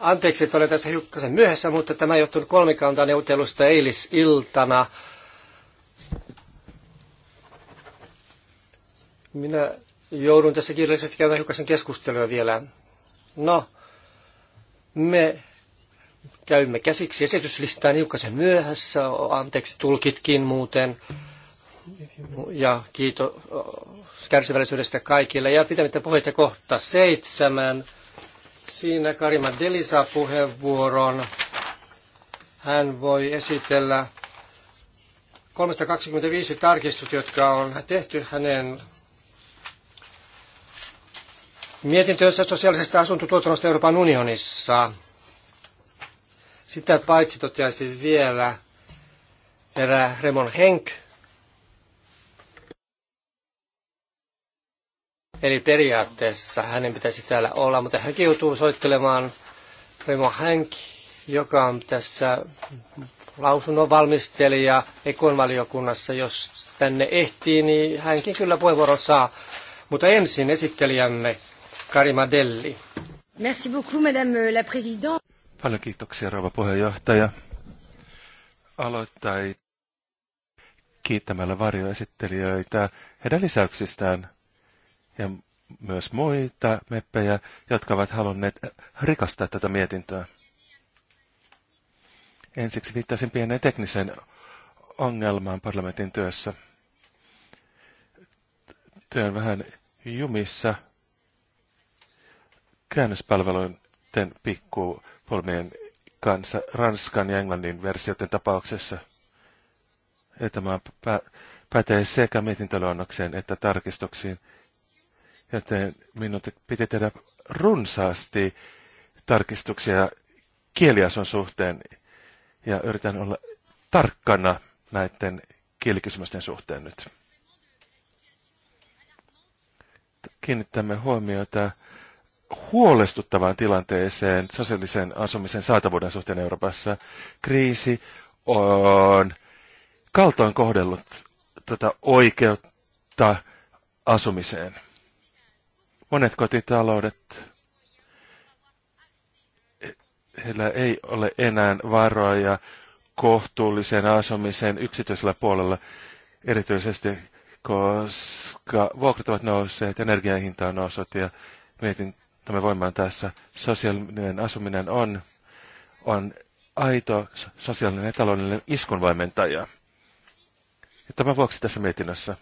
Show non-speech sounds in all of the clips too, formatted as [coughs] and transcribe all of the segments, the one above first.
Anteeksi, että olen tässä hiukkasen myöhässä, mutta tämä johtui neuvottelusta eilisiltana. Minä joudun tässä kirjallisesti käymään hiukkasen keskustelua vielä. No, me käymme käsiksi esityslistaan hiukkasen myöhässä, anteeksi tulkitkin muuten ja kiitos kärsivällisyydestä kaikille. Ja pitämättä puheita kohta seitsemän. Siinä Karima Delisa puheenvuoron. Hän voi esitellä 325 tarkistusta, jotka on tehty hänen mietintöönsä sosiaalisesta asuntotuotannosta Euroopan unionissa. Sitä paitsi toteaisin vielä erää Remon Henk, Eli periaatteessa hänen pitäisi täällä olla, mutta hän kiutuu soittelemaan Remo Hank, joka on tässä lausunnon valmistelija ekonvaliokunnassa. Jos tänne ehtii, niin hänkin kyllä puheenvuoron saa. Mutta ensin esittelijämme Karima Delli. Merci beaucoup, madame la présidente. Paljon kiitoksia, rouva puheenjohtaja. Aloittaa kiittämällä varjoesittelijöitä heidän lisäyksistään – ja myös muita meppejä, jotka ovat halunneet rikastaa tätä mietintöä. Ensiksi viittaisin pieneen tekniseen ongelmaan parlamentin työssä. Työn vähän jumissa käännöspalveluiden pikkupulmien kanssa Ranskan ja Englannin versioiden tapauksessa. tämä pätee sekä mietintöluonnokseen että tarkistuksiin – joten minun piti tehdä runsaasti tarkistuksia kieliason suhteen ja yritän olla tarkkana näiden kielikysymysten suhteen nyt. Kiinnittämme huomiota huolestuttavaan tilanteeseen sosiaalisen asumisen saatavuuden suhteen Euroopassa. Kriisi on kaltoin kohdellut tätä oikeutta asumiseen. Monet kotitaloudet, heillä ei ole enää varoja kohtuulliseen asumiseen yksityisellä puolella, erityisesti koska vuokrat ovat nousseet, hinta on noussut ja mietin tämä voimaan tässä. Sosiaalinen asuminen on, on aito sosiaalinen ja taloudellinen iskunvaimentaja. Ja tämän vuoksi tässä mietinnössä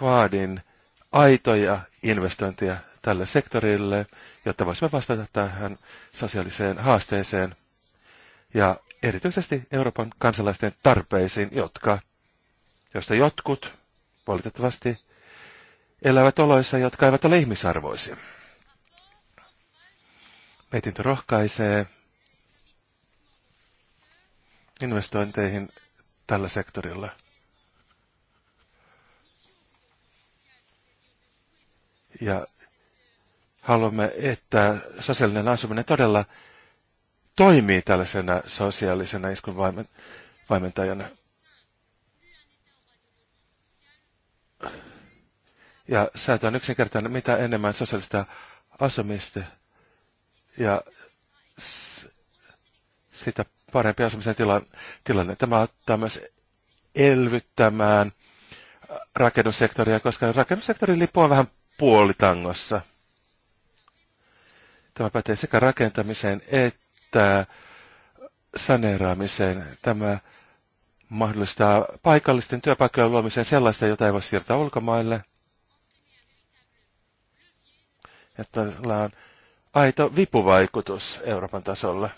vaadin aitoja investointeja tälle sektorille, jotta voisimme vastata tähän sosiaaliseen haasteeseen ja erityisesti Euroopan kansalaisten tarpeisiin, jotka, joista jotkut valitettavasti elävät oloissa, jotka eivät ole ihmisarvoisia. Mietintö rohkaisee investointeihin tällä sektorilla – Ja haluamme, että sosiaalinen asuminen todella toimii tällaisena sosiaalisena iskun vaimentajana. Ja säätö on yksinkertainen, mitä enemmän sosiaalista asumista ja sitä parempi asumisen tila, tilanne. Tämä auttaa myös elvyttämään rakennussektoria, koska rakennussektori lippu on vähän puolitangossa. Tämä pätee sekä rakentamiseen että saneeraamiseen. Tämä mahdollistaa paikallisten työpaikkojen luomiseen sellaista, jota ei voi siirtää ulkomaille. Että tällä on aito vipuvaikutus Euroopan tasolla.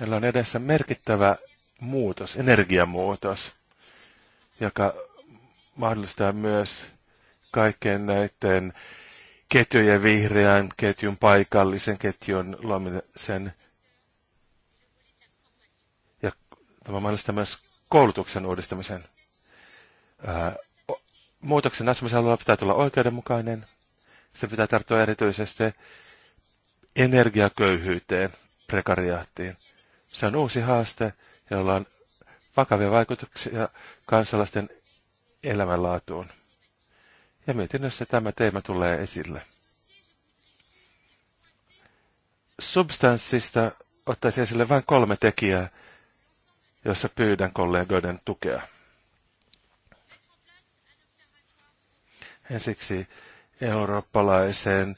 Meillä on edessä merkittävä muutos, energiamuutos, joka mahdollistaa myös kaikkien näiden ketjujen vihreän ketjun, paikallisen ketjun luomisen. Ja tämä mahdollistaa myös koulutuksen uudistamisen. Ää, muutoksen asumisalueella pitää tulla oikeudenmukainen. Se pitää tarttua erityisesti energiaköyhyyteen, prekariaattiin. Se on uusi haaste, jolla on vakavia vaikutuksia kansalaisten elämänlaatuun. Ja mietinnössä tämä teema tulee esille. Substanssista ottaisin esille vain kolme tekijää, joissa pyydän kollegoiden tukea. Ensiksi eurooppalaiseen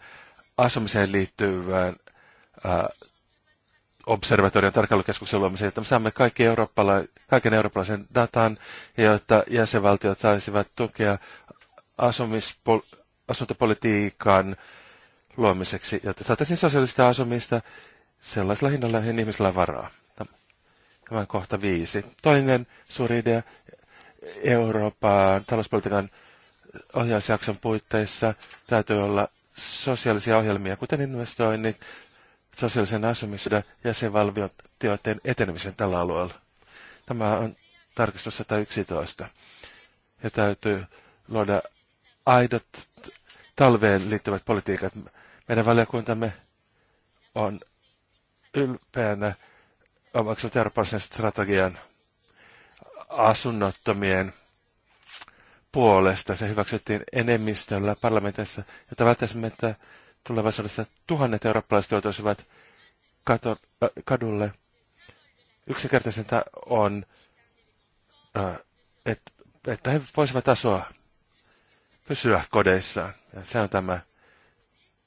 asumiseen liittyvään äh, observatorion tarkkailukeskuksen luomiseen, että me saamme kaikki eurooppala- kaiken eurooppalaisen datan, ja että jäsenvaltiot saisivat tukea asumispol- asuntopolitiikan luomiseksi, jotta saataisiin sosiaalista asumista sellaisella hinnalla, johon ihmisillä on varaa. on kohta viisi. Toinen suuri idea Euroopan talouspolitiikan ohjausjakson puitteissa täytyy olla sosiaalisia ohjelmia, kuten investoinnit, sosiaalisen asumisen jäsenvaltioiden etenemisen tällä alueella. Tämä on tarkistus 111. Ja täytyy luoda aidot talveen liittyvät politiikat. Meidän valiokuntamme on ylpeänä omaksunut eurooppalaisen strategian asunnottomien puolesta. Se hyväksyttiin enemmistöllä parlamentissa, jota välttäisimme, että tulevaisuudessa tuhannet eurooppalaiset joutuisivat kato, äh, kadulle. Yksinkertaisinta on, äh, että, että he voisivat asua, pysyä kodeissaan. Ja se on tämä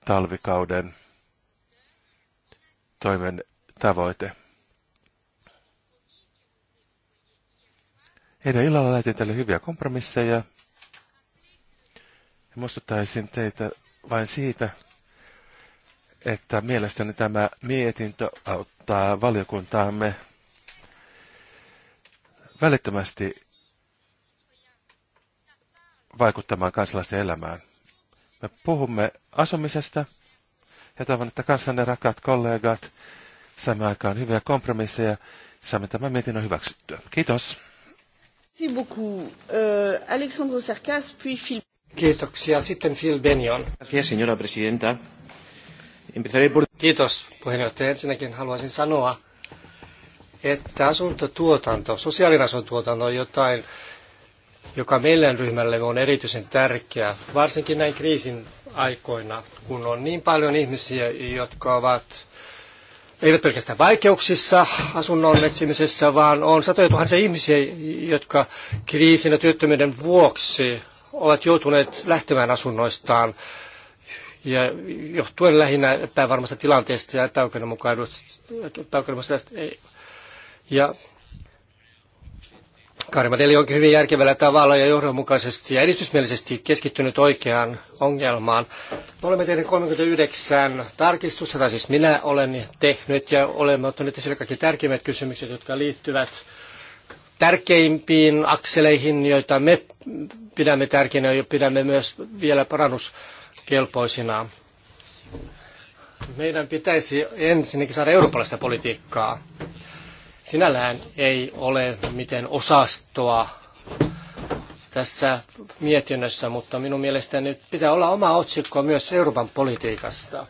talvikauden toimen tavoite. Eilen illalla lähetin teille hyviä kompromisseja. Ja muistuttaisin teitä vain siitä, että mielestäni tämä mietintö auttaa valiokuntaamme välittömästi vaikuttamaan kansalaisten elämään. Me puhumme asumisesta ja toivon, että kanssanne rakkaat kollegat saamme aikaan hyviä kompromisseja saamme tämän mietinnön hyväksyttyä. Kiitos. Euh, Kiitoksia. Sitten Phil Benion. Gracias, señora presidenta. Kiitos puheenjohtaja. Ensinnäkin haluaisin sanoa, että asuntotuotanto, sosiaalirasuntotuotanto on jotain, joka meidän ryhmälle on erityisen tärkeää, varsinkin näin kriisin aikoina, kun on niin paljon ihmisiä, jotka ovat eivät pelkästään vaikeuksissa asunnon etsimisessä, vaan on satoja tuhansia ihmisiä, jotka kriisin ja työttömyyden vuoksi ovat joutuneet lähtemään asunnoistaan ja johtuen lähinnä epävarmasta tilanteesta ja epäoikeudenmukaisuudesta. Ja Karimadeli onkin hyvin järkevällä tavalla ja johdonmukaisesti ja edistysmielisesti keskittynyt oikeaan ongelmaan. Me olemme tehneet 39 tarkistusta, tai siis minä olen tehnyt, ja olemme ottaneet esille kaikki tärkeimmät kysymykset, jotka liittyvät tärkeimpiin akseleihin, joita me pidämme tärkeinä ja pidämme myös vielä parannus kelpoisina. Meidän pitäisi ensinnäkin saada eurooppalaista politiikkaa. Sinällään ei ole miten osastoa tässä mietinnössä, mutta minun mielestäni nyt pitää olla oma otsikko myös Euroopan politiikasta.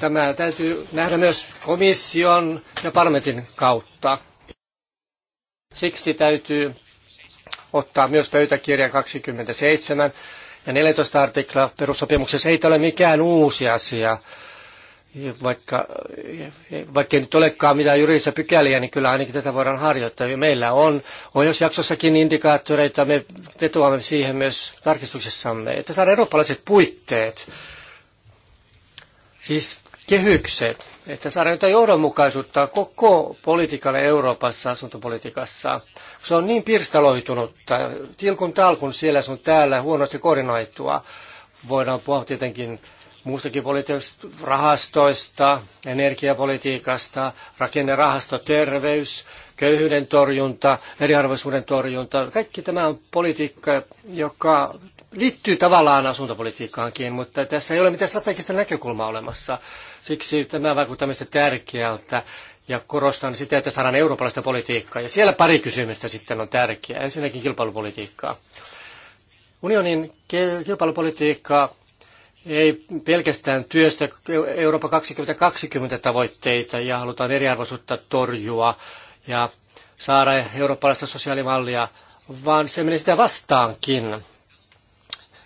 Tämä täytyy nähdä myös komission ja parlamentin kautta. Siksi täytyy ottaa myös pöytäkirja 27 ja 14 artikla perussopimuksessa ei ole mikään uusi asia. Vaikka, vaikka ei nyt olekaan mitään juridisia pykäliä, niin kyllä ainakin tätä voidaan harjoittaa. meillä on ohjausjaksossakin indikaattoreita, me vetoamme siihen myös tarkistuksessamme, että saadaan eurooppalaiset puitteet, siis kehykset, että saadaan jotain johdonmukaisuutta koko politiikalle Euroopassa, asuntopolitiikassa. Se on niin pirstaloitunutta, tilkun talkun siellä sun täällä, huonosti koordinoitua. Voidaan puhua tietenkin muustakin politiikasta, rahastoista, energiapolitiikasta, rakennerahasto, terveys, köyhyyden torjunta, eriarvoisuuden torjunta. Kaikki tämä on politiikka, joka liittyy tavallaan asuntopolitiikkaankin, mutta tässä ei ole mitään strategista näkökulmaa olemassa. Siksi tämä vaikuttaa mistä tärkeältä ja korostan sitä, että saadaan eurooppalaista politiikkaa. Ja siellä pari kysymystä sitten on tärkeää. Ensinnäkin kilpailupolitiikkaa. Unionin kilpailupolitiikka ei pelkästään työstä Eurooppa 2020 tavoitteita ja halutaan eriarvoisuutta torjua ja saada eurooppalaista sosiaalimallia, vaan se menee sitä vastaankin.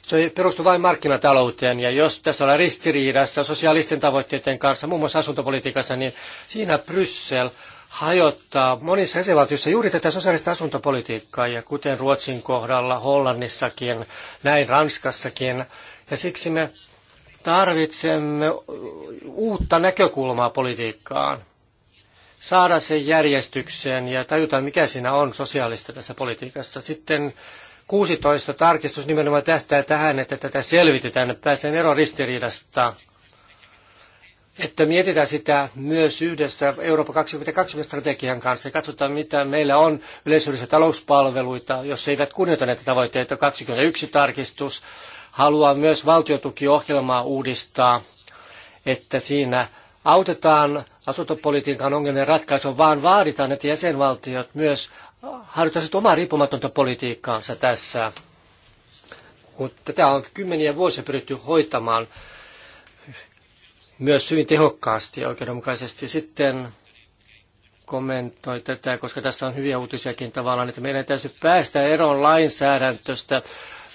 Se perustuu vain markkinatalouteen ja jos tässä ollaan ristiriidassa sosiaalisten tavoitteiden kanssa, muun muassa asuntopolitiikassa, niin siinä Bryssel hajottaa monissa jäsenvaltioissa juuri tätä sosiaalista asuntopolitiikkaa ja kuten Ruotsin kohdalla, Hollannissakin, näin Ranskassakin. Ja siksi me tarvitsemme uutta näkökulmaa politiikkaan, saada sen järjestykseen ja tajuta, mikä siinä on sosiaalista tässä politiikassa. Sitten 16 tarkistus nimenomaan tähtää tähän, että tätä selvitetään, että päästään eroon ristiriidasta, että mietitään sitä myös yhdessä Euroopan 2020 strategian kanssa ja katsotaan, mitä meillä on yleishyödyllisiä talouspalveluita, jos eivät kunnioita näitä tavoitteita. 21 tarkistus haluaa myös valtiotukiohjelmaa uudistaa, että siinä autetaan asuntopolitiikan ongelmien ratkaisua, vaan vaaditaan, että jäsenvaltiot myös harjoittaisivat omaa riippumatonta politiikkaansa tässä. Kun tätä on kymmeniä vuosia pyritty hoitamaan myös hyvin tehokkaasti ja oikeudenmukaisesti. Sitten kommentoi tätä, koska tässä on hyviä uutisiakin tavallaan, että meidän täytyy päästä eroon lainsäädäntöstä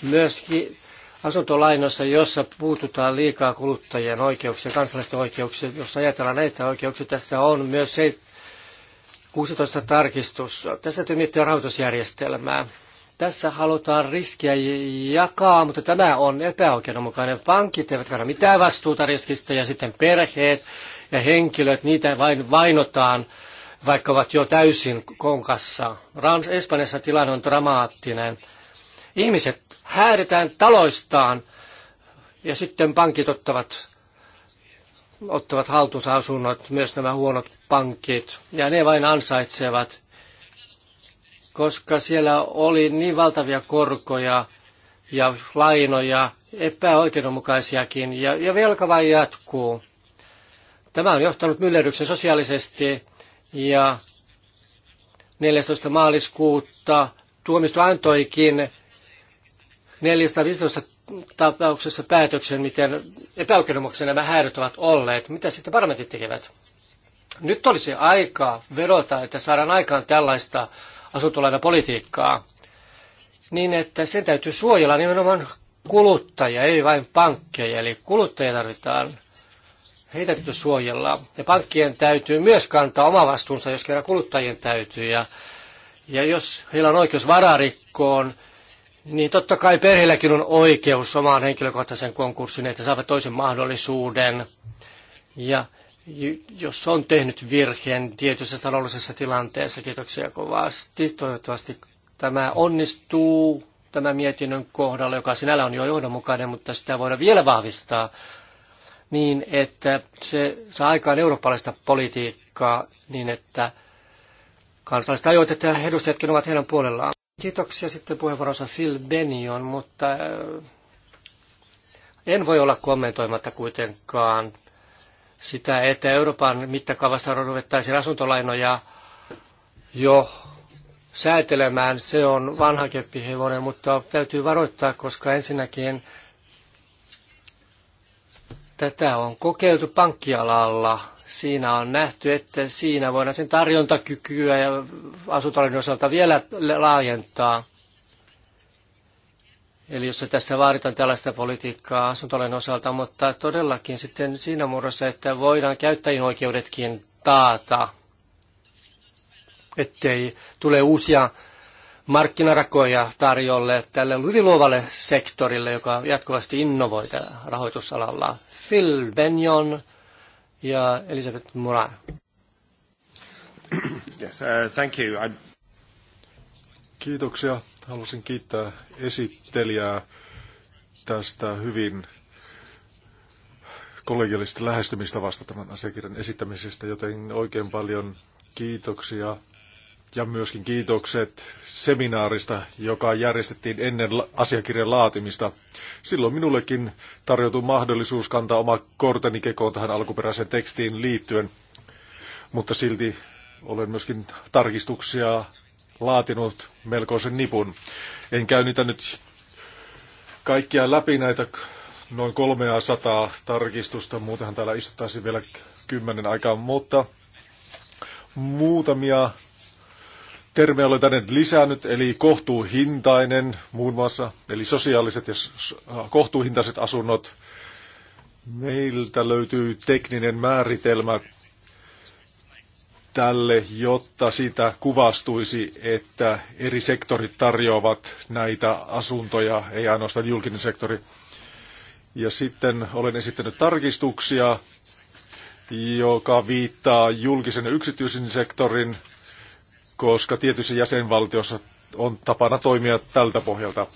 myöskin asuntolainoissa, jossa puututaan liikaa kuluttajien oikeuksia, kansalaisten oikeuksia, jos ajatellaan näitä oikeuksia, tässä on myös se 16 tarkistus. Tässä täytyy miettiä rahoitusjärjestelmää. Tässä halutaan riskiä jakaa, mutta tämä on epäoikeudenmukainen. Pankit eivät kanna mitään vastuuta riskistä ja sitten perheet ja henkilöt, niitä vain vainotaan, vaikka ovat jo täysin konkassa. Rans, Espanjassa tilanne on dramaattinen. Ihmiset häädetään taloistaan ja sitten pankit ottavat ottavat haltuunsa asunnot, myös nämä huonot pankit, ja ne vain ansaitsevat, koska siellä oli niin valtavia korkoja ja lainoja, epäoikeudenmukaisiakin, ja, ja velka vain jatkuu. Tämä on johtanut myllerryksen sosiaalisesti, ja 14. maaliskuuta tuomisto antoikin 415 tapauksessa päätöksen, miten epäoikeudenmukaisia nämä häädöt ovat olleet. Mitä sitten parlamentit tekevät? Nyt olisi aika verota, että saadaan aikaan tällaista asuntolainapolitiikkaa, niin että sen täytyy suojella nimenomaan kuluttajia, ei vain pankkeja. Eli kuluttajia tarvitaan, heitä täytyy suojella. Ja pankkien täytyy myös kantaa oma vastuunsa, jos kerran kuluttajien täytyy. Ja, ja jos heillä on oikeus vararikkoon, niin totta kai perheelläkin on oikeus omaan henkilökohtaisen konkurssiin, että saavat toisen mahdollisuuden. Ja jos on tehnyt virheen tietyssä taloudellisessa tilanteessa, kiitoksia kovasti. Toivottavasti tämä onnistuu tämä mietinnön kohdalla, joka sinällä on jo johdonmukainen, mutta sitä voidaan vielä vahvistaa niin, että se saa aikaan eurooppalaista politiikkaa niin, että kansalliset ajoitetaan ja edustajatkin ovat heidän puolellaan. Kiitoksia sitten puheenvuoronsa Phil Benion, mutta äh, en voi olla kommentoimatta kuitenkaan sitä, että Euroopan mittakaavassa ruvettaisiin asuntolainoja jo säätelemään. Se on vanha keppihevonen, mutta täytyy varoittaa, koska ensinnäkin tätä on kokeiltu pankkialalla Siinä on nähty, että siinä voidaan sen tarjontakykyä ja asuntolainen osalta vielä laajentaa. Eli jos tässä vaaditaan tällaista politiikkaa asuntolainen osalta, mutta todellakin sitten siinä muodossa, että voidaan käyttäjien oikeudetkin taata, ettei tule uusia markkinarakoja tarjolle tälle hyvin luovalle sektorille, joka jatkuvasti innovoi rahoitusalalla. Phil Benjon ja Elisabeth Moran. [clears throat] Yes, uh, thank you. I... Kiitoksia. Haluaisin kiittää esittelijää tästä hyvin kollegiallisesta lähestymistavasta tämän asiakirjan esittämisestä, joten oikein paljon kiitoksia ja myöskin kiitokset seminaarista, joka järjestettiin ennen asiakirjan laatimista. Silloin minullekin tarjoutui mahdollisuus kantaa oma korteni kekoon tähän alkuperäiseen tekstiin liittyen, mutta silti olen myöskin tarkistuksia laatinut melkoisen nipun. En käy niitä nyt kaikkia läpi näitä noin 300 tarkistusta, muutenhan täällä istuttaisiin vielä kymmenen aikaa, mutta muutamia termejä olen tänne lisännyt, eli kohtuuhintainen muun muassa, eli sosiaaliset ja kohtuuhintaiset asunnot. Meiltä löytyy tekninen määritelmä tälle, jotta sitä kuvastuisi, että eri sektorit tarjoavat näitä asuntoja, ei ainoastaan julkinen sektori. Ja sitten olen esittänyt tarkistuksia, joka viittaa julkisen ja yksityisen sektorin koska tietyissä jäsenvaltiossa on tapana toimia tältä pohjalta.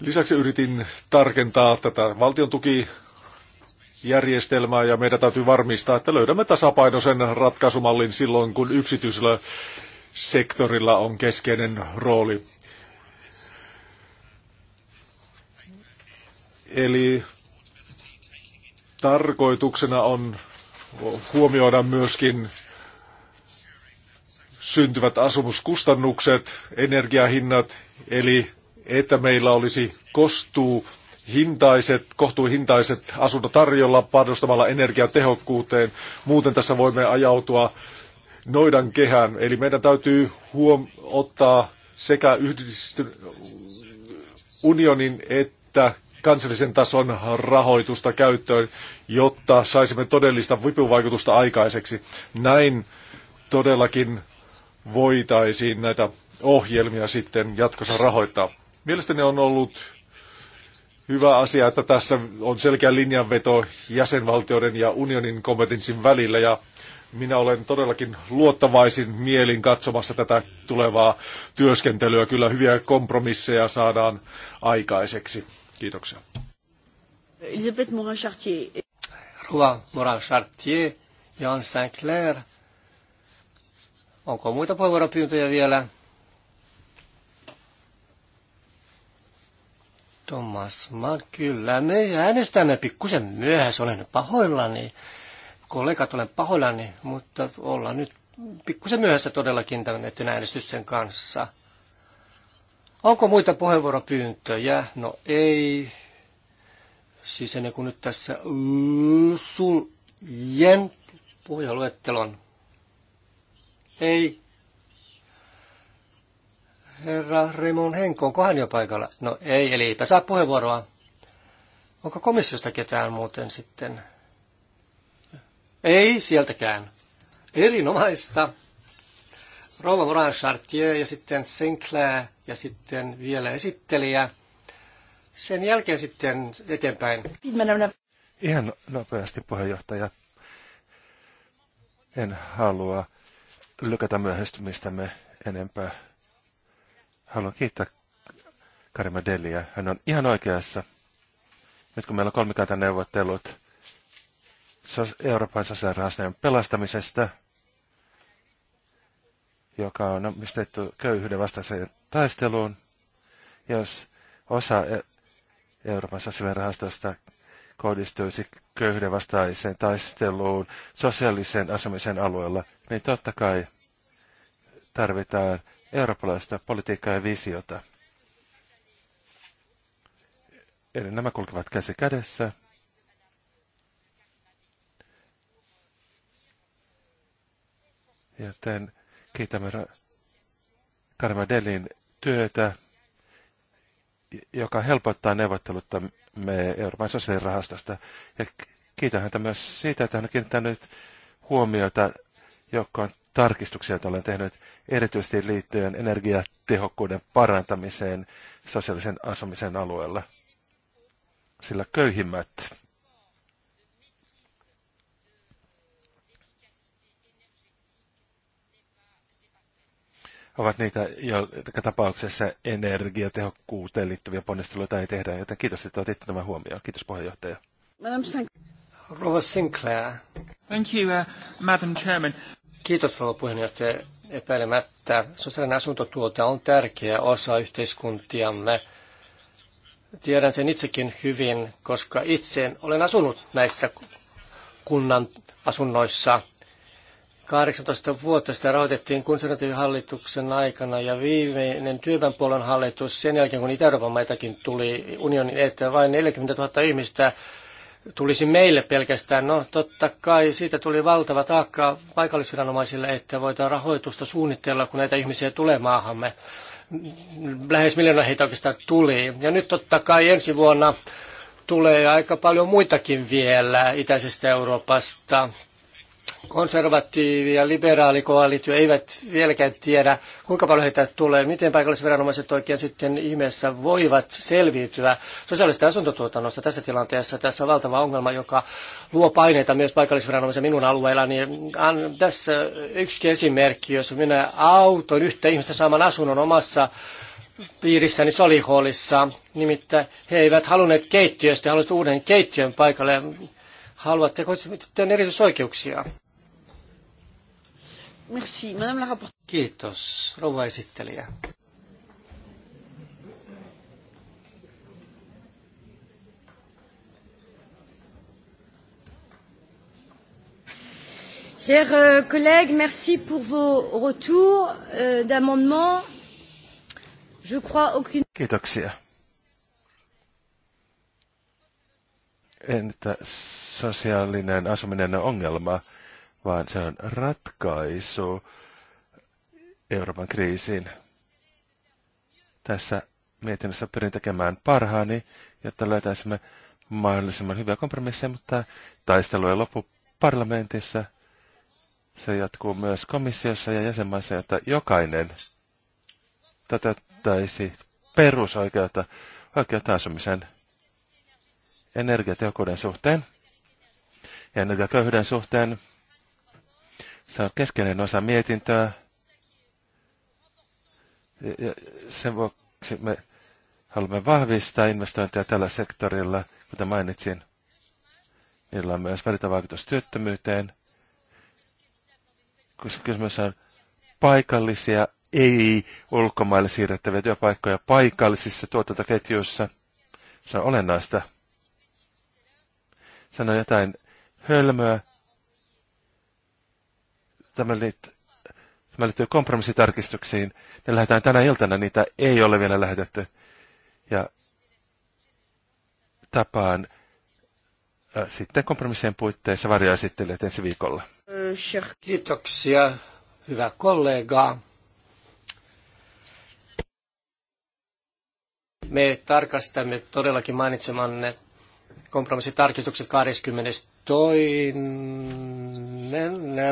Lisäksi yritin tarkentaa tätä valtion tukijärjestelmää ja meidän täytyy varmistaa, että löydämme tasapainoisen ratkaisumallin silloin, kun yksityisellä sektorilla on keskeinen rooli. Eli tarkoituksena on huomioida myöskin syntyvät asumuskustannukset, energiahinnat, eli että meillä olisi kostuu hintaiset, kohtuuhintaiset asunto tarjolla panostamalla energiatehokkuuteen. Muuten tässä voimme ajautua noidan kehään. Eli meidän täytyy huom- ottaa sekä yhdist- unionin että kansallisen tason rahoitusta käyttöön, jotta saisimme todellista vipuvaikutusta aikaiseksi. Näin todellakin voitaisiin näitä ohjelmia sitten jatkossa rahoittaa. Mielestäni on ollut hyvä asia, että tässä on selkeä linjanveto jäsenvaltioiden ja unionin kompetenssin välillä ja minä olen todellakin luottavaisin mielin katsomassa tätä tulevaa työskentelyä. Kyllä hyviä kompromisseja saadaan aikaiseksi. Kiitoksia. Elisabeth Morin-Chartier. Rova Morin-Chartier, Jan Sinclair Onko muita puheenvuoropyyntöjä vielä? Thomas mä kyllä me äänestämme pikkusen myöhässä, olen pahoillani. Kollegat, olen pahoillani, mutta ollaan nyt pikkusen myöhässä todellakin tämän äänestyksen kanssa. Onko muita puheenvuoropyyntöjä? No ei. Siis ennen kuin nyt tässä uh, suljen puheenluettelon ei. Herra Remon Henko, onko hän jo paikalla? No ei, eli eipä saa puheenvuoroa. Onko komissiosta ketään muuten sitten? Ei sieltäkään. Erinomaista. Rova Moran Chartier ja sitten Sinclair ja sitten vielä esittelijä. Sen jälkeen sitten eteenpäin. Ihan nopeasti puheenjohtaja. En halua lykätä myöhästymistämme enempää. Haluan kiittää Karima Deliä. Hän on ihan oikeassa. Nyt kun meillä on neuvottelut Euroopan sosiaalirahastojen pelastamisesta, joka on omistettu köyhyyden vastaiseen taisteluun, jos osa e-, Euroopan sosiaalirahastosta kohdistuisi köyhyyden vastaiseen taisteluun sosiaalisen asumisen alueella, niin totta kai tarvitaan eurooppalaista politiikkaa ja visiota. Eli nämä kulkevat käsi kädessä. Joten kiitämme Karma Delin työtä, joka helpottaa neuvottelutta me Euroopan sosiaalirahastosta. Ja kiitän häntä myös siitä, että hän on kiinnittänyt huomiota joukkoon tarkistuksia, joita olen tehnyt erityisesti liittyen energiatehokkuuden parantamiseen sosiaalisen asumisen alueella. Sillä köyhimmät ovat niitä, jotka tapauksessa energiatehokkuuteen liittyviä ponnisteluita ei tehdä. Joten kiitos, että otitte tämän huomioon. Kiitos puheenjohtaja. Madam Rova Sinclair. Thank you, uh, Madam Chairman. Kiitos, rouva puheenjohtaja. Epäilemättä sosiaalinen asuntotuote on tärkeä osa yhteiskuntiamme. Tiedän sen itsekin hyvin, koska itse olen asunut näissä kunnan asunnoissa – 18 vuotta sitä rahoitettiin konservatiivihallituksen aikana ja viimeinen työväen puolen hallitus sen jälkeen, kun Itä-Euroopan maitakin tuli unionin eteen, vain 40 000 ihmistä tulisi meille pelkästään. No totta kai siitä tuli valtava taakka paikallisviranomaisille, että voidaan rahoitusta suunnitella, kun näitä ihmisiä tulee maahamme. Lähes miljoona heitä oikeastaan tuli. Ja nyt totta kai ensi vuonna tulee aika paljon muitakin vielä itäisestä Euroopasta konservatiivi- ja liberaalikoalitio eivät vieläkään tiedä, kuinka paljon heitä tulee, miten paikallisviranomaiset oikein sitten ihmeessä voivat selviytyä sosiaalista asuntotuotannosta tässä tilanteessa. Tässä on valtava ongelma, joka luo paineita myös paikallisviranomaisen minun alueella. Niin tässä yksi esimerkki, jos minä auton yhtä ihmistä saaman asunnon omassa piirissäni Solihoolissa, Nimittäin he eivät halunneet keittiöstä, he halusivat uuden keittiön paikalle. Haluatteko sitten erityisoikeuksia? Merci, madame la Kiitos, rouva esittelijä. Chers euh, collègues, merci pour vos retours euh, d'amendements. Je crois aucune... Kiitoksia. Entä sosiaalinen asuminen on ongelma? vaan se on ratkaisu Euroopan kriisiin. Tässä mietinnössä pyrin tekemään parhaani, jotta löytäisimme mahdollisimman hyviä kompromisseja, mutta taistelu ei lopu parlamentissa. Se jatkuu myös komissiossa ja jäsenmaissa, jotta jokainen toteuttaisi perusoikeutta, oikeutta asumisen energiatehokkuuden suhteen ja energiaköyhyyden suhteen. Se on keskeinen osa mietintöä. Ja sen vuoksi me haluamme vahvistaa investointeja tällä sektorilla, kuten mainitsin. Niillä on myös välitä vaikutus työttömyyteen, koska kysymys on paikallisia, ei ulkomaille siirrettäviä työpaikkoja paikallisissa tuotantoketjuissa. Se on olennaista. Sano jotain hölmöä, Tämä, liittyy kompromissitarkistuksiin. Ne lähdetään tänä iltana, niitä ei ole vielä lähetetty. Ja tapaan sitten kompromissien puitteissa varjoesittelijät ensi viikolla. Kiitoksia, hyvä kollega. Me tarkastamme todellakin mainitsemanne kompromissitarkistukset 22.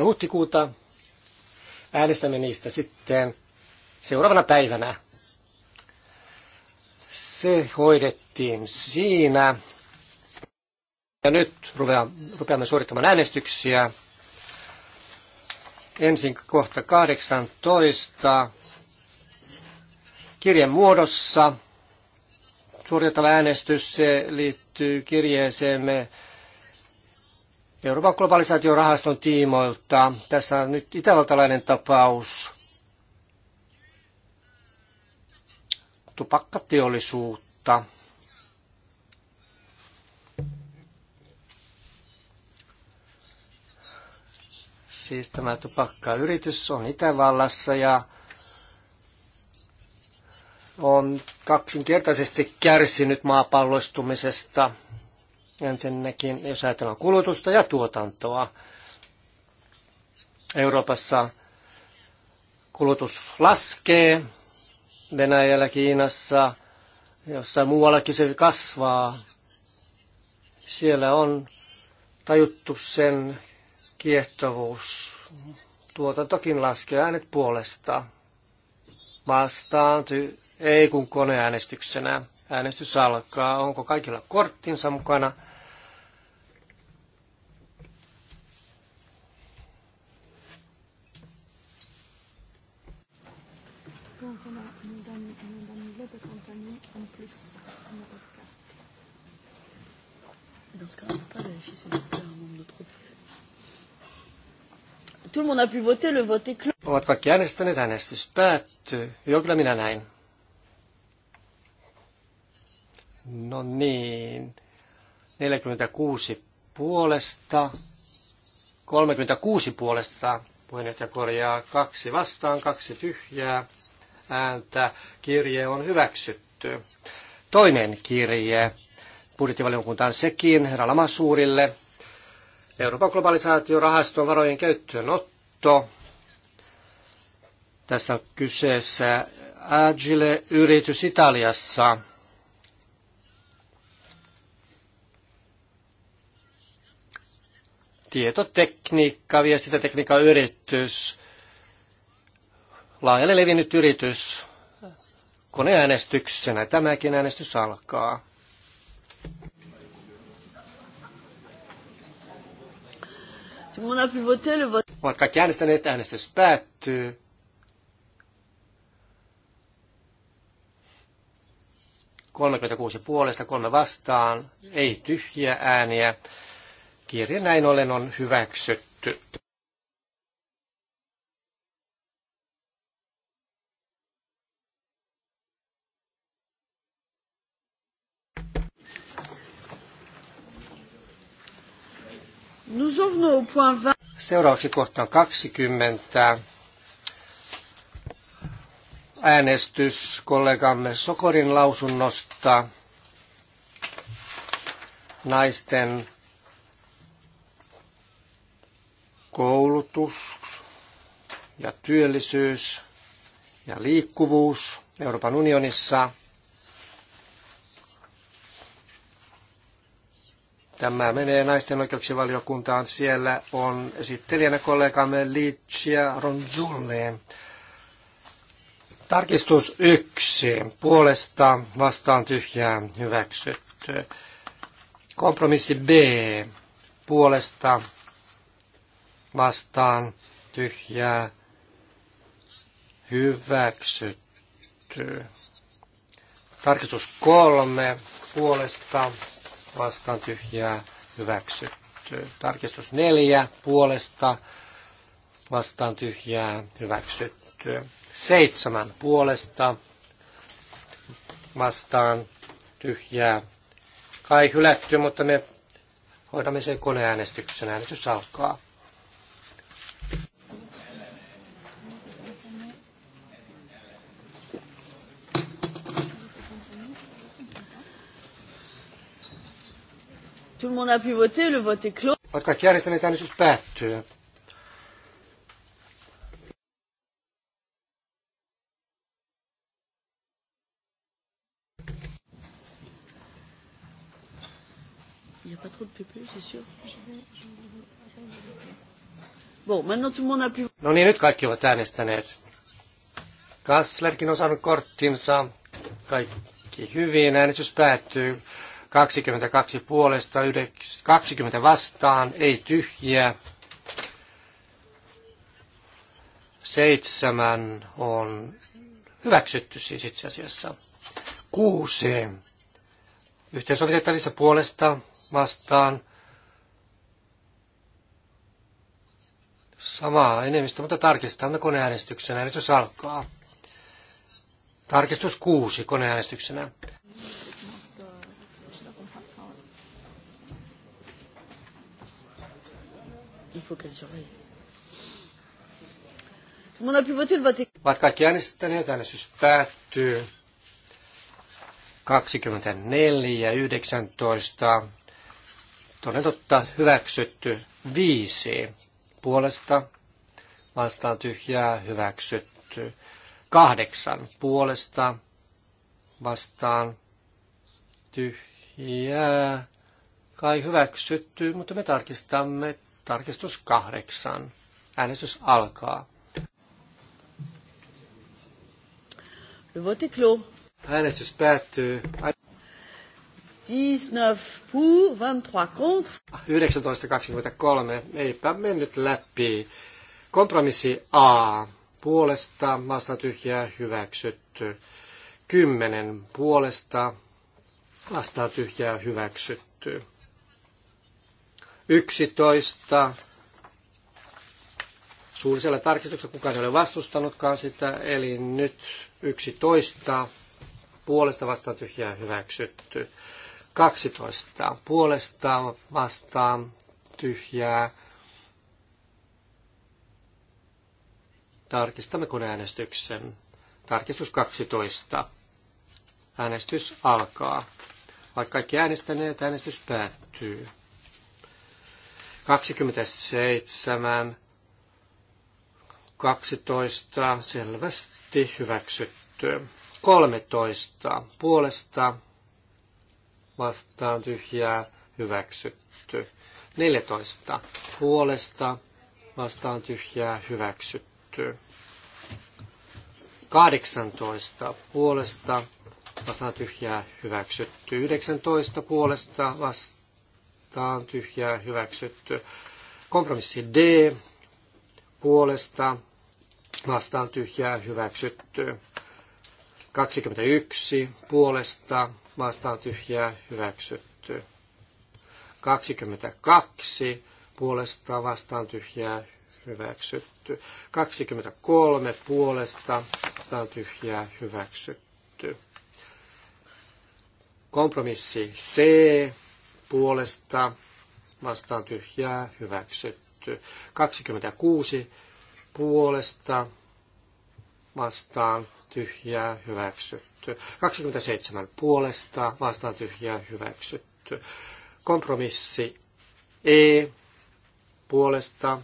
huhtikuuta. Äänestämme niistä sitten seuraavana päivänä. Se hoidettiin siinä. Ja nyt rupeamme suorittamaan äänestyksiä. Ensin kohta 18 kirjan muodossa suoritettava äänestys se liittyy kirjeeseemme Euroopan globalisaatiorahaston tiimoilta. Tässä on nyt itävaltalainen tapaus tupakkateollisuutta. Siis tämä tupakkayritys on Itävallassa ja on kaksinkertaisesti kärsinyt maapalloistumisesta. Ensinnäkin, jos ajatellaan kulutusta ja tuotantoa. Euroopassa kulutus laskee, Venäjällä, Kiinassa, jossain muuallakin se kasvaa. Siellä on tajuttu sen kiehtovuus. Tuotantokin laskee äänet puolesta vastaan, ei kun koneäänestyksenä. Äänestys alkaa. Onko kaikilla korttinsa mukana? Tout le monde a pu voter, le vote est clos. Ovat kaikki äänestäneet, äänestys päättyy. Joo, kyllä minä näin. No niin, 46 puolesta, 36 puolesta, puheenjohtaja korjaa kaksi vastaan, kaksi tyhjää ääntä. Kirje on hyväksytty. Toinen kirje budjettivaliokuntaan sekin herra Lamassuurille. Euroopan rahaston varojen käyttöönotto. Tässä on kyseessä Agile-yritys Italiassa – tietotekniikka, viestintätekniikan yritys, laajalle levinnyt yritys koneäänestyksenä. Tämäkin äänestys alkaa. Ovat kaikki äänestäneet, äänestys päättyy. kuusi puolesta, kolme vastaan, ei tyhjiä ääniä kirja näin ollen on hyväksytty. Seuraavaksi kohtaan 20. Äänestys kollegamme Sokorin lausunnosta naisten koulutus ja työllisyys ja liikkuvuus Euroopan unionissa. Tämä menee naisten oikeuksien valiokuntaan. Siellä on esittelijänä kollegamme Licia Ronzulle. Tarkistus yksi. Puolesta vastaan tyhjää hyväksytty. Kompromissi B. Puolesta vastaan tyhjää hyväksyttyä. Tarkistus kolme puolesta vastaan tyhjää hyväksyttyä. Tarkistus neljä puolesta vastaan tyhjää hyväksyttyä. Seitsemän puolesta vastaan tyhjää. Kai hylätty, mutta me hoidamme sen koneäänestyksen. Äänestys alkaa. Tout le monde a pu voter, le vote est clos. Ovat kaikki järjestäneet, äänestys päättyy. Il n'y a pas trop de PP, c'est sûr. Bon, maintenant tout le monde a pu... No niin, nyt kaikki ovat äänestäneet. Kasslerkin on saanut korttinsa. Kaikki hyvin. Äänestys päättyy. 22 puolesta, 20 vastaan, ei tyhjiä. Seitsemän on hyväksytty siis itse asiassa. Kuusi. Yhteensovitettavissa puolesta vastaan samaa enemmistö, mutta tarkistamme koneäänestyksen. Äänestys alkaa. Tarkistus kuusi koneäänestyksenä. Il faut qu'elle surveille. Tout le monde a pu Mun on pivotin Ovat kaikki äänestäneet. Äänestys päättyy. 24, 19. Toden totta hyväksytty 5. Puolesta vastaan tyhjää hyväksytty. Kahdeksan puolesta vastaan tyhjää. Kai hyväksytty, mutta me tarkistamme Tarkistus kahdeksan. Äänestys alkaa. Äänestys päättyy. 19 23 19.23. Eipä mennyt läpi. Kompromissi A. Puolesta vasta tyhjää hyväksytty. 10. Puolesta vastaan tyhjää hyväksytty. 11. Suullisella tarkistuksella kukaan ei ole vastustanutkaan sitä, eli nyt 11 puolesta vastaan tyhjää hyväksytty. 12 puolesta vastaan tyhjää. Tarkistamme koneäänestyksen. Tarkistus 12. Äänestys alkaa. Vaikka kaikki äänestäneet, äänestys päättyy. 27, 12 selvästi hyväksytty. 13 puolesta vastaan tyhjää hyväksytty. 14 puolesta vastaan tyhjää hyväksytty. 18 puolesta vastaan tyhjää hyväksytty. 19 puolesta vastaan vastaan tyhjää hyväksytty. Kompromissi D puolesta vastaan tyhjää hyväksytty. 21 puolesta vastaan tyhjää hyväksytty. 22 puolesta vastaan tyhjää hyväksytty. 23 puolesta vastaan tyhjää hyväksytty. Kompromissi C puolesta vastaan tyhjää hyväksytty. 26 puolesta vastaan tyhjää hyväksytty. 27 puolesta vastaan tyhjää hyväksytty. Kompromissi E puolesta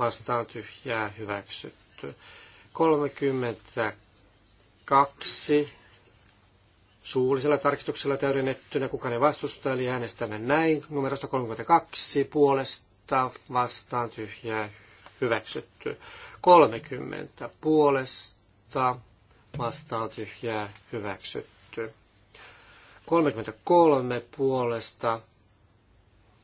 vastaan tyhjää hyväksytty. 32 suullisella tarkistuksella täydennettynä, kuka ne vastustaa, eli äänestämme näin. Numerosta 32 puolesta vastaan tyhjää hyväksytty. 30 puolesta vastaan tyhjää hyväksytty. 33 puolesta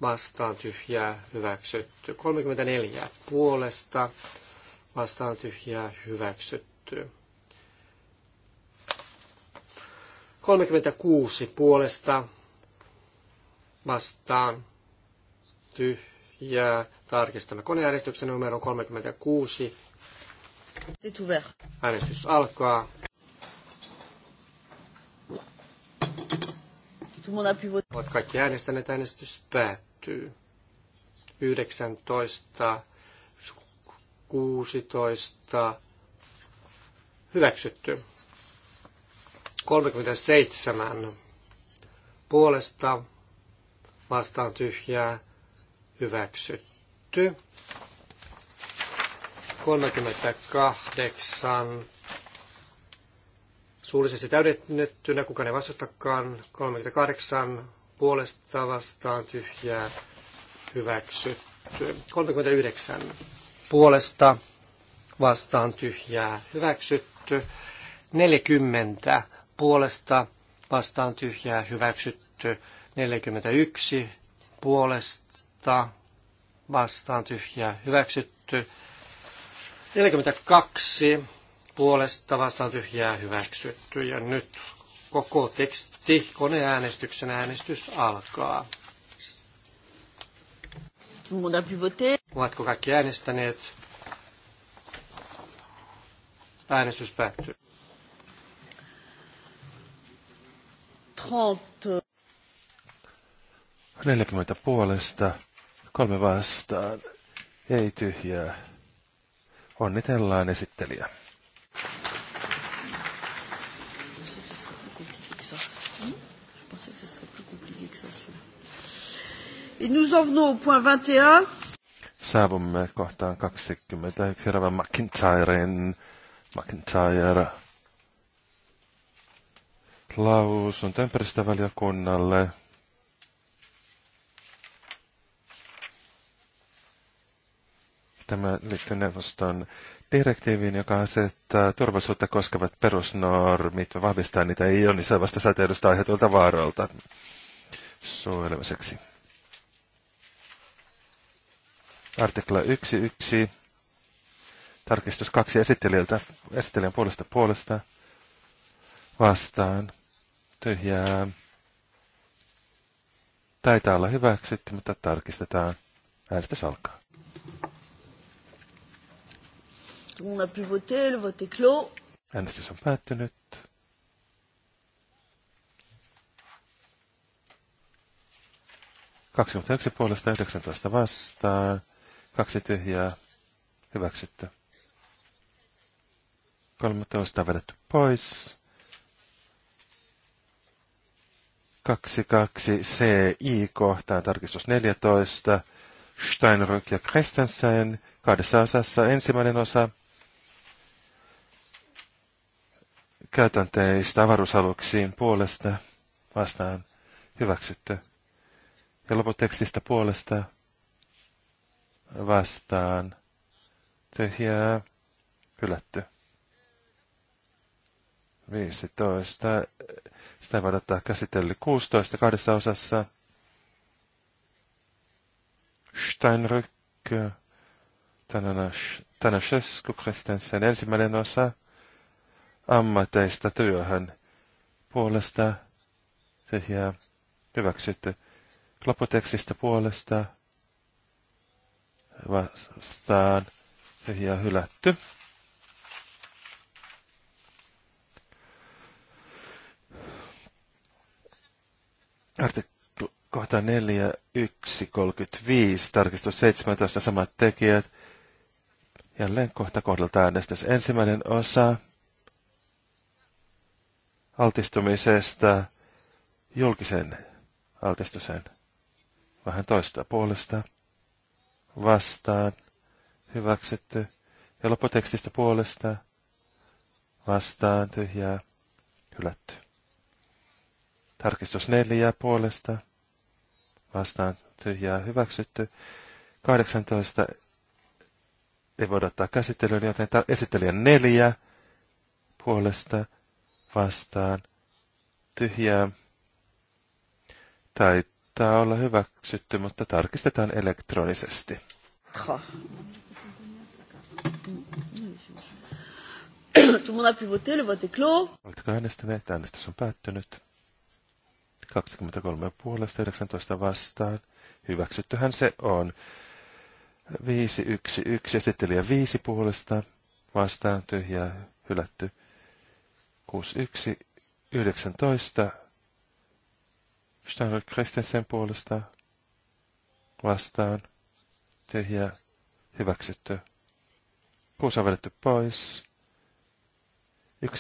vastaan tyhjää hyväksytty. 34 puolesta vastaan tyhjää hyväksytty. 36 puolesta vastaan tyhjää. Tarkistamme konejärjestyksen numero 36. Äänestys alkaa. Ovat kaikki äänestäneet, äänestys päättyy. 19, 16, hyväksytty. 37 puolesta vastaan tyhjää hyväksytty. 38 suullisesti täydennettynä, kuka ne vastustakaan. 38 puolesta vastaan tyhjää hyväksytty. 39 puolesta vastaan tyhjää hyväksytty. 40 puolesta vastaan tyhjää hyväksytty 41 puolesta vastaan tyhjää hyväksytty 42 puolesta vastaan tyhjää hyväksytty ja nyt koko teksti koneäänestyksen äänestys alkaa. Ovatko kaikki äänestäneet? Äänestys päättyy. 40 puolesta, kolme vastaan, ei tyhjää. Onnitellaan esittelijä. Et nous en venons au point 21. Saavumme kohtaan 21 Ravan McIntyreen. McIntyre lausunto kunnalle Tämä liittyy neuvoston direktiiviin, joka asettaa turvallisuutta koskevat perusnormit ja vahvistaa niitä ionisoivasta säteilystä aiheutuilta vaaroilta suojelemiseksi. Artikla 1.1. Tarkistus kaksi esittelijältä. Esittelijän puolesta puolesta vastaan tyhjää. Taitaa olla hyväksytty, mutta tarkistetaan. Äänestys alkaa. On a pu voter, le vote est clos. Äänestys on päättynyt. yksi puolesta 19 vastaan. Kaksi tyhjää. Hyväksytty. 13 on vedetty pois. 22CI kohtaan tarkistus 14, Steinrück ja Christensen kahdessa osassa. Ensimmäinen osa käytänteistä avaruusaluksiin puolesta vastaan hyväksytty. Ja loput tekstistä puolesta vastaan tyhjää hylätty. 15. Sitä voidaan ottaa käsitellyt 16 kahdessa osassa. Steinrück, Tanasescu Kristensen ensimmäinen osa ammateista työhön puolesta tyhjää hyväksytty. Loputekstistä puolesta vastaan tyhjää hylätty. Artiklu kohta 4, 1, 35, tarkistus 17, samat tekijät. Jälleen kohta kohdalta äänestys. Ensimmäinen osa altistumisesta julkisen altistuseen. Vähän toista puolesta. Vastaan. Hyväksytty. Ja lopputekstistä puolesta. Vastaan. Tyhjää. Hylätty. Tarkistus neljä puolesta. Vastaan tyhjää hyväksytty. 18 ei voida ottaa käsittelyyn, joten esittelijä neljä puolesta vastaan tyhjää. Taitaa olla hyväksytty, mutta tarkistetaan elektronisesti. Tout Oletko äänestäneet? Äänestys on päättynyt. 23 puolesta 19 vastaan. Hyväksyttyhän se on. 511 esittelijä 5 puolesta vastaan tyhjää hylätty. 61 19 Steinrich Christensen puolesta vastaan tyhjää hyväksytty. Kuusi on vedetty pois. 11.1.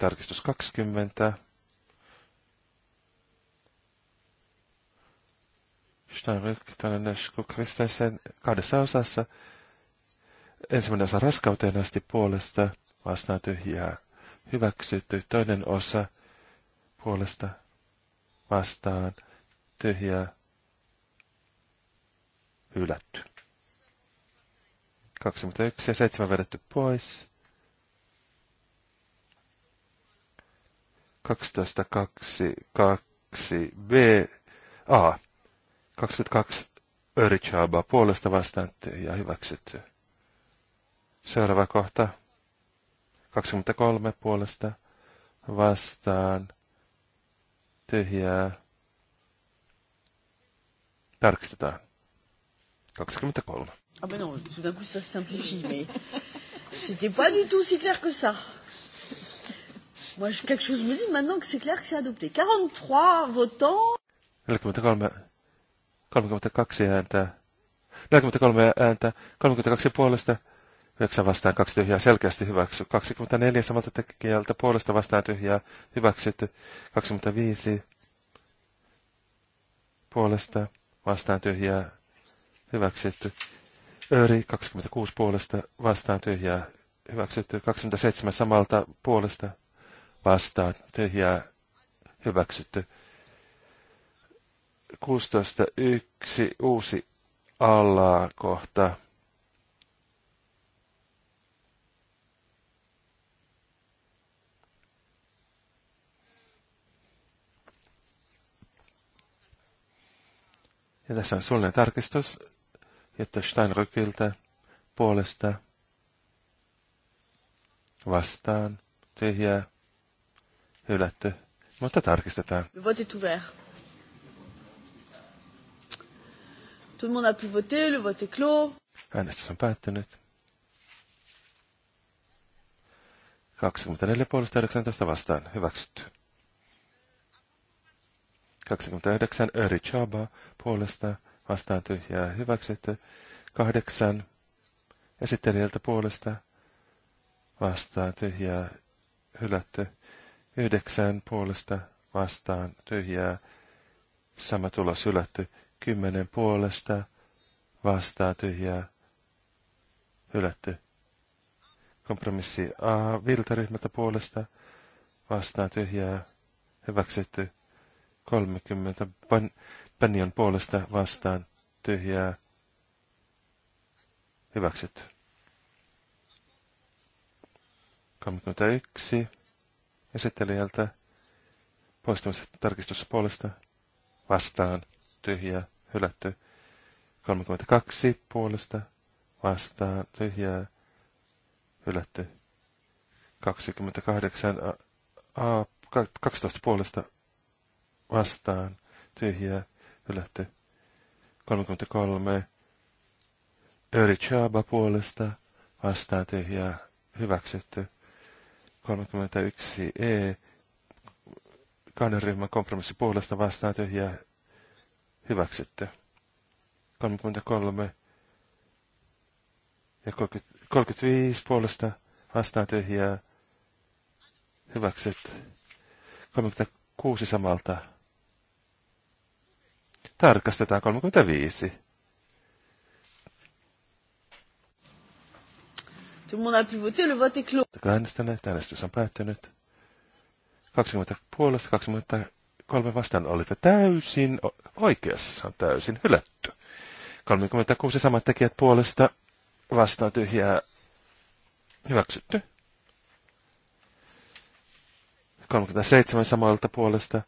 Tarkistus 20. Steinberg, Talenescu, Kristensen kahdessa osassa. Ensimmäinen osa raskauteen asti puolesta vastaan tyhjää. Hyväksytty. Toinen osa puolesta vastaan tyhjää. Hylätty. 21 ja 7 vedetty pois. 12.2.2b. A. 22 Örichaba puolesta vastaan ja hyväksytty. Seuraava kohta. 23 puolesta vastaan tyhjää. Tarkistetaan. 23. Ah Moi, quelque chose me dit maintenant que c'est clair que c'est adopté. 43 votants. 43 32 ääntä, 43 ääntä, 32 puolesta, 9 vastaan, 2 tyhjää, selkeästi hyväksy. 24 samalta tekijältä puolesta vastaan tyhjää, hyväksytty. 25 puolesta vastaan tyhjää, hyväksytty. Öri 26 puolesta vastaan tyhjää, hyväksytty. 27 samalta puolesta vastaan tyhjää, hyväksytty. 16.1. Uusi kohta. Ja tässä on suullinen tarkistus että Steinrykiltä puolesta vastaan tyhjää hylätty, mutta tarkistetaan. Tout le monde a pu voter, le vote est clos. Äänestys on päättynyt. 24 puolesta 19 vastaan. Hyväksytty. 29 Öri Chaba puolesta vastaan tyhjää. Hyväksytty. 8 esittelijältä puolesta vastaan tyhjää. Hylätty. 9 puolesta vastaan tyhjää. Sama tulos hylätty. Kymmenen puolesta vastaa tyhjää hylätty. Kompromissi A viltaryhmältä puolesta vastaa tyhjää hyväksytty. 30 pennion puolesta vastaan tyhjää hyväksytty. 31 esittelijältä poistamisen tarkistus puolesta vastaan tyhjää, hylätty. 32 puolesta vastaan, tyhjää, hylätty. 28 a, 12 puolesta vastaan, tyhjää, hylätty. 33 Öri Chaba puolesta vastaan tyhjää, hyväksytty. 31 E kahden ryhmän kompromissi puolesta vastaan tyhjää hyväksytty. 33 ja 30, 35 puolesta vastaan tyhjää Hyväksyt. 36 samalta. Tarkastetaan 35. Tout le monde a pu voter, le vote est clos. Äänestäneet, äänestys on päättynyt. 20 puolesta, 20 kolme vastaan olitte täysin oikeassa, täysin hylätty. 36 samat tekijät puolesta vastaan tyhjää hyväksytty. 37 samalta puolesta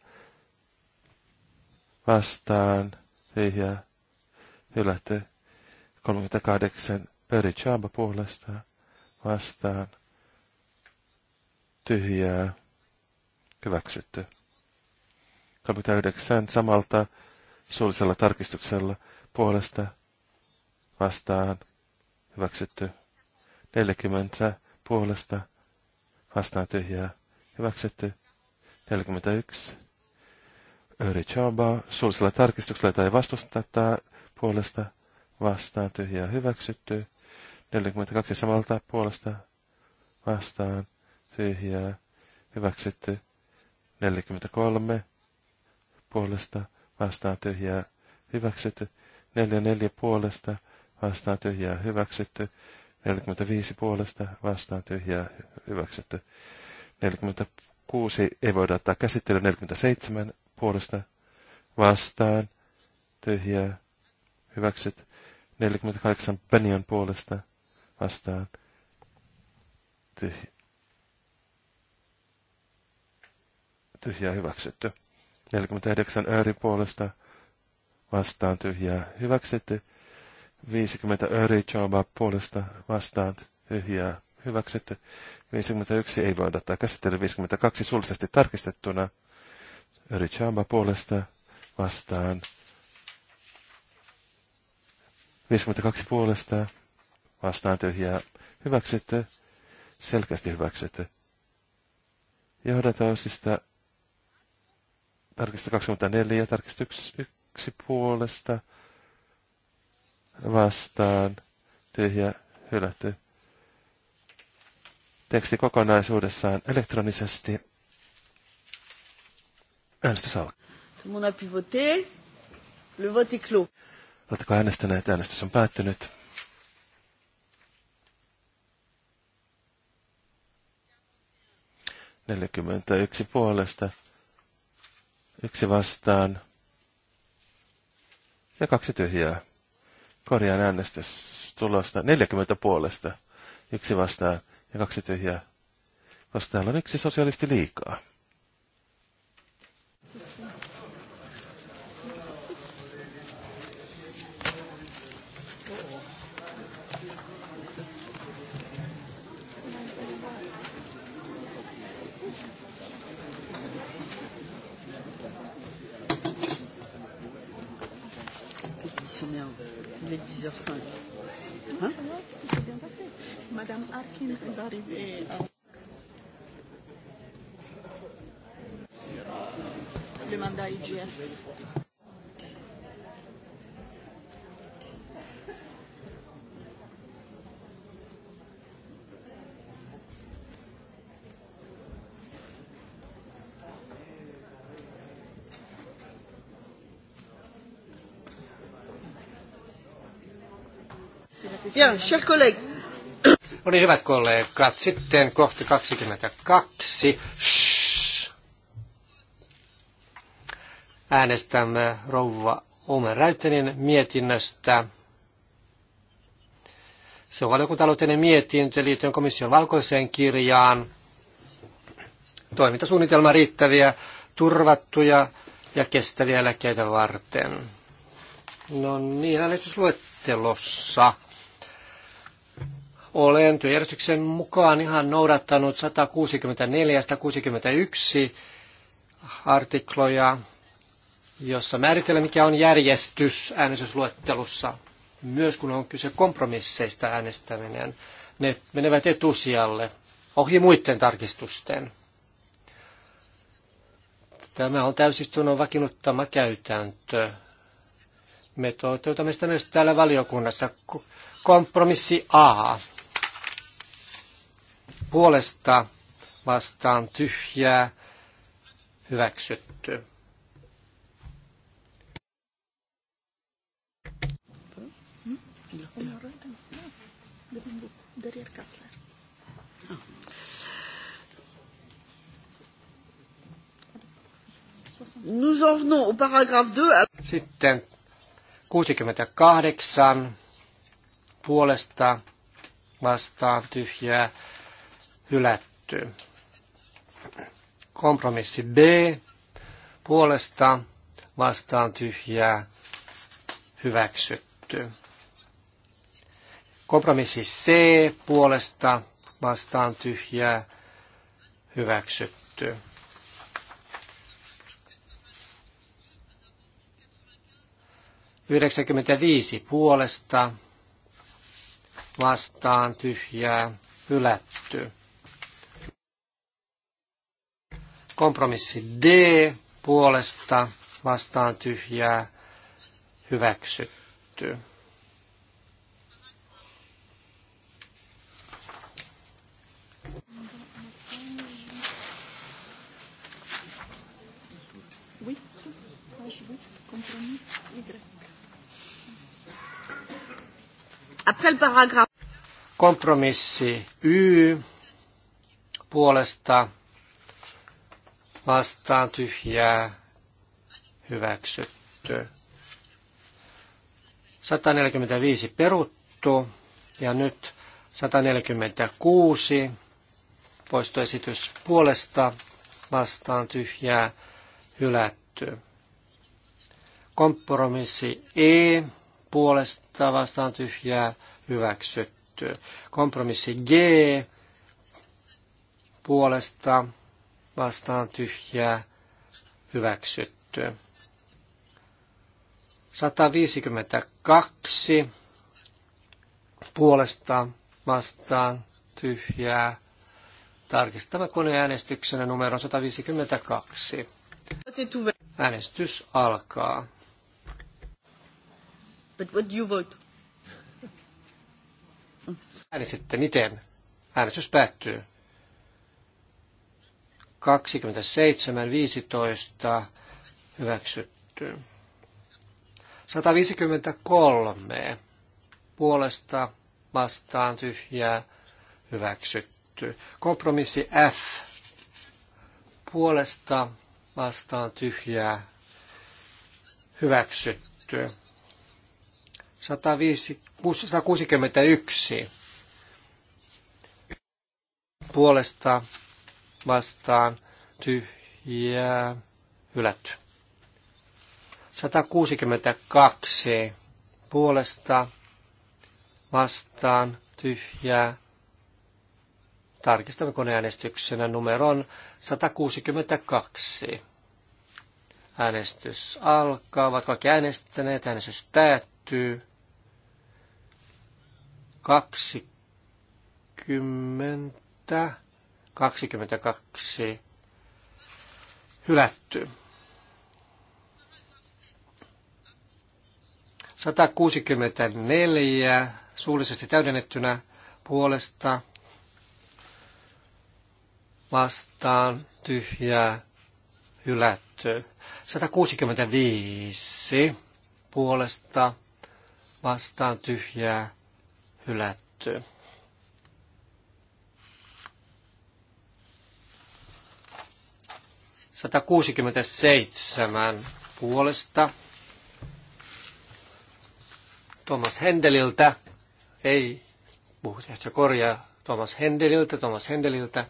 vastaan tyhjää hylätty. 38 Eri Chaba puolesta vastaan tyhjää hyväksytty. 39 samalta suullisella tarkistuksella puolesta vastaan hyväksytty. 40 puolesta vastaan tyhjää hyväksytty. 41. Öri Chaba suullisella tarkistuksella tai vastustetta puolesta vastaan tyhjää hyväksytty. 42 samalta puolesta vastaan tyhjää hyväksytty. 43 puolesta vastaan tyhjää hyväksytty. 44 puolesta vastaan tyhjää hyväksytty. 45 puolesta vastaan tyhjää hyväksytty. 46 ei voida ottaa käsittelyä. 47 puolesta vastaan tyhjää hyväksytty. 48 Benjon puolesta vastaan tyhjää tyhjää hyväksytty. 49 öörin puolesta vastaan tyhjää hyväksytty. 50 ööri joobaa puolesta vastaan tyhjää hyväksytty. 51 ei voida ottaa käsittely. 52 suullisesti tarkistettuna. Ööri chamba puolesta vastaan. 52 puolesta vastaan tyhjää hyväksytty. Selkeästi hyväksytty. Johdantaosista tarkistus 24, tarkistus 1 puolesta vastaan, tyhjä, hylätty. Teksti kokonaisuudessaan elektronisesti. Äänestys alkaa. clos. Oletteko äänestäneet? Äänestys on päättynyt. 41 puolesta, Yksi vastaan. Ja kaksi tyhjää. Korjaan tulosta. 40 puolesta. Yksi vastaan ja kaksi tyhjää. Koska täällä on yksi sosialisti liikaa. personne. Hein? Madame Harkin est arrivée. Le mandat IGF. Bien, chers collègues. No niin, hyvät kollegat. Sitten kohti 22. Shhh. Äänestämme rouva Omen Räyttenin mietinnöstä. Se on valiokuntaloitteinen mietintö liittyen komission valkoiseen kirjaan. Toimintasuunnitelma riittäviä, turvattuja ja kestäviä eläkkeitä varten. No niin, äänestysluettelossa olen työjärjestyksen mukaan ihan noudattanut 164-161 artikloja, jossa määritellään, mikä on järjestys äänestysluettelussa, myös kun on kyse kompromisseista äänestäminen. Ne menevät etusijalle ohi muiden tarkistusten. Tämä on täysistunnon vakiinnuttama käytäntö. Me toteutamme sitä myös täällä valiokunnassa. Kompromissi A puolesta vastaan tyhjää hyväksytty. Nous en venons au paragraphe 2. Sitten 68 puolesta vastaan tyhjää hylätty. Kompromissi B puolesta vastaan tyhjää hyväksytty. Kompromissi C puolesta vastaan tyhjää hyväksytty. Yhdeksänkymmentäviisi puolesta vastaan tyhjää hylätty. Kompromissi D puolesta vastaan tyhjää hyväksytty. Kompromissi Y puolesta vastaan tyhjää hyväksytty. 145 peruttu ja nyt 146 poistoesitys puolesta vastaan tyhjää hylätty. Kompromissi E puolesta vastaan tyhjää hyväksytty. Kompromissi G puolesta vastaan tyhjää hyväksytty. 152 puolesta vastaan tyhjää. Tarkistava koneäänestyksenä numero 152. Äänestys alkaa. But what you vote? Äänestitte miten? Äänestys päättyy. 27.15 hyväksytty. 153 puolesta vastaan tyhjää hyväksytty. Kompromissi F puolesta vastaan tyhjää hyväksytty. 161 puolesta vastaan tyhjää hylätty. 162 puolesta vastaan tyhjää. Tarkistamme koneäänestyksenä numeron 162. Äänestys alkaa. Ovat kaikki äänestäneet. Äänestys päättyy. 20 22 hylätty. 164 suullisesti täydennettynä puolesta vastaan tyhjää hylätty. 165 puolesta vastaan tyhjää hylätty. 167 puolesta. Thomas Hendeliltä, ei puhu ehkä korjaa, Thomas Hendeliltä, Thomas Hendeliltä,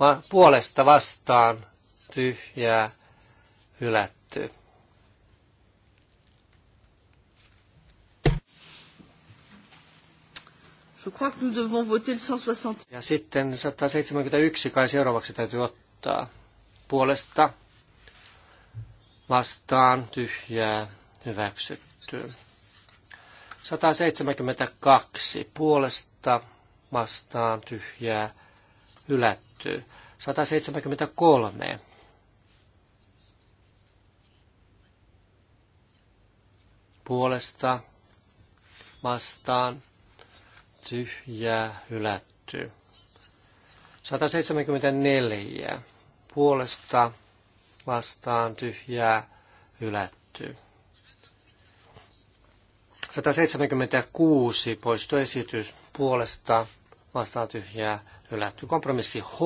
vaan puolesta vastaan tyhjää hylätty. Je crois que nous devons voter le 160. Ja sitten 171 kai seuraavaksi täytyy ottaa kohtaa puolesta vastaan tyhjää hyväksytty. 172 puolesta vastaan tyhjää hylättyä. 173 puolesta vastaan tyhjää hylättyä. 174 puolesta vastaan tyhjää hylätty. 176 poistoesitys puolesta vastaan tyhjää hylätty. Kompromissi H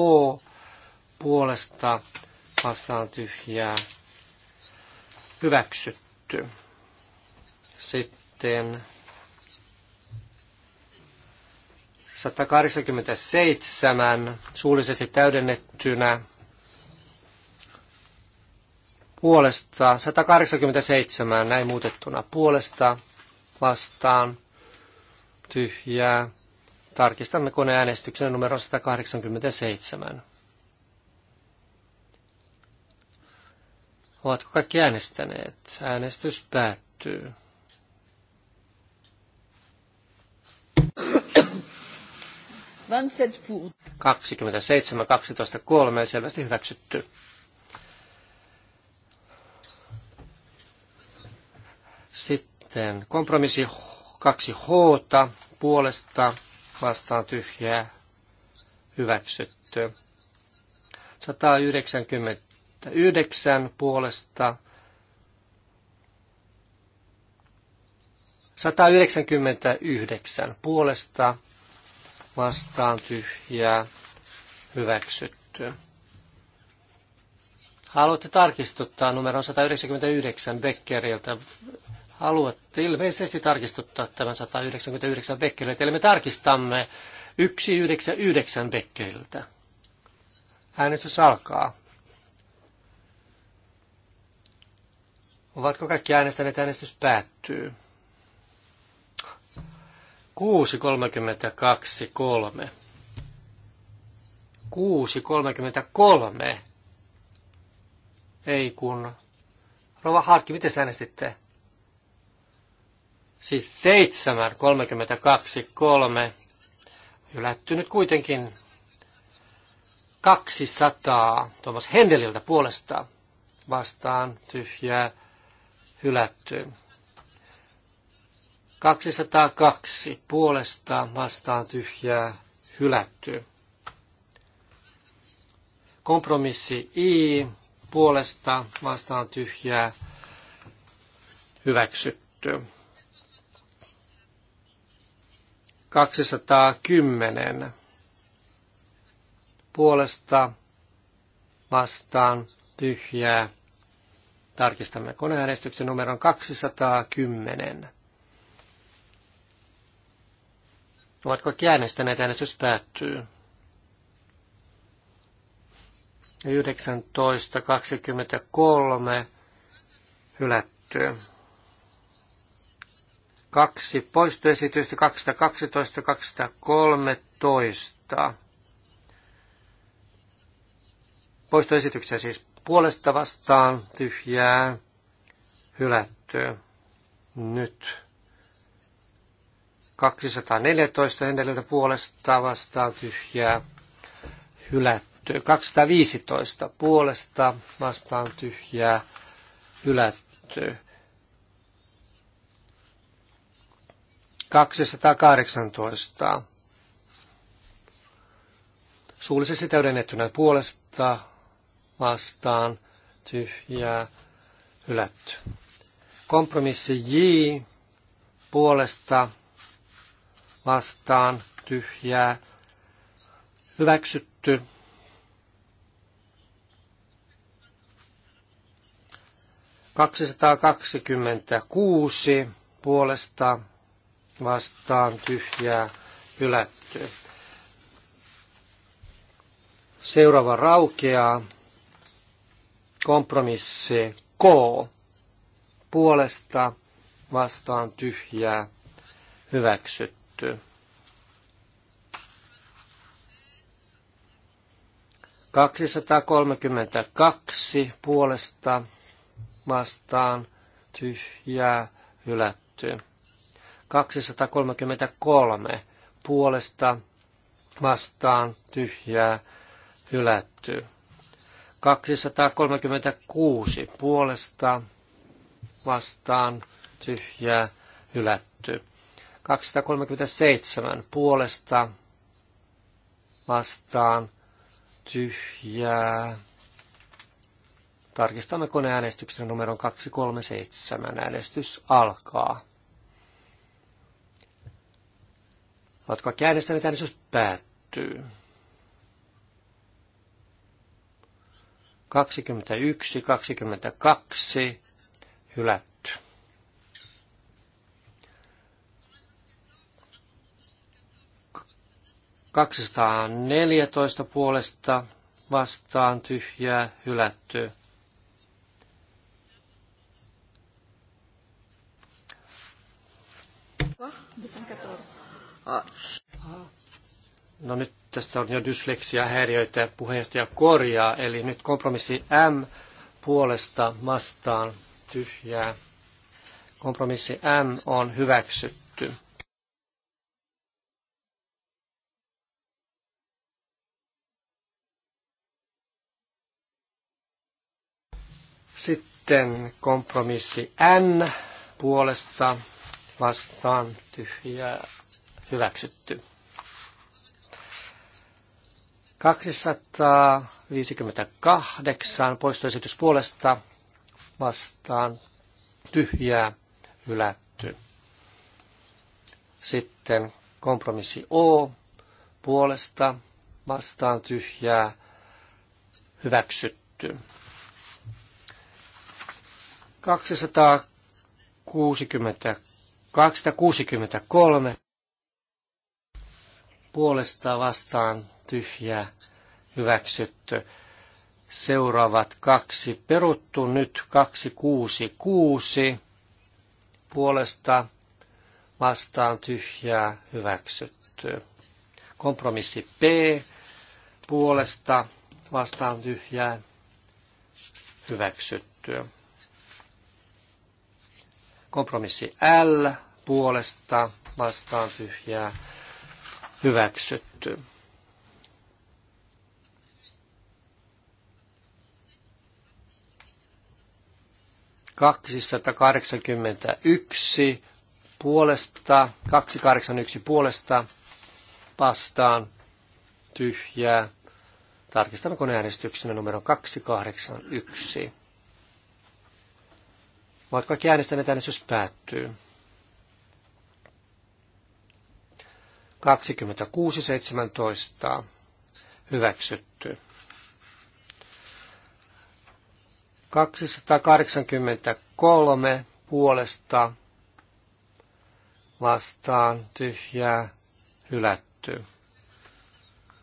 puolesta vastaan tyhjää hyväksytty. Sitten 187 suullisesti täydennettynä puolesta, 187 näin muutettuna puolesta vastaan tyhjää. Tarkistamme koneäänestyksen numero 187. Ovatko kaikki äänestäneet? Äänestys päättyy. 27, 12, 3, selvästi hyväksytty. Sitten kompromissi 2H puolesta vastaan tyhjää hyväksytty. 199 puolesta 199 puolesta vastaan tyhjää hyväksytty. Haluatte tarkistuttaa numero 199 Beckeriltä. Haluatte ilmeisesti tarkistuttaa tämän 199 Beckeriltä. Eli me tarkistamme 199 Beckeriltä. Äänestys alkaa. Ovatko kaikki äänestäneet? Äänestys päättyy kolmekymmentä kolme, Ei kun. Rova Harkki, miten sä äänestitte? Siis kolmekymmentä kaksi kolme, Ylättynyt kuitenkin 200 Tuomas Hendeliltä puolesta vastaan tyhjää hylätty. 202 puolestaan vastaan tyhjää hylätty. Kompromissi I puolesta vastaan tyhjää hyväksytty. 210 puolesta vastaan tyhjää. Tarkistamme koneäänestyksen numeron 210. Ovatko kaikki äänestäneet? Äänestys päättyy. 19.23 hylättyä. Kaksi poistoesitystä 212 213. Poistoesityksiä siis puolesta vastaan tyhjää hylättyä. Nyt 214 Hendeliltä puolestaan vastaan tyhjää hylätty. 215 puolesta vastaan tyhjää hylätty. 218 suullisesti täydennettynä puolesta vastaan tyhjää hylätty. Kompromissi J puolesta vastaan tyhjää hyväksytty. kuusi puolesta vastaan tyhjää hylätty. Seuraava raukeaa kompromissi K puolesta vastaan tyhjää hyväksytty. Hylätty. 232 puolesta vastaan tyhjää hylätty. 233 puolesta vastaan tyhjää hylätty. 236 puolesta vastaan tyhjää hylätty. 237 puolesta vastaan tyhjää. Tarkistamme koneäänestyksen numeron 237. Äänestys alkaa. Oletko kaikki äänestäneet? Äänestys päättyy. 21, 22, hylätty. 214 puolesta vastaan tyhjää hylätty. No nyt tästä on jo dysleksia häiriöitä ja puheenjohtaja korjaa, eli nyt kompromissi M puolesta vastaan tyhjää. Kompromissi M on hyväksytty. Sitten kompromissi N puolesta vastaan tyhjää hyväksytty. 258 poistoesitys puolesta vastaan tyhjää hylätty. Sitten kompromissi O puolesta vastaan tyhjää hyväksytty. 260, 263 puolesta vastaan tyhjä hyväksytty. Seuraavat kaksi peruttu nyt 266 puolesta vastaan tyhjää hyväksytty. Kompromissi P puolesta vastaan tyhjää hyväksytty. Kompromissi L puolesta vastaan tyhjää hyväksytty. yksi puolesta, 281 puolesta vastaan tyhjää. Tarkistamme koneäänestyksenä numero 281 vaikka kaikki äänestäneet, äänestys päättyy. 26.17 hyväksytty. 283 puolesta vastaan tyhjää hylätty.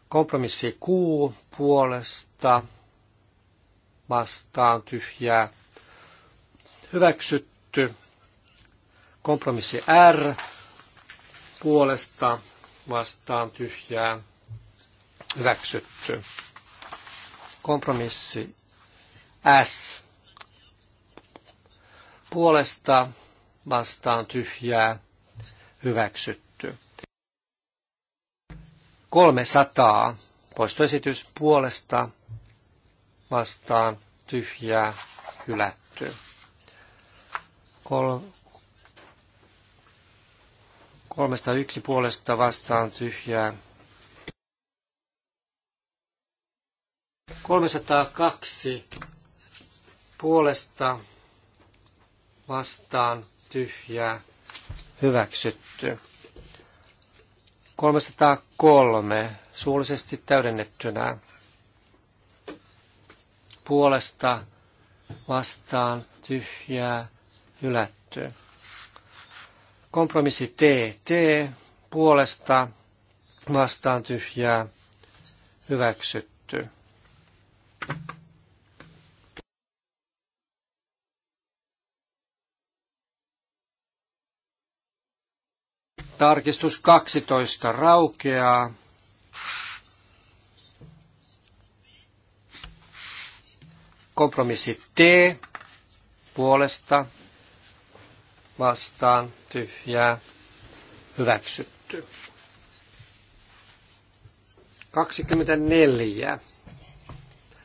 Kompromissi kuu puolesta vastaan tyhjää hyväksytty. Kompromissi R puolesta vastaan tyhjää hyväksytty. Kompromissi S puolesta vastaan tyhjää hyväksytty. 300 poistoesitys puolesta vastaan tyhjää hylätty kolmesta yksi puolesta vastaan tyhjää. 302 puolesta vastaan tyhjää hyväksytty. 303 suullisesti täydennettynä puolesta vastaan tyhjää hylätty. Kompromissi T T puolesta vastaan tyhjää hyväksytty. Tarkistus 12 raukeaa. Kompromissi T puolesta vastaan tyhjää hyväksytty. 24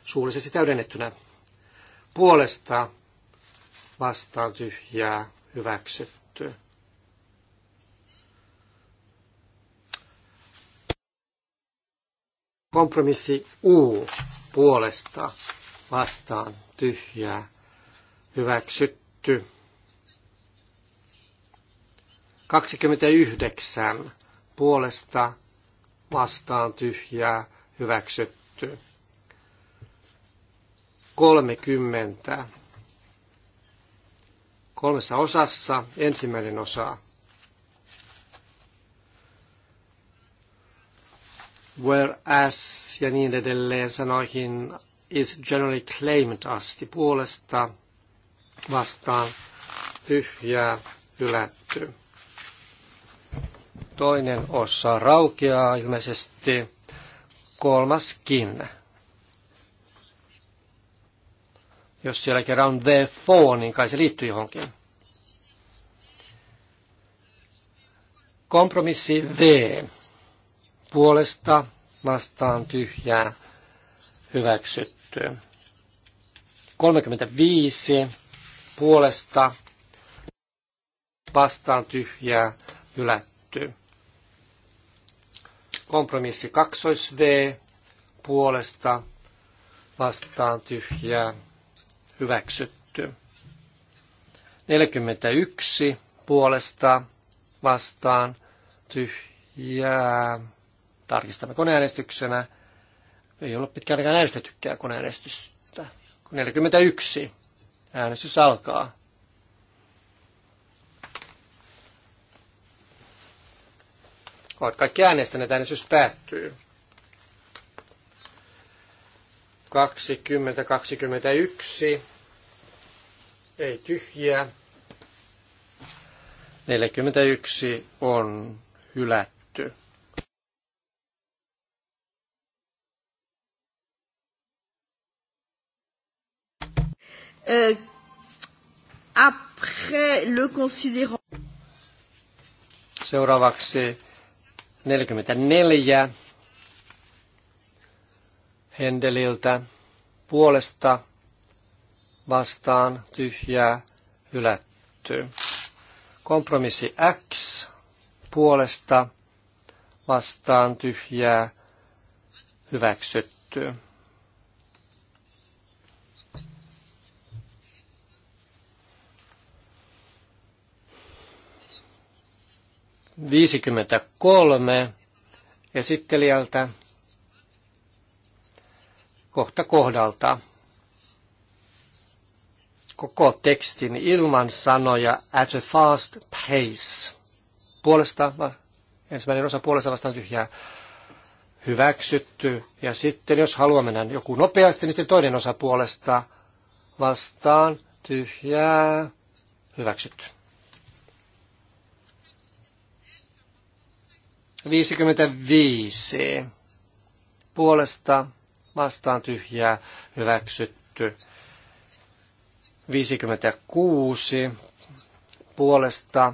suullisesti täydennettynä puolesta vastaan tyhjää hyväksytty. Kompromissi U puolesta vastaan tyhjää hyväksytty. 29 puolesta vastaan tyhjää hyväksytty. 30 kolmessa osassa ensimmäinen osa. Whereas ja niin edelleen sanoihin is generally claimed asti puolesta vastaan tyhjää hylätty. Toinen osa raukeaa ilmeisesti, kolmaskin. Jos siellä kerran v niin kai se liittyy johonkin. Kompromissi V. Puolesta vastaan tyhjää hyväksytty. 35 puolesta vastaan tyhjää hylätty. Kompromissi 2 V puolesta vastaan tyhjää hyväksytty. 41 puolesta vastaan tyhjää. Tarkistamme koneäänestyksenä. Ei ole pitkään aikaan äänestettykään koneäänestystä. 41. Äänestys alkaa. Ovat kaikki äänestäneet, äänestys päättyy. 20-21. Ei tyhjiä. 41 on hylätty. Euh, après le considérant. Seuraavaksi 44 Hendeliltä puolesta vastaan tyhjää hylätty. Kompromissi X puolesta vastaan tyhjää hyväksytty. 53 esittelijältä kohta kohdalta koko tekstin ilman sanoja at a fast pace. Puolesta, ensimmäinen osa puolesta vastaan tyhjää hyväksytty. Ja sitten jos haluamme mennä joku nopeasti, niin sitten toinen osa puolesta vastaan tyhjää hyväksytty. 55 puolesta vastaan tyhjää hyväksytty. 56 puolesta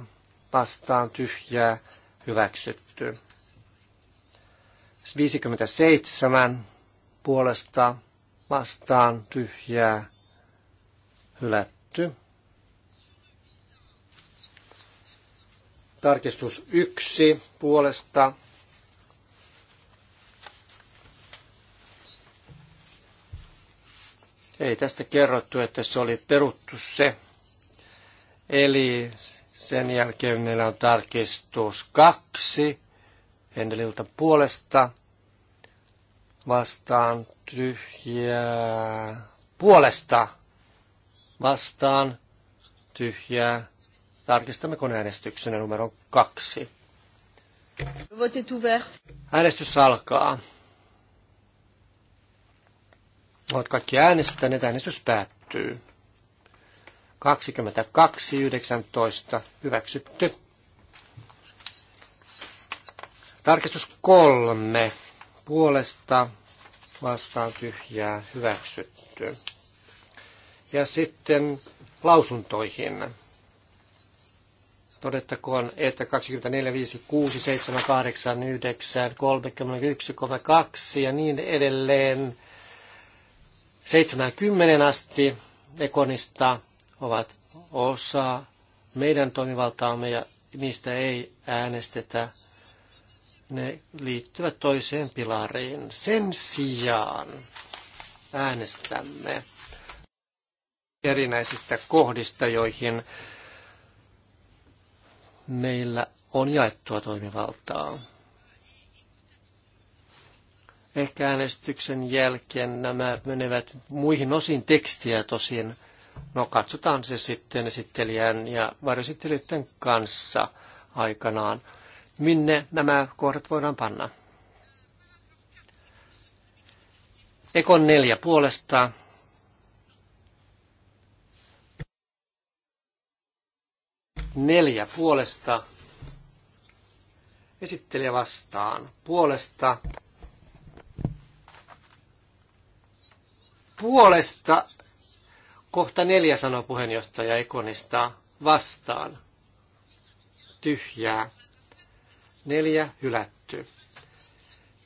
vastaan tyhjää hyväksytty. 57 puolesta vastaan tyhjää hylätty. Tarkistus 1 puolesta ei tästä kerrottu, että se oli peruttu se. Eli sen jälkeen meillä on tarkistus kaksi Hendeliltä puolesta vastaan tyhjää puolesta vastaan tyhjää Tarkistamme koneäänestyksenä numero kaksi. Vote est ouvert. Äänestys alkaa. Olet kaikki äänestäneet. Äänestys päättyy. 22.19. Hyväksytty. Tarkistus kolme. Puolesta vastaan tyhjää hyväksytty. Ja sitten lausuntoihin. Todettakoon, että 24, 5, 6, 7, 8, 9, 31, 32 ja niin edelleen 70 asti Ekonista ovat osa meidän toimivaltaamme ja niistä ei äänestetä. Ne liittyvät toiseen pilariin. Sen sijaan äänestämme erinäisistä kohdista, joihin meillä on jaettua toimivaltaa. Ehkä äänestyksen jälkeen nämä menevät muihin osin tekstiä tosin. No katsotaan se sitten esittelijän ja varjoesittelijöiden kanssa aikanaan, minne nämä kohdat voidaan panna. Ekon neljä puolesta Neljä puolesta. Esittelijä vastaan. Puolesta. Puolesta. Kohta neljä sanoo puheenjohtaja Ekonista. Vastaan. Tyhjää. Neljä hylätty.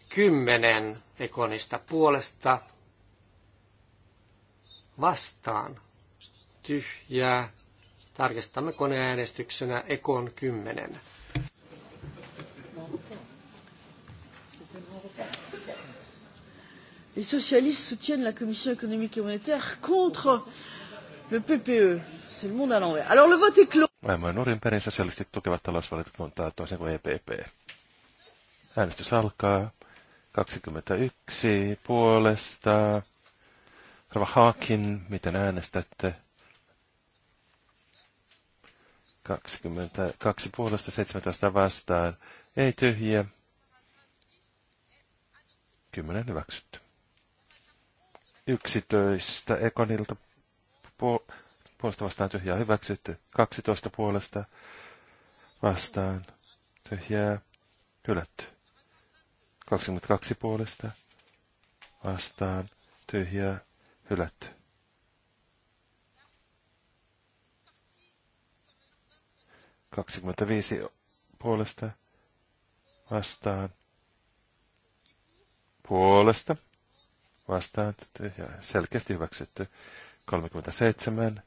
Kymmenen Ekonista puolesta. Vastaan. Tyhjää Tarkistamme koneäänestyksenä Ekon 10. Les socialistes soutiennent la Commission économique et monétaire contre le PPE. C'est le monde à l'envers. Alors le vote est clos. Maailman nurin perin sosialistit tukevat talousvaliokuntaa toisin kuin EPP. Äänestys alkaa. 21 puolesta. Rava Haakin, miten äänestätte? 22 puolesta 17 vastaan. Ei tyhjiä. 10 hyväksytty. 11 Ekonilta puolesta vastaan tyhjää hyväksytty. 12 puolesta vastaan tyhjää hylätty. 22 puolesta vastaan tyhjää hylätty. 25 puolesta vastaan. Puolesta vastaan ja selkeästi hyväksytty. 37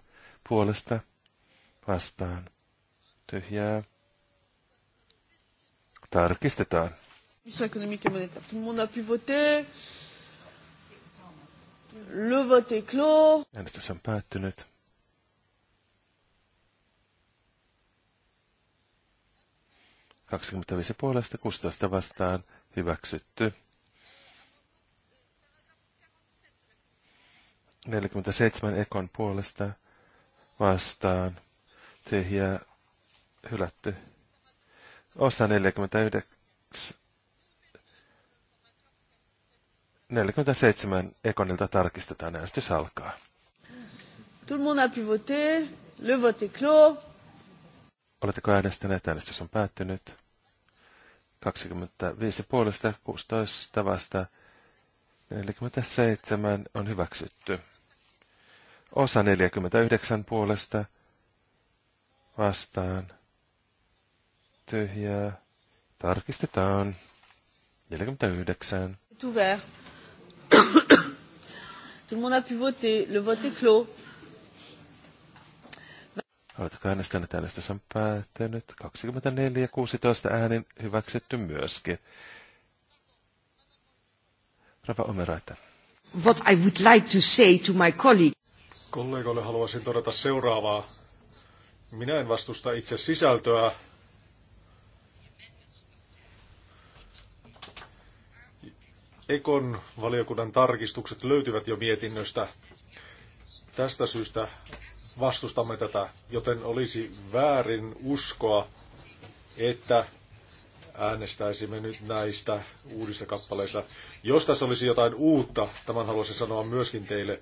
puolesta vastaan tyhjää. Tarkistetaan. Äänestys on päättynyt. 25 puolesta 16 vastaan hyväksytty. 47 ekon puolesta vastaan tyhjä hylätty. Osa 49. 47 ekonilta tarkistetaan äänestys alkaa. Tout le monde a pu voter. Le vote est clos. Oletteko äänestäneet? Äänestys on päättynyt. 25 puolesta, 16 vasta, 47 on hyväksytty. Osa 49 puolesta vastaan. Tyhjää. Tarkistetaan. 49. [coughs] Tout le monde a pu voter. Le vote est clos. Oletko äänestänyt Äänestys on päättynyt. 24 ja 16 äänin hyväksytty myöskin. Rava Omeraita. What I would like to say to my colleague. Kollegoille haluaisin todeta seuraavaa. Minä en vastusta itse sisältöä. Ekon valiokunnan tarkistukset löytyvät jo mietinnöstä. Tästä syystä vastustamme tätä, joten olisi väärin uskoa, että äänestäisimme nyt näistä uudista kappaleista. Jos tässä olisi jotain uutta, tämän haluaisin sanoa myöskin teille,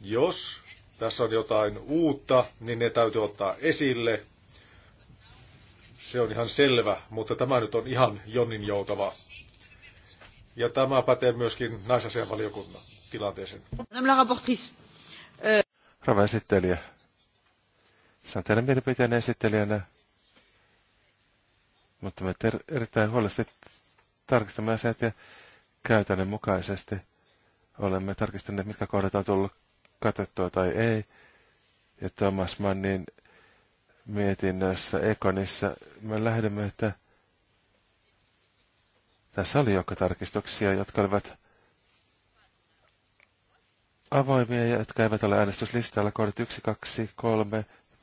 jos tässä on jotain uutta, niin ne täytyy ottaa esille. Se on ihan selvä, mutta tämä nyt on ihan jonnin joutava. Ja tämä pätee myöskin naisasianvaliokunnan tilanteeseen. Rava esittelijä. Saan teidän mielipiteen esittelijänä, mutta me ter- erittäin huolesti tarkistamme asiat ja käytännön mukaisesti olemme tarkistaneet, mitkä kohdat on tullut katettua tai ei. Ja Thomas Mannin mietinnössä Ekonissa me lähdemme, että tässä oli joukko tarkistuksia, jotka olivat avoimia ja jotka eivät ole äänestyslistalla. Kohdat 1, 2, 3,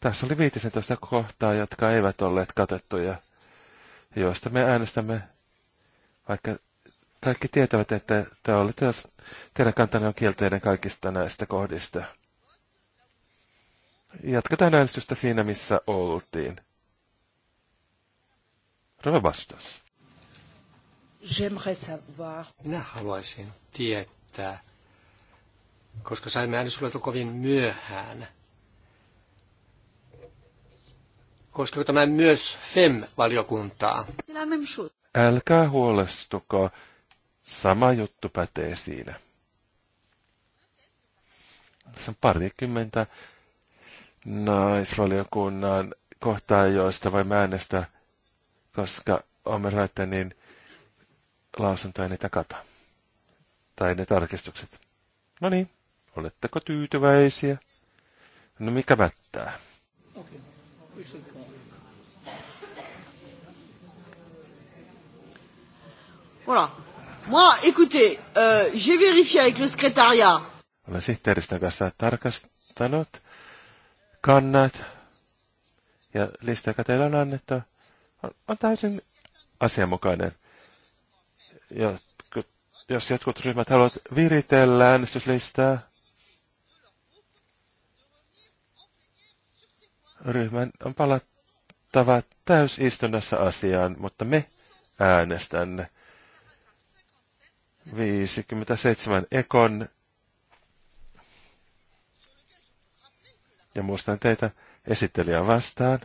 Tässä oli 15 kohtaa, jotka eivät olleet katettuja, joista me äänestämme, vaikka kaikki tietävät, että oli olette, teidän kantanne on kielteinen kaikista näistä kohdista. Jatketaan äänestystä siinä, missä oltiin. Rova vastaus. Minä haluaisin tietää, koska saimme äänestysluetun kovin myöhään. Koskeeko tämä myös FEM-valiokuntaa? Älkää huolestuko, sama juttu pätee siinä. Tässä on parikymmentä naisvaliokunnan kohtaa, joista voi äänestää, koska olemme niin lausuntoja niitä kata. Tai ne tarkistukset. No niin, oletteko tyytyväisiä? No mikä mättää? Okay. Voilà. Moi, écoutez, euh, j'ai vérifié avec le secrétariat. Olen sihteeristön kanssa tarkastanut kannat ja lista, joka teille on annettu, on, on täysin asianmukainen. Jotkut, jos jotkut ryhmät haluavat viritellä äänestyslistaa, ryhmän on palattava täysistunnassa asiaan, mutta me äänestämme. 57 Ekon. Ja muistan teitä esittelijä vastaan.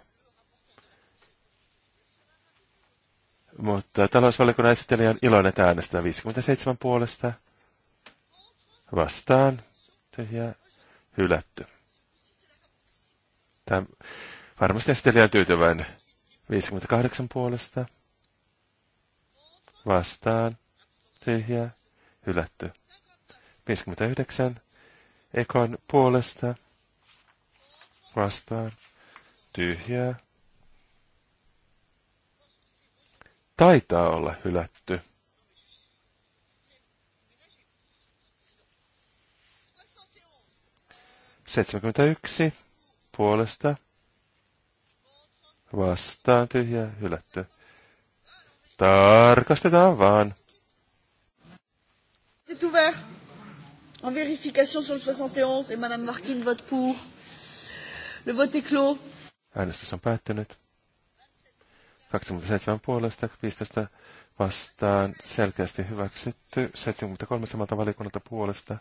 Mutta talousvaliokunnan esittelijä on iloinen, että äänestää 57 puolesta. Vastaan. Tyhjä. Hylätty. Tämä varmasti esittelijä on tyytyväinen. 58 puolesta. Vastaan tyhjää, hylätty. 59. Ekon puolesta, vastaan, tyhjää. Taitaa olla hylätty. 71 puolesta vastaan tyhjä hylätty. Tarkastetaan vaan. C'est ouvert. En vérification sur le 71 et Madame Markin vote pour. Le vote est clos. Äänestys on päättynyt. 27 puolesta, 15 vastaan, selkeästi hyväksytty. 73 samalta valikunnalta puolesta,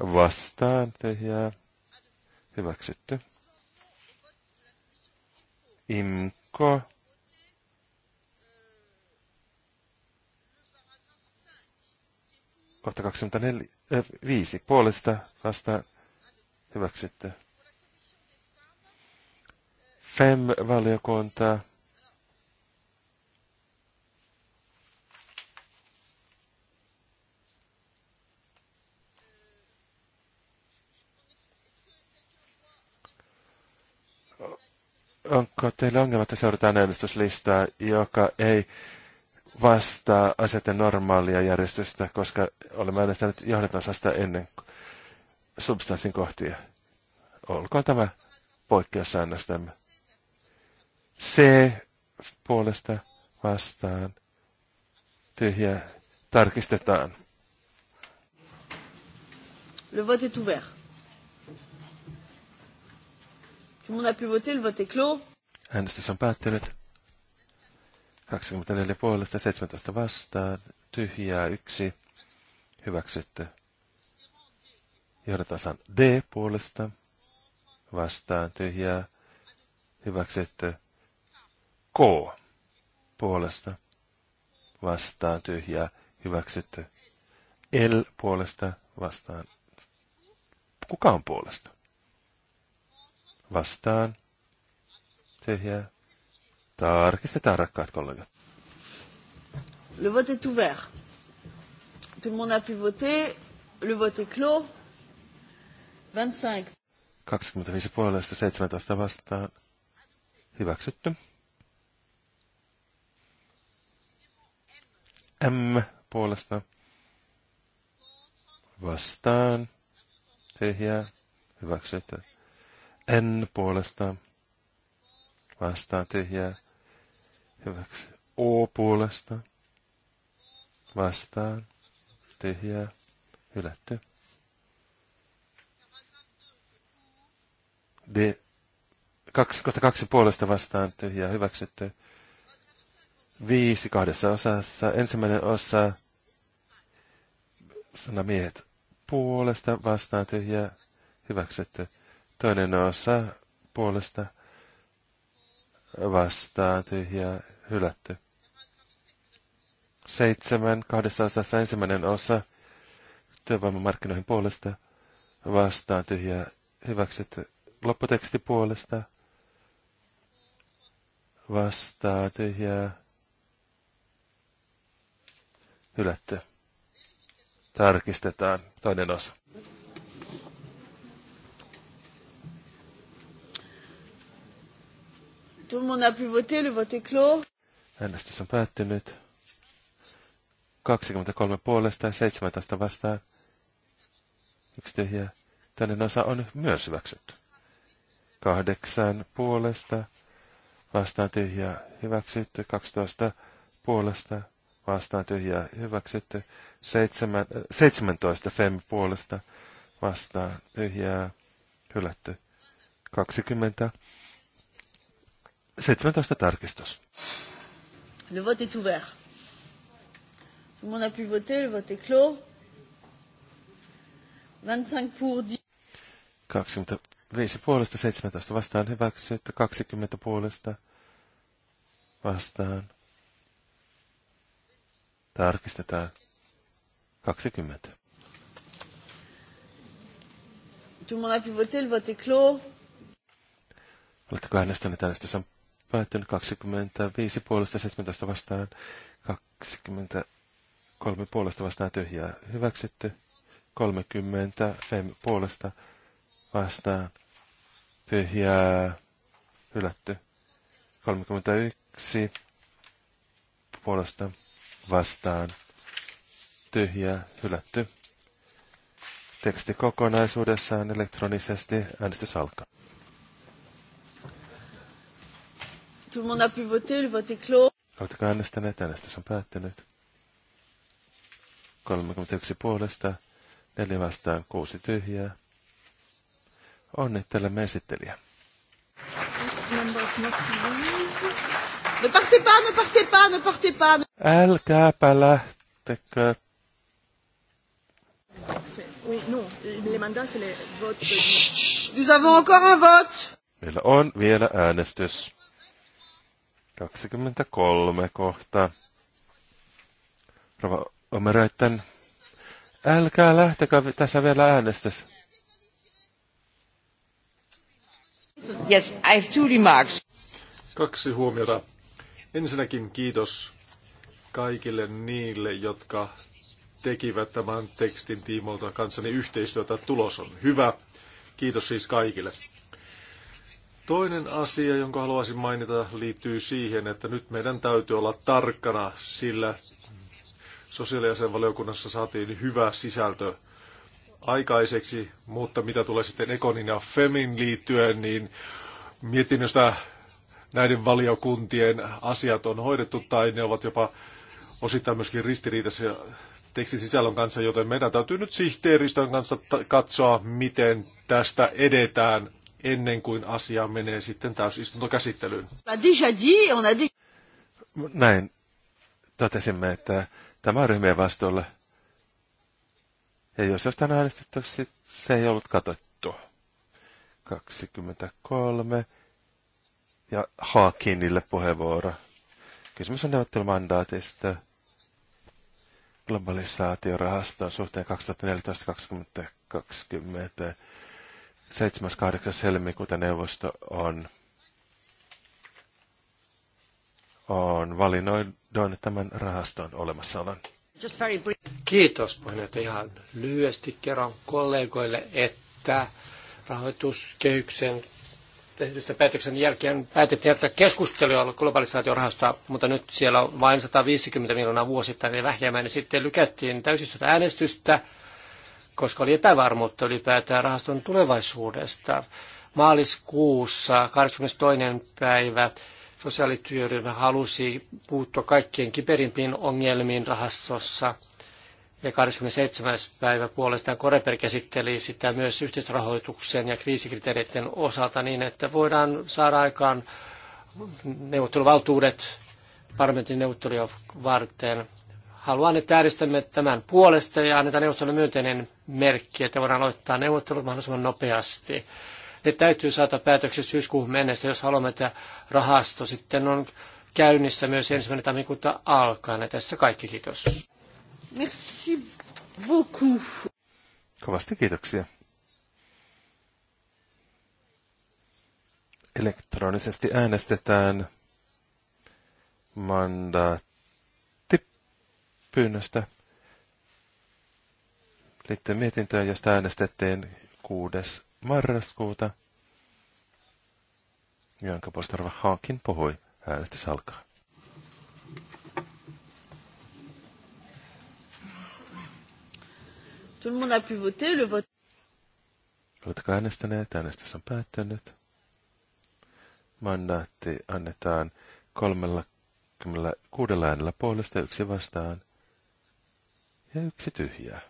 vastaan, tyhjää, hyväksytty. Imko kohta 24, äh, 5 puolesta vastaan hyväksytty. FEM-valiokunta. Onko teillä ongelma, että seurataan äänestyslistaa, joka ei vastaa asioiden normaalia järjestystä, koska olemme äänestäneet sitä ennen substanssin kohtia. Olkoon tämä poikkeussäännöstämme. C puolesta vastaan. Tyhjä tarkistetaan. Le vote est ouvert. Tout le monde a pu voter, le vote est clos. Äänestys on päättynyt. 24 puolesta, 17 vastaan, tyhjää yksi, hyväksytty. Johdataan D puolesta, vastaan, tyhjää, hyväksytty. K puolesta, vastaan, tyhjää, hyväksytty. L puolesta, vastaan. Kuka on puolesta? Vastaan, tyhjää, Tarkistetaan, rakkaat kollegat. Le vote est ouvert. Tout le monde a pu voter. Le vote est clos. 25. 25 puolesta, 17 vastaan. Hyväksytty. M puolesta. Vastaan. Tyhjää. Hyväksytty. N puolesta Vastaa tyhjää hyväksi. O puolesta vastaan tyhjää hylätty. D, kaksi, kohta kaksi puolesta vastaan tyhjää hyväksytty. Viisi kahdessa osassa. Ensimmäinen osa sana miehet puolesta vastaan tyhjää hyväksytty. Toinen osa puolesta vastaa tyhjää hylätty. Seitsemän kahdessa osassa ensimmäinen osa työvoimamarkkinoihin puolesta vastaan tyhjää hyväksytty. Lopputeksti puolesta vastaa tyhjää hylätty. Tarkistetaan toinen osa. Tout le monde a pu voter, le vote est clos. Äänestys on päättynyt. 23 puolesta, ja 17 vastaan. Yksi tyhjä. Tänne osa on myös hyväksytty. Kahdeksan puolesta, vastaan tyhjä, hyväksytty. 12 puolesta, vastaan tyhjä, hyväksytty. Seitsemän, 17 äh, fem puolesta, vastaan tyhjää, hylätty. 20 17 tarkistus. Le vote est ouvert. Tout le monde a pu voter, le vote est clos. 25 pour 10. 25 puolesta, 17 vastaan hyväksytty, 20 puolesta vastaan. Tarkistetaan. 20. Tout le monde a pu voter, le vote est clos. Oletteko äänestäneet? Äänestys on päättynyt 25 puolesta 17 vastaan 23 puolesta vastaan tyhjää hyväksytty. 30 fem puolesta vastaan tyhjää hylätty. 31 puolesta vastaan tyhjää hylätty. Teksti kokonaisuudessaan elektronisesti äänestys alkaa. Tout le monde a pu voter, le vote est clos. Oletteko äänestäneet? Äänestys on päättynyt. 31 puolesta, 4 vastaan, 6 tyhjää. Onnittelemme esittelijä. Ne partez pas, ne partez pas, ne partez pas. Älkääpä lähtekö. Meillä on vielä äänestys. 23 kohta. Rova Omeroitten, älkää lähtekö tässä vielä äänestys. Yes, I have two remarks. Kaksi huomiota. Ensinnäkin kiitos kaikille niille, jotka tekivät tämän tekstin tiimolta kanssani yhteistyötä. Tulos on hyvä. Kiitos siis kaikille. Toinen asia, jonka haluaisin mainita, liittyy siihen, että nyt meidän täytyy olla tarkkana, sillä sosiaali- valiokunnassa saatiin hyvä sisältö aikaiseksi, mutta mitä tulee sitten Ekonin ja Femin liittyen, niin mietinnöstä näiden valiokuntien asiat on hoidettu tai ne ovat jopa osittain myöskin ristiriidassa tekstin sisällön kanssa, joten meidän täytyy nyt sihteeristön kanssa katsoa, miten tästä edetään ennen kuin asia menee sitten täysistuntokäsittelyyn. Näin totesimme, että tämä on ryhmien vastuulla. Ja jos jostain äänestetty, se ei ollut katsottu. 23. Ja Haakinille puheenvuoro. Kysymys on neuvottelumandaatista globalisaatiorahaston suhteen 2014-2020. 7.8. helmikuuta neuvosto on, on valinnoidon tämän rahaston olemassaolon. Kiitos puheenjohtaja. Ihan lyhyesti kerron kollegoille, että rahoituskehyksen tehdystä päätöksen jälkeen päätettiin jättää keskustelua globalisaatiorahastoa, mutta nyt siellä on vain 150 miljoonaa vuosittain, eli vähemmän, niin sitten lykättiin täysistunto äänestystä koska oli epävarmuutta ylipäätään rahaston tulevaisuudesta. Maaliskuussa 22. päivä sosiaalityöryhmä halusi puuttua kaikkien kiperimpiin ongelmiin rahastossa. Ja 27. päivä puolestaan Koreper käsitteli sitä myös yhteisrahoituksen ja kriisikriteereiden osalta niin, että voidaan saada aikaan neuvotteluvaltuudet parlamentin neuvotteluja varten haluan, että äänestämme tämän puolesta ja annetaan neuvostolle myönteinen merkki, että voidaan aloittaa neuvottelut mahdollisimman nopeasti. Ne täytyy saada päätöksessä syyskuuhun mennessä, jos haluamme, että rahasto sitten on käynnissä myös ensimmäinen tammikuuta alkaen. Ja tässä kaikki, kiitos. Merci beaucoup. Kovasti kiitoksia. Elektronisesti äänestetään mandaatti pyynnöstä liittyen mietintöön, josta äänestettiin 6. marraskuuta, jonka postarva Haakin puhui. Äänestys alkaa. Tout le monde a pu voter, le vote... Oletko äänestäneet? Äänestys on päättynyt. Mandaatti annetaan 36 äänellä puolesta yksi vastaan ja yksi tyhjää.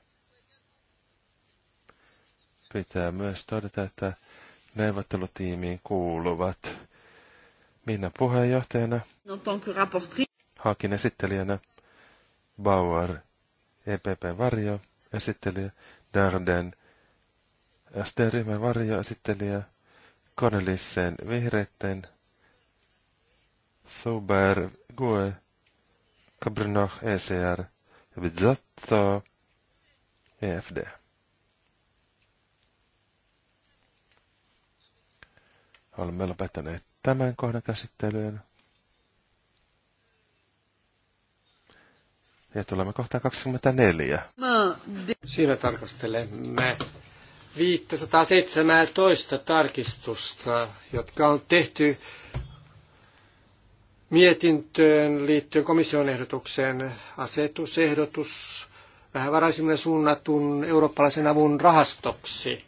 Pitää myös todeta, että neuvottelutiimiin kuuluvat Minna puheenjohtajana, Haakin esittelijänä, Bauer, EPP Varjo, esittelijä, Darden, SD-ryhmän Varjo, esittelijä, Cornelissen vihreitten, Thuber, Gue, Cabrnoch, ECR, Jag vill zattaa EFD. Olemme lopettaneet tämän kohdan käsittelyyn. Ja tulemme kohtaan 24. Siinä tarkastelemme 517 tarkistusta, jotka on tehty mietintöön liittyen komission ehdotukseen asetusehdotus vähävaraisimmille suunnatun eurooppalaisen avun rahastoksi.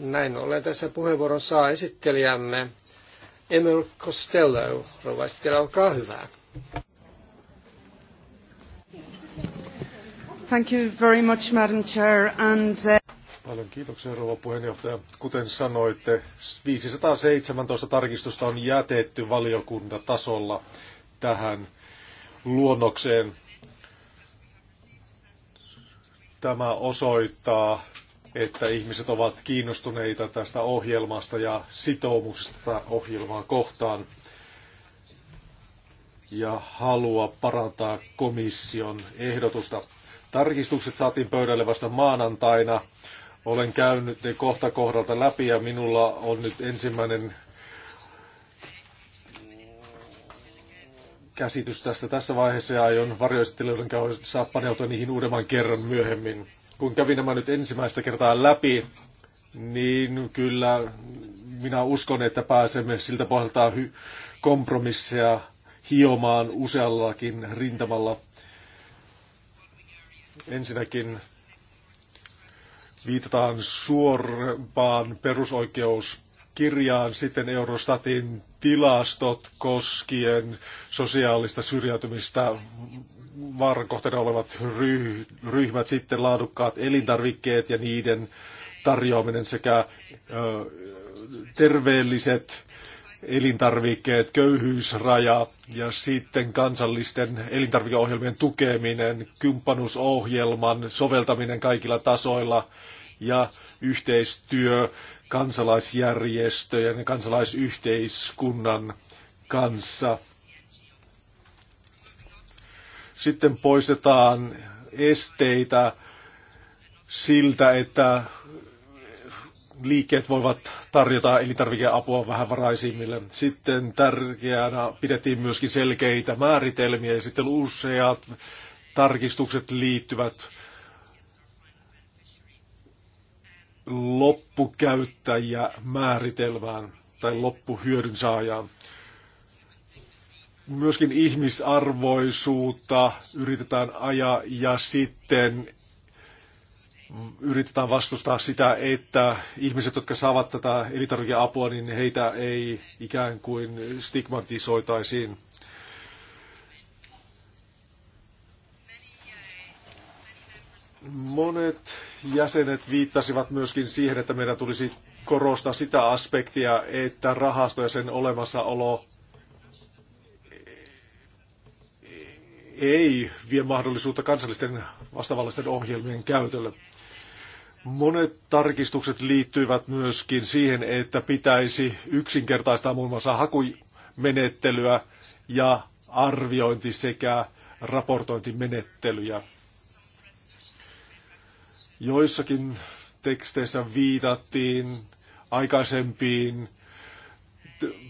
Näin ollen tässä puheenvuoron saa esittelijämme Emil Costello. Rouva esittelijä, olkaa hyvä. Thank you very much, Madam Chair, and, uh... Paljon kiitoksia, rouva puheenjohtaja. Kuten sanoitte, 517 tarkistusta on jätetty valiokuntatasolla tähän luonnokseen. Tämä osoittaa, että ihmiset ovat kiinnostuneita tästä ohjelmasta ja sitoumuksesta ohjelmaa kohtaan ja halua parantaa komission ehdotusta. Tarkistukset saatiin pöydälle vasta maanantaina. Olen käynyt ne kohta kohdalta läpi ja minulla on nyt ensimmäinen käsitys tästä tässä vaiheessa ja aion varjoistelijoiden kanssa paneutua niihin uudemman kerran myöhemmin. Kun kävin nämä nyt ensimmäistä kertaa läpi, niin kyllä minä uskon, että pääsemme siltä pohjalta hy- kompromisseja hiomaan useallakin rintamalla. Ensinnäkin viitataan suorempaan perusoikeuskirjaan, sitten Eurostatin tilastot koskien sosiaalista syrjäytymistä vaarankohteena olevat ryhmät, sitten laadukkaat elintarvikkeet ja niiden tarjoaminen sekä terveelliset elintarvikkeet, köyhyysraja ja sitten kansallisten elintarvikeohjelmien tukeminen, kumppanuusohjelman soveltaminen kaikilla tasoilla ja yhteistyö kansalaisjärjestöjen ja kansalaisyhteiskunnan kanssa. Sitten poistetaan esteitä siltä, että liikkeet voivat tarjota elintarvikeapua vähän varaisimmille. Sitten tärkeänä pidettiin myöskin selkeitä määritelmiä ja sitten useat tarkistukset liittyvät loppukäyttäjä määritelmään tai loppuhyödyn saajaan. Myöskin ihmisarvoisuutta yritetään ajaa ja sitten yritetään vastustaa sitä, että ihmiset, jotka saavat tätä elintarvikeapua, niin heitä ei ikään kuin stigmatisoitaisiin. Monet jäsenet viittasivat myöskin siihen, että meidän tulisi korostaa sitä aspektia, että rahasto ja sen olemassaolo ei vie mahdollisuutta kansallisten vastavallisten ohjelmien käytölle. Monet tarkistukset liittyivät myöskin siihen, että pitäisi yksinkertaistaa muun muassa hakumenettelyä ja arviointi sekä raportointimenettelyjä. Joissakin teksteissä viitattiin aikaisempiin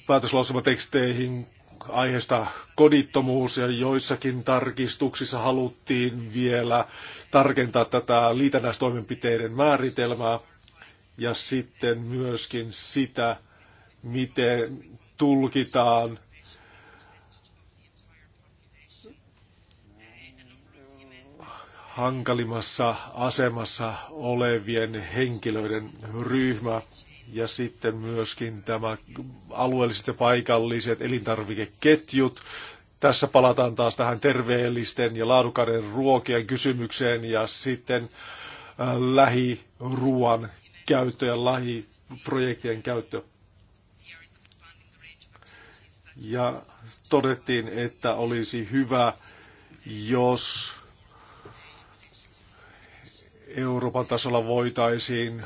päätöslausumateksteihin aiheesta kodittomuus ja joissakin tarkistuksissa haluttiin vielä tarkentaa tätä liitännäistoimenpiteiden määritelmää ja sitten myöskin sitä, miten tulkitaan hankalimmassa asemassa olevien henkilöiden ryhmä ja sitten myöskin tämä alueelliset ja paikalliset elintarvikeketjut. Tässä palataan taas tähän terveellisten ja laadukkaiden ruokien kysymykseen ja sitten äh, lähiruuan käyttö ja lähiprojektien käyttö. Ja todettiin, että olisi hyvä, jos Euroopan tasolla voitaisiin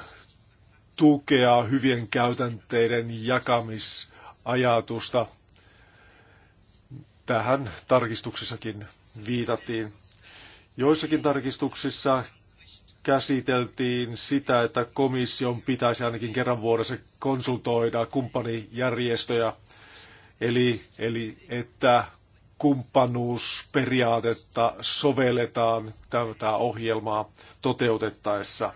tukea hyvien käytänteiden jakamisajatusta. Tähän tarkistuksissakin viitattiin. Joissakin tarkistuksissa käsiteltiin sitä, että komission pitäisi ainakin kerran vuodessa konsultoida kumppanijärjestöjä, eli, eli että kumppanuusperiaatetta sovelletaan tätä ohjelmaa toteutettaessa.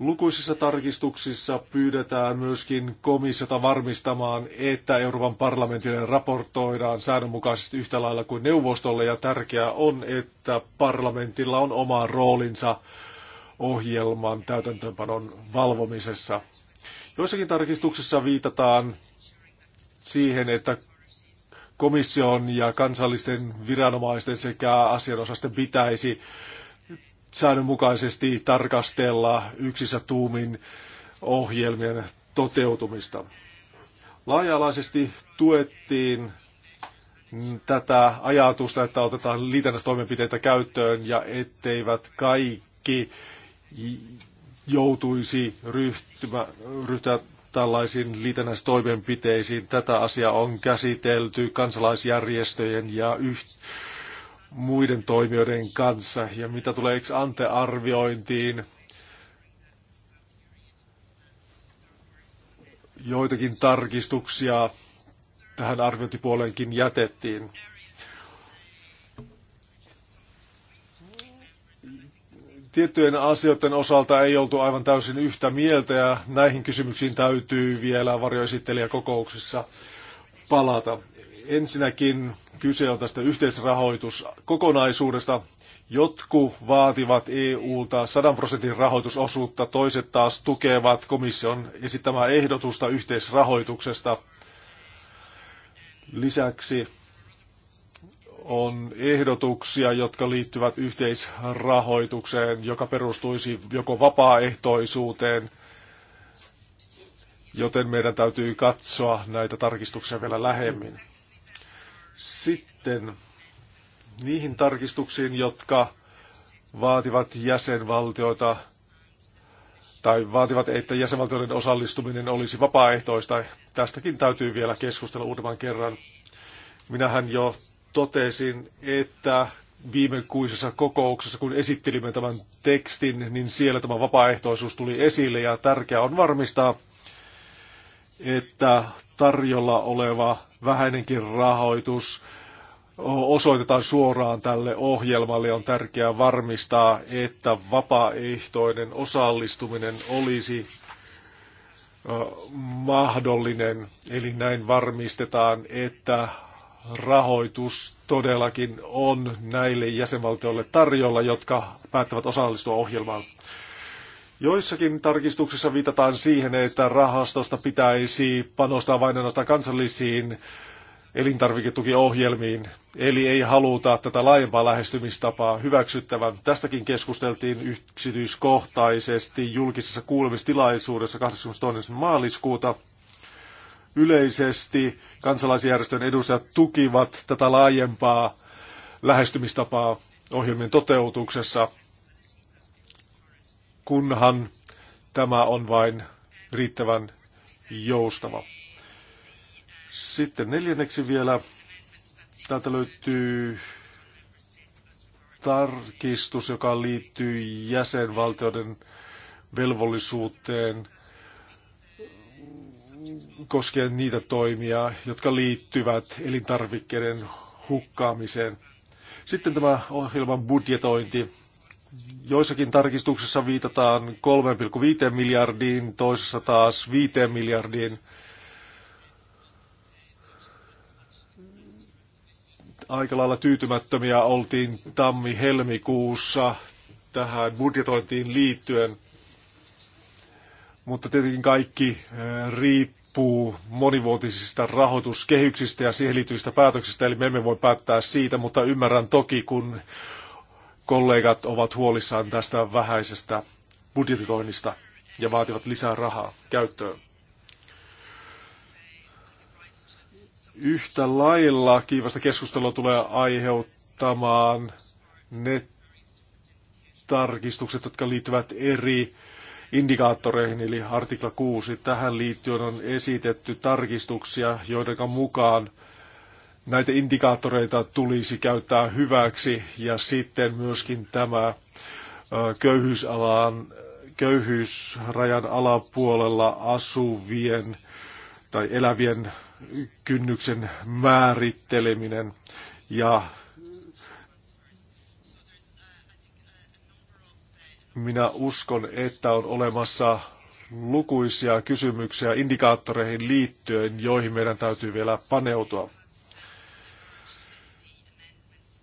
Lukuisissa tarkistuksissa pyydetään myöskin komissiota varmistamaan, että Euroopan parlamentille raportoidaan säännönmukaisesti yhtä lailla kuin neuvostolle, ja tärkeää on, että parlamentilla on oma roolinsa ohjelman täytäntöönpanon valvomisessa. Joissakin tarkistuksissa viitataan siihen, että komission ja kansallisten viranomaisten sekä asianosasten pitäisi säännönmukaisesti tarkastella yksissä tuumin ohjelmien toteutumista. Laaja-alaisesti tuettiin tätä ajatusta, että otetaan liitännästoimenpiteitä käyttöön ja etteivät kaikki joutuisi ryhtyä tällaisiin liitännästoimenpiteisiin Tätä asiaa on käsitelty kansalaisjärjestöjen ja yh- muiden toimijoiden kanssa. Ja mitä tulee ex ante arviointiin, joitakin tarkistuksia tähän arviointipuoleenkin jätettiin. Tiettyjen asioiden osalta ei oltu aivan täysin yhtä mieltä ja näihin kysymyksiin täytyy vielä varjoesittelijäkokouksissa palata. Ensinnäkin kyse on tästä yhteisrahoituskokonaisuudesta. Jotkut vaativat EU-ta 100 prosentin rahoitusosuutta, toiset taas tukevat komission esittämää ehdotusta yhteisrahoituksesta. Lisäksi on ehdotuksia, jotka liittyvät yhteisrahoitukseen, joka perustuisi joko vapaaehtoisuuteen, joten meidän täytyy katsoa näitä tarkistuksia vielä lähemmin. Sitten niihin tarkistuksiin, jotka vaativat jäsenvaltioita tai vaativat, että jäsenvaltioiden osallistuminen olisi vapaaehtoista. Tästäkin täytyy vielä keskustella uudemman kerran. Minähän jo totesin, että viime kuisessa kokouksessa, kun esittelimme tämän tekstin, niin siellä tämä vapaaehtoisuus tuli esille ja tärkeää on varmistaa, että tarjolla oleva vähäinenkin rahoitus osoitetaan suoraan tälle ohjelmalle. On tärkeää varmistaa, että vapaaehtoinen osallistuminen olisi mahdollinen. Eli näin varmistetaan, että rahoitus todellakin on näille jäsenvaltioille tarjolla, jotka päättävät osallistua ohjelmaan. Joissakin tarkistuksissa viitataan siihen, että rahastosta pitäisi panostaa vain ainoastaan kansallisiin elintarviketukiohjelmiin, eli ei haluta tätä laajempaa lähestymistapaa hyväksyttävän. Tästäkin keskusteltiin yksityiskohtaisesti julkisessa kuulemistilaisuudessa 22. maaliskuuta. Yleisesti kansalaisjärjestön edustajat tukivat tätä laajempaa lähestymistapaa ohjelmien toteutuksessa – kunhan tämä on vain riittävän joustava. Sitten neljänneksi vielä. Täältä löytyy tarkistus, joka liittyy jäsenvaltioiden velvollisuuteen koskien niitä toimia, jotka liittyvät elintarvikkeiden hukkaamiseen. Sitten tämä ohjelman budjetointi. Joissakin tarkistuksissa viitataan 3,5 miljardiin, toisessa taas 5 miljardiin. Aika lailla tyytymättömiä oltiin tammi-helmikuussa tähän budjetointiin liittyen. Mutta tietenkin kaikki riippuu monivuotisista rahoituskehyksistä ja siihen liittyvistä päätöksistä, eli me emme voi päättää siitä, mutta ymmärrän toki, kun kollegat ovat huolissaan tästä vähäisestä budjetoinnista ja vaativat lisää rahaa käyttöön. Yhtä lailla kiivasta keskustelua tulee aiheuttamaan ne tarkistukset, jotka liittyvät eri indikaattoreihin, eli artikla 6. Tähän liittyen on esitetty tarkistuksia, joiden mukaan näitä indikaattoreita tulisi käyttää hyväksi ja sitten myöskin tämä köyhyysalan, köyhyysrajan alapuolella asuvien tai elävien kynnyksen määritteleminen ja minä uskon, että on olemassa lukuisia kysymyksiä indikaattoreihin liittyen, joihin meidän täytyy vielä paneutua.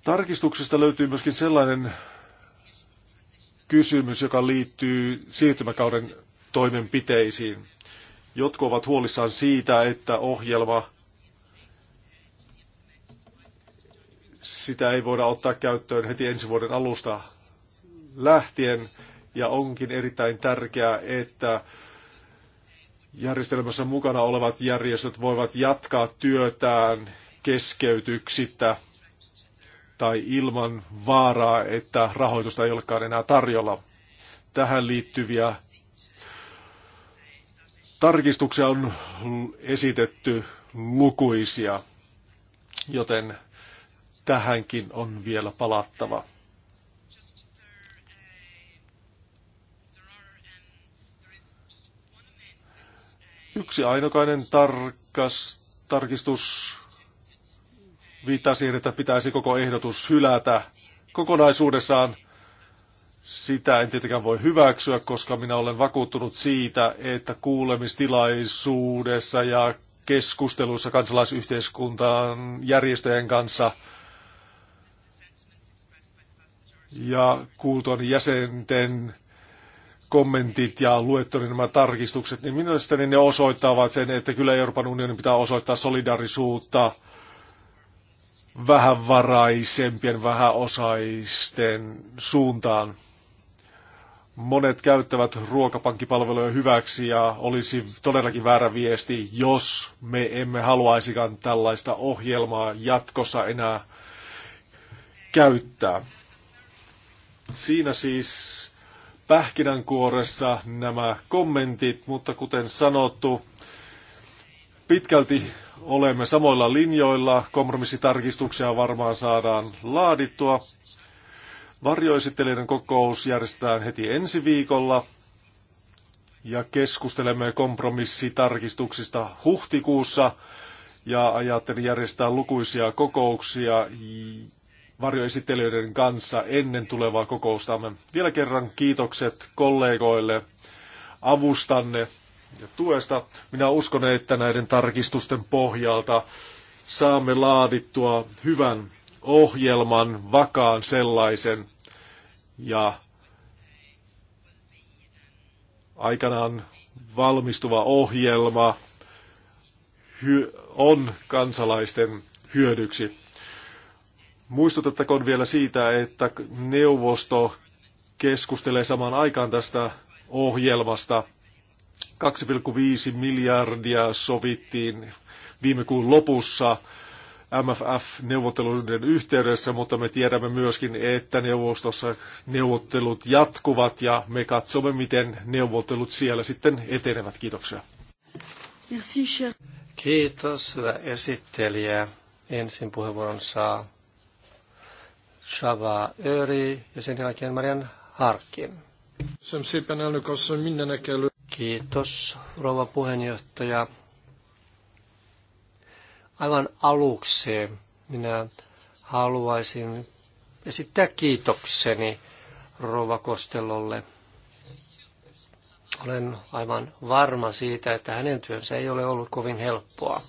Tarkistuksesta löytyy myöskin sellainen kysymys, joka liittyy siirtymäkauden toimenpiteisiin. Jotkut ovat huolissaan siitä, että ohjelma sitä ei voida ottaa käyttöön heti ensi vuoden alusta lähtien, ja onkin erittäin tärkeää, että järjestelmässä mukana olevat järjestöt voivat jatkaa työtään keskeytyksittä tai ilman vaaraa, että rahoitusta ei olekaan enää tarjolla. Tähän liittyviä tarkistuksia on esitetty lukuisia, joten tähänkin on vielä palattava. Yksi ainokainen tarkas, tarkistus viittaa siihen, että pitäisi koko ehdotus hylätä kokonaisuudessaan. Sitä en tietenkään voi hyväksyä, koska minä olen vakuuttunut siitä, että kuulemistilaisuudessa ja keskusteluissa kansalaisyhteiskuntaan järjestöjen kanssa ja kuultuani jäsenten kommentit ja luettuani nämä tarkistukset, niin mielestäni ne osoittavat sen, että kyllä Euroopan unionin pitää osoittaa solidarisuutta – vähän vähän osaisten suuntaan. Monet käyttävät ruokapankkipalveluja hyväksi ja olisi todellakin väärä viesti, jos me emme haluaisikaan tällaista ohjelmaa jatkossa enää käyttää. Siinä siis pähkinänkuoressa nämä kommentit, mutta kuten sanottu, pitkälti olemme samoilla linjoilla. Kompromissitarkistuksia varmaan saadaan laadittua. Varjoesittelijöiden kokous järjestetään heti ensi viikolla ja keskustelemme kompromissitarkistuksista huhtikuussa ja ajattelin järjestää lukuisia kokouksia varjoesittelijöiden kanssa ennen tulevaa kokoustamme. Vielä kerran kiitokset kollegoille avustanne ja tuesta. Minä uskon, että näiden tarkistusten pohjalta saamme laadittua hyvän ohjelman, vakaan sellaisen, ja aikanaan valmistuva ohjelma on kansalaisten hyödyksi. Muistutettakoon vielä siitä, että neuvosto keskustelee samaan aikaan tästä ohjelmasta – 2,5 miljardia sovittiin viime kuun lopussa MFF-neuvotteluiden yhteydessä, mutta me tiedämme myöskin, että neuvostossa neuvottelut jatkuvat ja me katsomme, miten neuvottelut siellä sitten etenevät. Kiitoksia. Kiitos, hyvä esittelijä. Ensin puheenvuoron saa Shava Öri ja sen jälkeen Marian Harkin. Köszönöm szépen, elnök asszony, mindenek Kiitos, rouva puheenjohtaja. Aivan aluksi minä haluaisin esittää kiitokseni rouva Kostellolle. Olen aivan varma siitä, että hänen työnsä ei ole ollut kovin helppoa.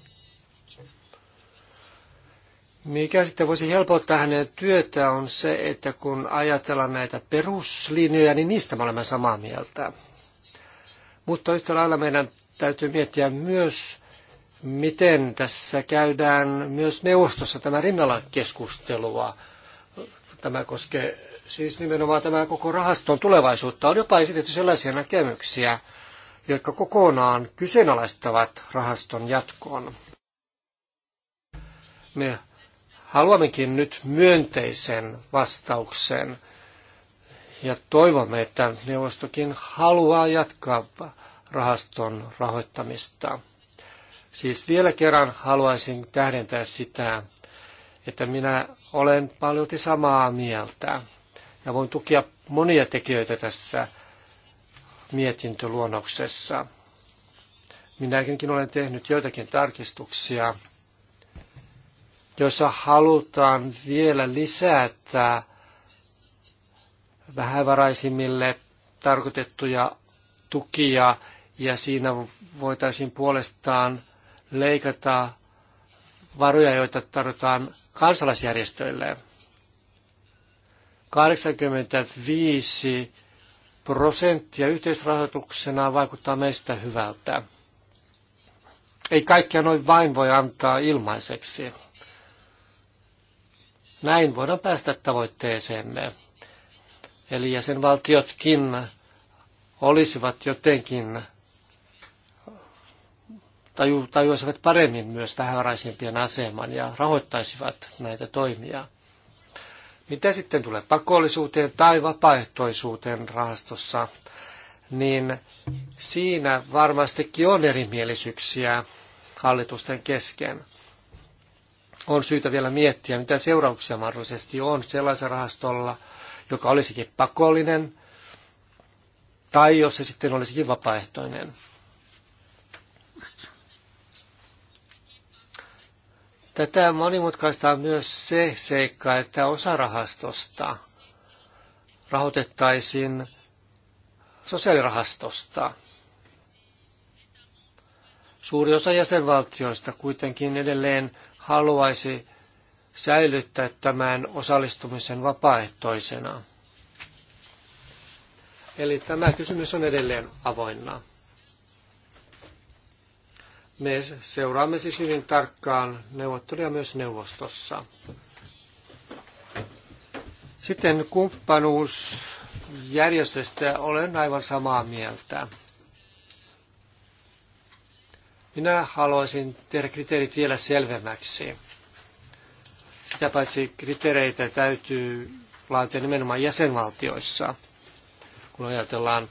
Mikä sitten voisi helpottaa hänen työtään on se, että kun ajatellaan näitä peruslinjoja, niin niistä me olemme samaa mieltä. Mutta yhtä lailla meidän täytyy miettiä myös, miten tässä käydään myös neuvostossa tämä Rimmelan keskustelua. Tämä koskee siis nimenomaan tämä koko rahaston tulevaisuutta. On jopa esitetty sellaisia näkemyksiä, jotka kokonaan kyseenalaistavat rahaston jatkoon. Me haluammekin nyt myönteisen vastauksen ja toivomme, että neuvostokin haluaa jatkaa rahaston rahoittamista. Siis vielä kerran haluaisin tähdentää sitä, että minä olen paljon samaa mieltä ja voin tukea monia tekijöitä tässä mietintöluonnoksessa. Minäkin olen tehnyt joitakin tarkistuksia, joissa halutaan vielä lisätä vähävaraisimmille tarkoitettuja tukia ja siinä voitaisiin puolestaan leikata varoja, joita tarjotaan kansalaisjärjestöille. 85 prosenttia yhteisrahoituksena vaikuttaa meistä hyvältä. Ei kaikkia noin vain voi antaa ilmaiseksi. Näin voidaan päästä tavoitteeseemme. Eli jäsenvaltiotkin olisivat jotenkin taju, tajuisivat paremmin myös vähävaraisimpien aseman ja rahoittaisivat näitä toimia. Mitä sitten tulee pakollisuuteen tai vapaaehtoisuuteen rahastossa, niin siinä varmastikin on erimielisyyksiä hallitusten kesken. On syytä vielä miettiä, mitä seurauksia mahdollisesti on sellaisella rahastolla, joka olisikin pakollinen, tai jos se sitten olisikin vapaaehtoinen. Tätä monimutkaistaa myös se seikka, että osa rahastosta rahoitettaisiin sosiaalirahastosta. Suuri osa jäsenvaltioista kuitenkin edelleen haluaisi säilyttää tämän osallistumisen vapaaehtoisena. Eli tämä kysymys on edelleen avoinna. Me seuraamme siis hyvin tarkkaan neuvotteluja myös neuvostossa. Sitten kumppanuusjärjestöstä olen aivan samaa mieltä. Minä haluaisin tehdä kriteerit vielä selvemmäksi. Sitä paitsi kriteereitä täytyy laatia nimenomaan jäsenvaltioissa, kun ajatellaan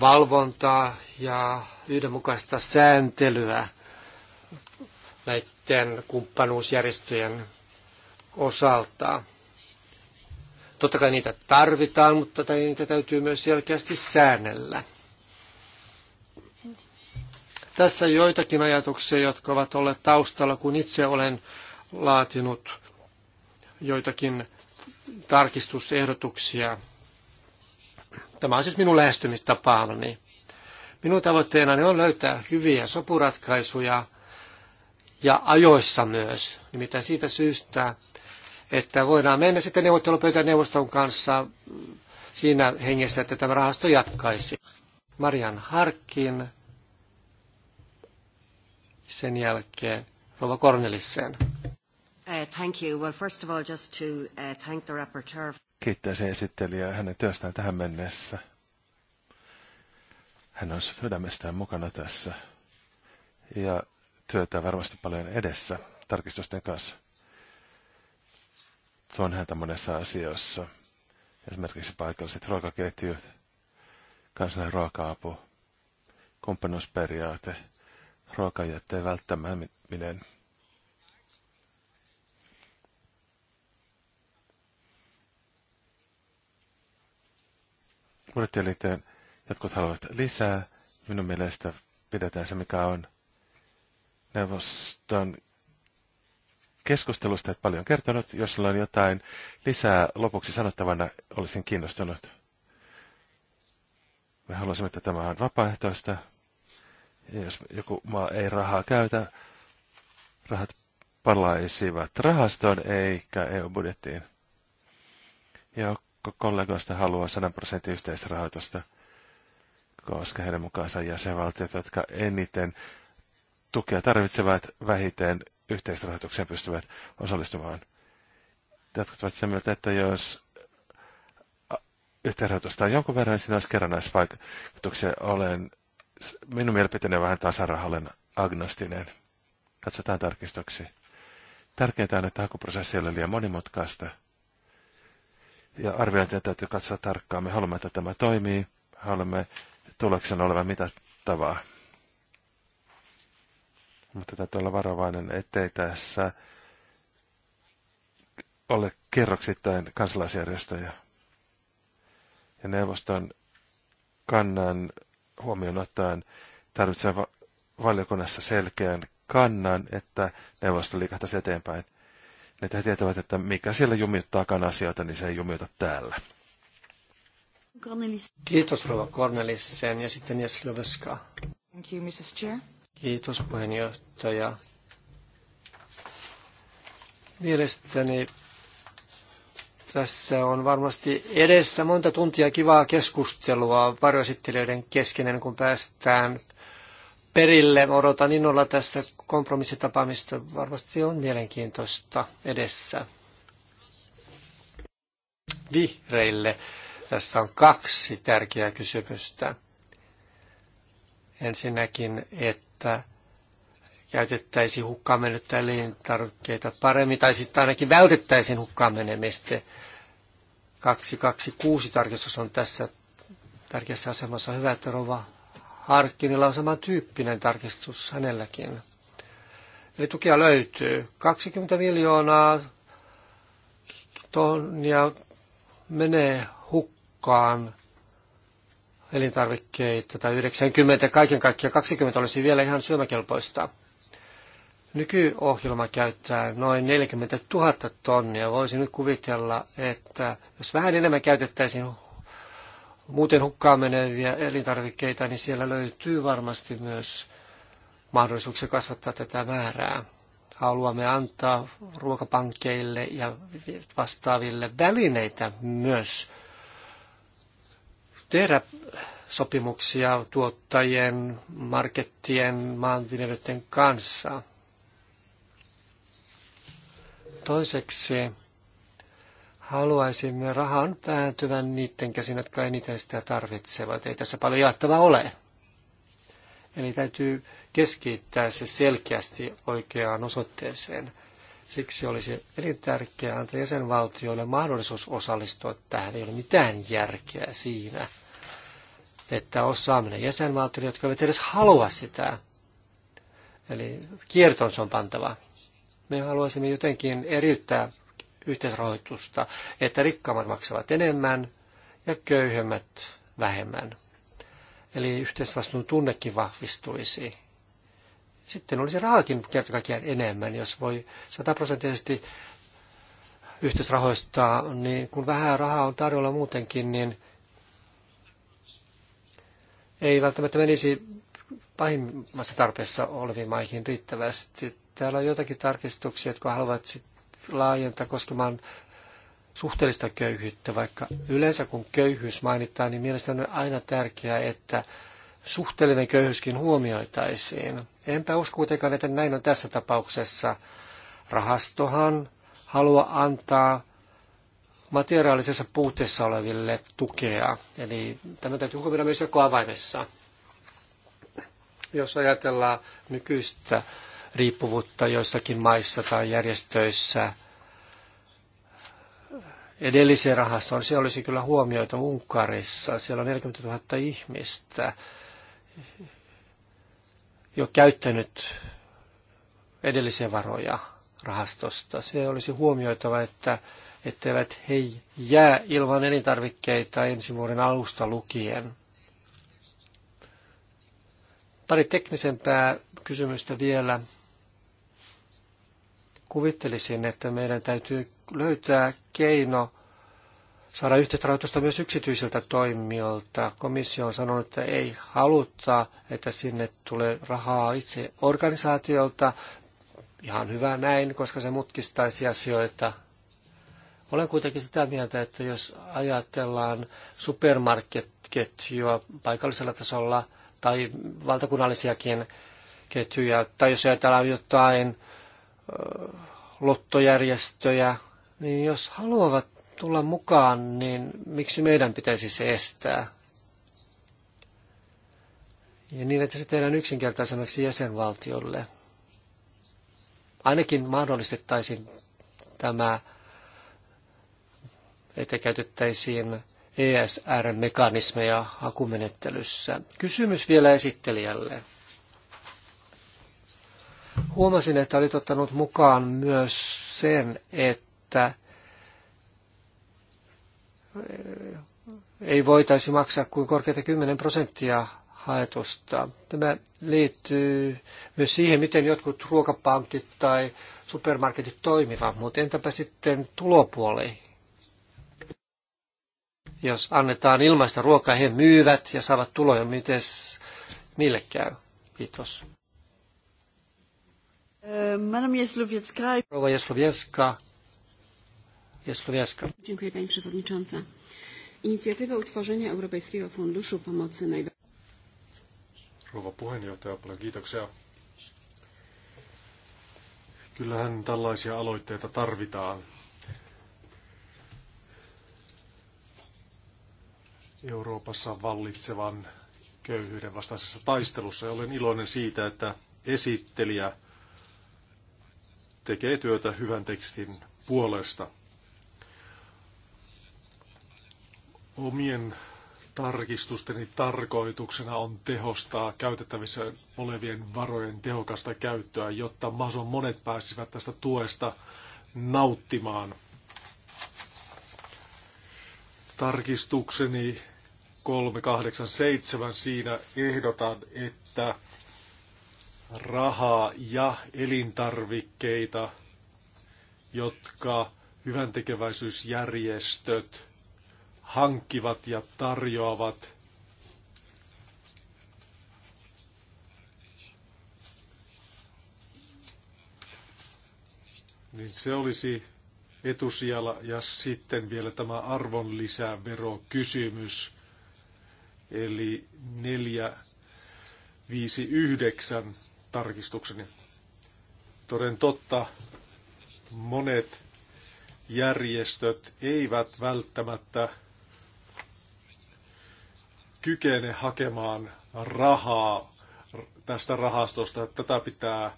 valvontaa ja yhdenmukaista sääntelyä näiden kumppanuusjärjestöjen osalta. Totta kai niitä tarvitaan, mutta niitä täytyy myös selkeästi säännellä. Tässä joitakin ajatuksia, jotka ovat olleet taustalla, kun itse olen laatinut joitakin tarkistusehdotuksia. Tämä on siis minun Niin Minun tavoitteenani on löytää hyviä sopuratkaisuja ja ajoissa myös. Nimittäin siitä syystä, että voidaan mennä sitten neuvottelupöytään neuvoston kanssa siinä hengessä, että tämä rahasto jatkaisi. Marian Harkin, sen jälkeen Rova Kornelissen. Uh, thank you. Well, first of all, just to uh, thank the rapporteur. Kiittäisin esittelijää hänen työstään tähän mennessä. Hän on sydämestään mukana tässä ja työtä varmasti paljon edessä tarkistusten kanssa. Tuon häntä monessa asiassa, esimerkiksi paikalliset ruokaketjut, kansallinen ruoka-apu, kumppanuusperiaate, ruokajätteen välttämäminen. Budjettielinteen Jotkut haluavat lisää. Minun mielestä pidetään se, mikä on neuvoston keskustelusta et paljon kertonut. Jos sulla on jotain lisää lopuksi sanottavana, olisin kiinnostunut. Me haluaisimme, että tämä on vapaaehtoista. Ja jos joku maa ei rahaa käytä, rahat palaisivat rahastoon eikä EU-budjettiin. Ja kollegoista haluaa 100 prosenttia yhteisrahoitusta – koska heidän mukaansa jäsenvaltiot, jotka eniten tukea tarvitsevat, vähiten yhteisrahoitukseen pystyvät osallistumaan. Jotkut ovat sitä mieltä, että jos yhteisrahoitusta on jonkun verran, niin siinä olisi kerrannaisvaikutuksia. Olen minun mielipiteeni on vähän tasarahallen agnostinen. Katsotaan tarkistuksi. Tärkeintä on, että hakuprosessi ei ole liian monimutkaista. Ja arviointia täytyy katsoa tarkkaan. Me haluamme, että tämä toimii. Haluamme, tuloksen olevan mitattavaa. Mutta täytyy olla varovainen, ettei tässä ole kerroksittain kansalaisjärjestöjä. Ja neuvoston kannan huomioon ottaen tarvitsee valiokunnassa selkeän kannan, että neuvosto liikahtaisi eteenpäin. Ne tietävät, että mikä siellä jumiuttaa asioita, niin se ei jumiuta täällä. Cornelis. Kiitos rouva Cornelissen ja sitten Jeslöveska. Thank you, Mrs. Chair. Kiitos puheenjohtaja. Mielestäni tässä on varmasti edessä monta tuntia kivaa keskustelua varjoesittelijöiden kesken, kun päästään perille. Odotan innolla tässä kompromissitapaamista. Varmasti on mielenkiintoista edessä. Vihreille tässä on kaksi tärkeää kysymystä. Ensinnäkin, että käytettäisiin hukkaan mennyttä elintarvikkeita paremmin, tai sitten ainakin vältettäisiin hukkaan menemistä. 226 tarkistus on tässä tärkeässä asemassa. Hyvä, että Rova Harkkinilla on samantyyppinen tarkistus hänelläkin. Eli tukea löytyy. 20 miljoonaa tonnia menee hukkaan mukaan elintarvikkeita tai 90 kaiken kaikkiaan 20 olisi vielä ihan syömäkelpoista. Nykyohjelma käyttää noin 40 000 tonnia. Voisin nyt kuvitella, että jos vähän enemmän käytettäisiin muuten hukkaan meneviä elintarvikkeita, niin siellä löytyy varmasti myös mahdollisuuksia kasvattaa tätä määrää. Haluamme antaa ruokapankkeille ja vastaaville välineitä myös tehdä sopimuksia tuottajien, markettien, maanviljelijöiden kanssa. Toiseksi haluaisimme rahan päätyvän niiden käsin, jotka eniten sitä tarvitsevat. Ei tässä paljon jaettavaa ole. Eli täytyy keskittää se selkeästi oikeaan osoitteeseen – Siksi olisi elintärkeää antaa jäsenvaltioille mahdollisuus osallistua tähän. Ei ole mitään järkeä siinä, että osaaminen jäsenvaltioille, jotka eivät edes halua sitä. Eli kiertoon se on pantava. Me haluaisimme jotenkin eriyttää yhteisrahoitusta, että rikkaammat maksavat enemmän ja köyhemmät vähemmän. Eli yhteisvastuun tunnekin vahvistuisi. Sitten olisi rahakin kertakaikkiaan enemmän, jos voi sataprosenttisesti yhteisrahoistaa, niin kun vähän rahaa on tarjolla muutenkin, niin ei välttämättä menisi pahimmassa tarpeessa oleviin maihin riittävästi. Täällä on jotakin tarkistuksia, jotka haluavat sit laajentaa koskemaan suhteellista köyhyyttä, vaikka yleensä kun köyhyys mainitaan, niin mielestäni on aina tärkeää, että suhteellinen köyhyyskin huomioitaisiin. Enpä usko kuitenkaan, että näin on tässä tapauksessa. Rahastohan halua antaa materiaalisessa puutteessa oleville tukea. Eli tämä täytyy huomioida myös joko avaimessa. Jos ajatellaan nykyistä riippuvuutta joissakin maissa tai järjestöissä edelliseen rahastoon, se olisi kyllä huomioitu Unkarissa. Siellä on 40 000 ihmistä jo käyttänyt edellisiä varoja rahastosta. Se olisi huomioitava, että etteivät he jää ilman elintarvikkeita ensi vuoden alusta lukien. Pari teknisempää kysymystä vielä. Kuvittelisin, että meidän täytyy löytää keino saada yhteistä rahoitusta myös yksityisiltä toimijoilta. Komissio on sanonut, että ei haluta, että sinne tulee rahaa itse organisaatiolta. Ihan hyvä näin, koska se mutkistaisi asioita. Olen kuitenkin sitä mieltä, että jos ajatellaan supermarketketjua paikallisella tasolla tai valtakunnallisiakin ketjuja, tai jos ajatellaan jotain lottojärjestöjä, niin jos haluavat tulla mukaan, niin miksi meidän pitäisi se estää? Ja niin, että se tehdään yksinkertaisemmaksi jäsenvaltiolle. Ainakin mahdollistettaisiin tämä, että käytettäisiin ESR-mekanismeja hakumenettelyssä. Kysymys vielä esittelijälle. Huomasin, että olit ottanut mukaan myös sen, että ei voitaisi maksaa kuin korkeita 10 prosenttia haetusta. Tämä liittyy myös siihen, miten jotkut ruokapankit tai supermarketit toimivat, mutta entäpä sitten tulopuoli? Jos annetaan ilmaista ruokaa, he myyvät ja saavat tuloja, miten niille käy? Kiitos. Madame Jeslowiecka. Rouva Jeslowiecka Jasłowiaska. Dziękuję Pani Przewodnicząca. Inicjatywa utworzenia Europejskiego Funduszu Pomocy Najbardziej... Kyllähän tällaisia aloitteita tarvitaan. Euroopassa vallitsevan köyhyyden vastaisessa taistelussa. Ja olen iloinen siitä, että esittelijä tekee työtä hyvän tekstin puolesta. Omien tarkistusteni tarkoituksena on tehostaa käytettävissä olevien varojen tehokasta käyttöä, jotta mahdollisimman monet pääsivät tästä tuesta nauttimaan. Tarkistukseni 387 siinä ehdotan, että rahaa ja elintarvikkeita, jotka hyväntekeväisyysjärjestöt – hankkivat ja tarjoavat – niin se olisi etusijalla. Ja sitten vielä tämä arvonlisäverokysymys, eli 459 tarkistukseni. Toden totta, monet järjestöt eivät välttämättä kykene hakemaan rahaa tästä rahastosta. Tätä pitää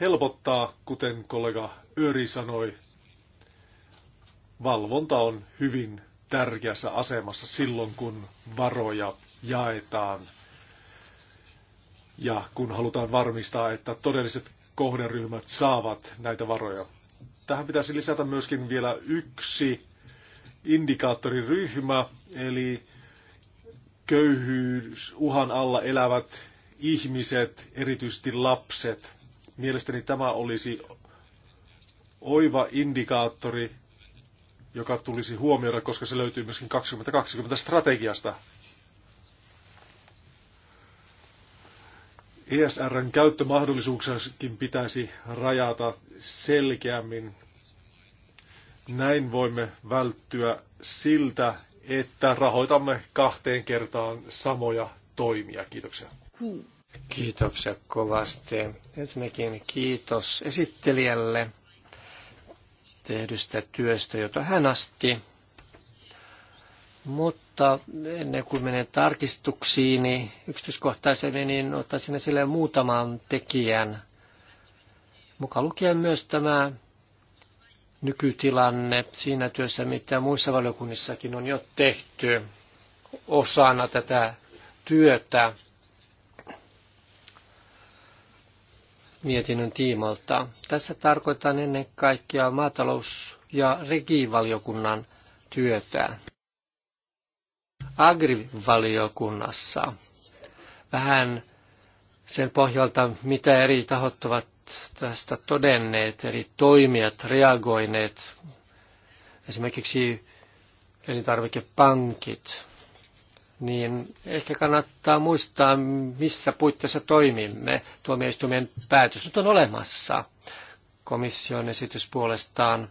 helpottaa, kuten kollega Öri sanoi. Valvonta on hyvin tärkeässä asemassa silloin, kun varoja jaetaan ja kun halutaan varmistaa, että todelliset kohderyhmät saavat näitä varoja. Tähän pitäisi lisätä myöskin vielä yksi indikaattoriryhmä, eli köyhyys, uhan alla elävät ihmiset, erityisesti lapset. Mielestäni tämä olisi oiva indikaattori, joka tulisi huomioida, koska se löytyy myöskin 2020 strategiasta. ESRn käyttömahdollisuuksiakin pitäisi rajata selkeämmin. Näin voimme välttyä siltä, että rahoitamme kahteen kertaan samoja toimia. Kiitoksia. Kiitoksia kovasti. Ensinnäkin kiitos esittelijälle tehdystä työstä, jota hän asti. Mutta ennen kuin menen tarkistuksiin, niin yksityiskohtaisemmin niin ottaisin esille muutaman tekijän. Mukaan lukien myös tämä nykytilanne siinä työssä, mitä muissa valiokunnissakin on jo tehty osana tätä työtä mietinnön tiimoilta. Tässä tarkoitan ennen kaikkea maatalous- ja regivaliokunnan työtä. Agrivaliokunnassa vähän sen pohjalta, mitä eri tahot ovat tästä todenneet, eli toimijat reagoineet, esimerkiksi elintarvikepankit, niin ehkä kannattaa muistaa, missä puitteissa toimimme. Tuomioistuimen päätös nyt on olemassa. Komission esitys puolestaan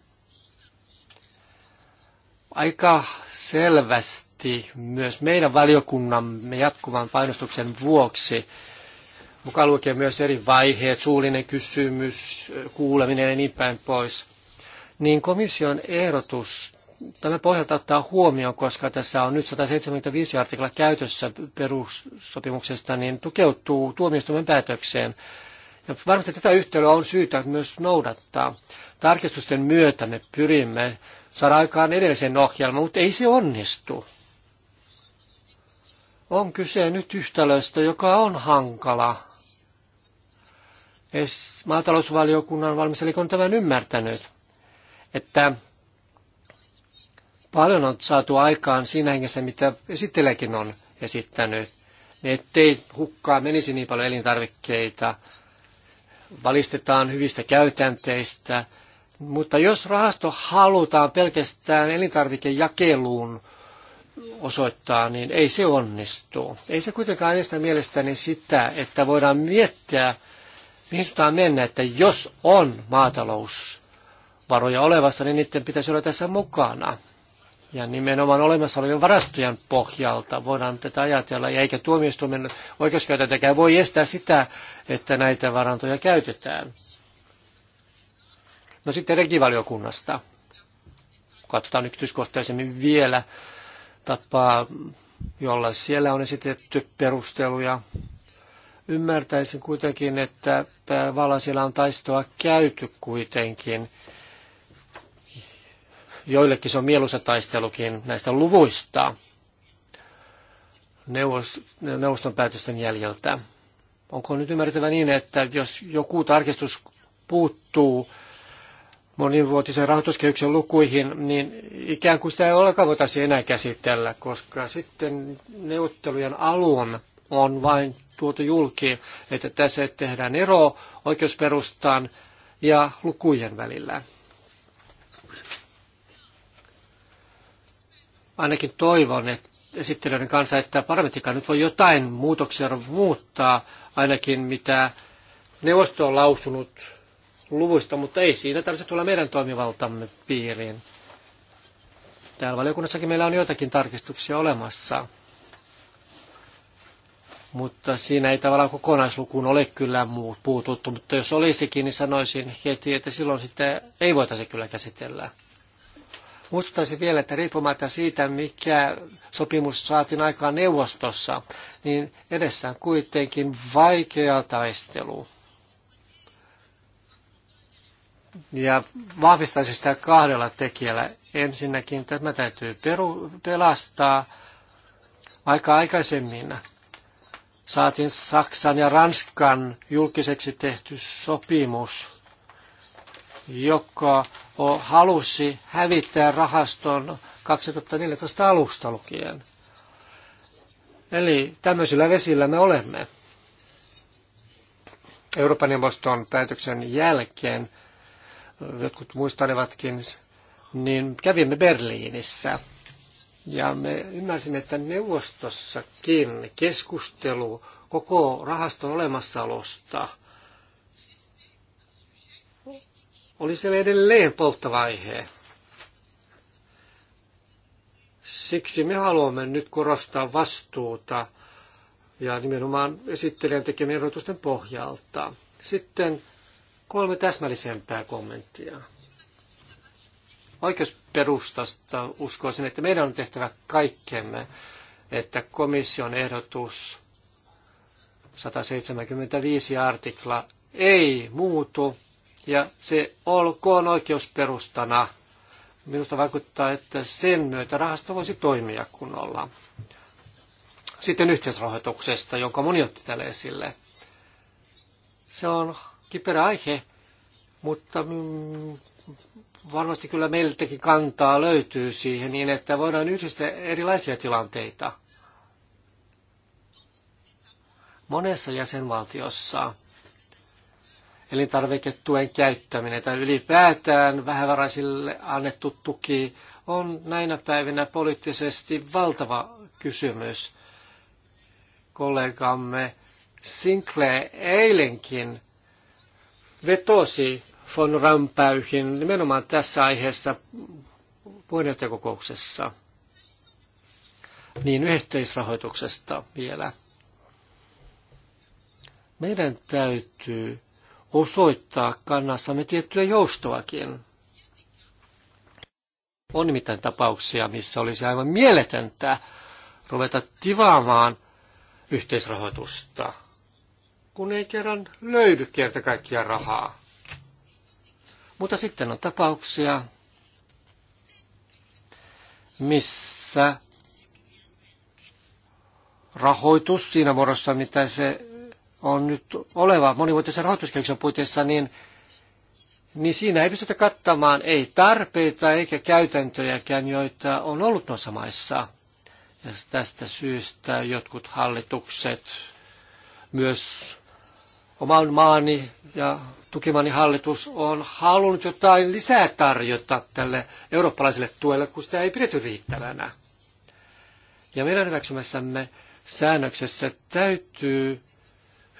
aika selvästi myös meidän valiokunnamme jatkuvan painostuksen vuoksi – mukaan lukee myös eri vaiheet, suullinen kysymys, kuuleminen ja niin päin pois, niin komission ehdotus tämä pohjalta ottaa huomioon, koska tässä on nyt 175 artikla käytössä perussopimuksesta, niin tukeutuu tuomioistuimen päätökseen. Ja varmasti tätä yhtälöä on syytä myös noudattaa. Tarkistusten myötä me pyrimme saada aikaan edellisen ohjelman, mutta ei se onnistu. On kyse nyt yhtälöstä, joka on hankala es, maatalousvaliokunnan valmistelikon tämän ymmärtänyt, että paljon on saatu aikaan siinä hengessä, mitä esittelijäkin on esittänyt, niin ettei hukkaa menisi niin paljon elintarvikkeita, valistetaan hyvistä käytänteistä, mutta jos rahasto halutaan pelkästään elintarvikejakeluun osoittaa, niin ei se onnistu. Ei se kuitenkaan estä mielestäni sitä, että voidaan miettiä mihin suuntaan mennä, että jos on maatalousvaroja olevassa, niin niiden pitäisi olla tässä mukana. Ja nimenomaan olemassa olevien varastojen pohjalta voidaan tätä ajatella, ja eikä tuomioistuimen oikeuskäytäntäkään voi estää sitä, että näitä varantoja käytetään. No sitten regivaliokunnasta. Katsotaan yksityiskohtaisemmin vielä tapaa, jolla siellä on esitetty perusteluja Ymmärtäisin kuitenkin, että tämä valasilla on taistoa käyty kuitenkin. Joillekin se on mieluisa taistelukin näistä luvuista neuvoston päätösten jäljeltä. Onko nyt ymmärrettävä niin, että jos joku tarkistus puuttuu monivuotisen rahoituskehyksen lukuihin, niin ikään kuin sitä ei olekaan voitaisiin enää käsitellä, koska sitten neuvottelujen alun on vain tuotu julki, että tässä tehdään ero oikeusperustan ja lukujen välillä. Ainakin toivon, että esittelijöiden kanssa, että parlamenttikaan nyt voi jotain muutoksia muuttaa, ainakin mitä neuvosto on lausunut luvuista, mutta ei siinä tarvitse tulla meidän toimivaltamme piiriin. Täällä valiokunnassakin meillä on joitakin tarkistuksia olemassa mutta siinä ei tavallaan kokonaislukuun ole kyllä muut puututtu, mutta jos olisikin, niin sanoisin heti, että silloin sitä ei voitaisiin kyllä käsitellä. Muistuttaisin vielä, että riippumatta siitä, mikä sopimus saatiin aikaan neuvostossa, niin edessä on kuitenkin vaikea taistelu. Ja vahvistaisi sitä kahdella tekijällä. Ensinnäkin tämä täytyy peru- pelastaa, vaikka aikaisemmin saatiin Saksan ja Ranskan julkiseksi tehty sopimus, joka halusi hävittää rahaston 2014 alusta lukien. Eli tämmöisillä vesillä me olemme. Euroopan neuvoston päätöksen jälkeen, jotkut muistanevatkin, niin kävimme Berliinissä – ja me ymmärsimme, että neuvostossakin keskustelu koko rahaston olemassaolosta oli siellä edelleen polttava aihe. Siksi me haluamme nyt korostaa vastuuta ja nimenomaan esittelijän tekemien ehdotusten pohjalta. Sitten kolme täsmällisempää kommenttia oikeusperustasta uskoisin, että meidän on tehtävä kaikkemme, että komission ehdotus 175 artikla ei muutu ja se olkoon oikeusperustana. Minusta vaikuttaa, että sen myötä rahasto voisi toimia kunnolla. Sitten yhteisrahoituksesta, jonka moni otti tälle esille. Se on kiperä aihe, mutta mm, varmasti kyllä meiltäkin kantaa löytyy siihen niin, että voidaan yhdistää erilaisia tilanteita. Monessa jäsenvaltiossa elintarviketuen käyttäminen tai ylipäätään vähävaraisille annettu tuki on näinä päivinä poliittisesti valtava kysymys. Kollegamme Sinclair eilenkin vetosi von Rampäyhin nimenomaan tässä aiheessa puheenjohtajakokouksessa. Niin yhteisrahoituksesta vielä. Meidän täytyy osoittaa kannassamme tiettyä joustoakin. On nimittäin tapauksia, missä olisi aivan mieletöntä ruveta tivaamaan yhteisrahoitusta, kun ei kerran löydy kerta kaikkiaan rahaa. Mutta sitten on tapauksia, missä rahoitus siinä muodossa, mitä se on nyt oleva monivuotisen rahoituskehityksen puitteissa, niin, niin siinä ei pystytä kattamaan ei tarpeita eikä käytäntöjäkään, joita on ollut noissa maissa. Ja tästä syystä jotkut hallitukset, myös oman maani ja tukemani hallitus on halunnut jotain lisää tarjota tälle eurooppalaiselle tuelle, kun sitä ei pidetty riittävänä. Ja meidän hyväksymässämme säännöksessä täytyy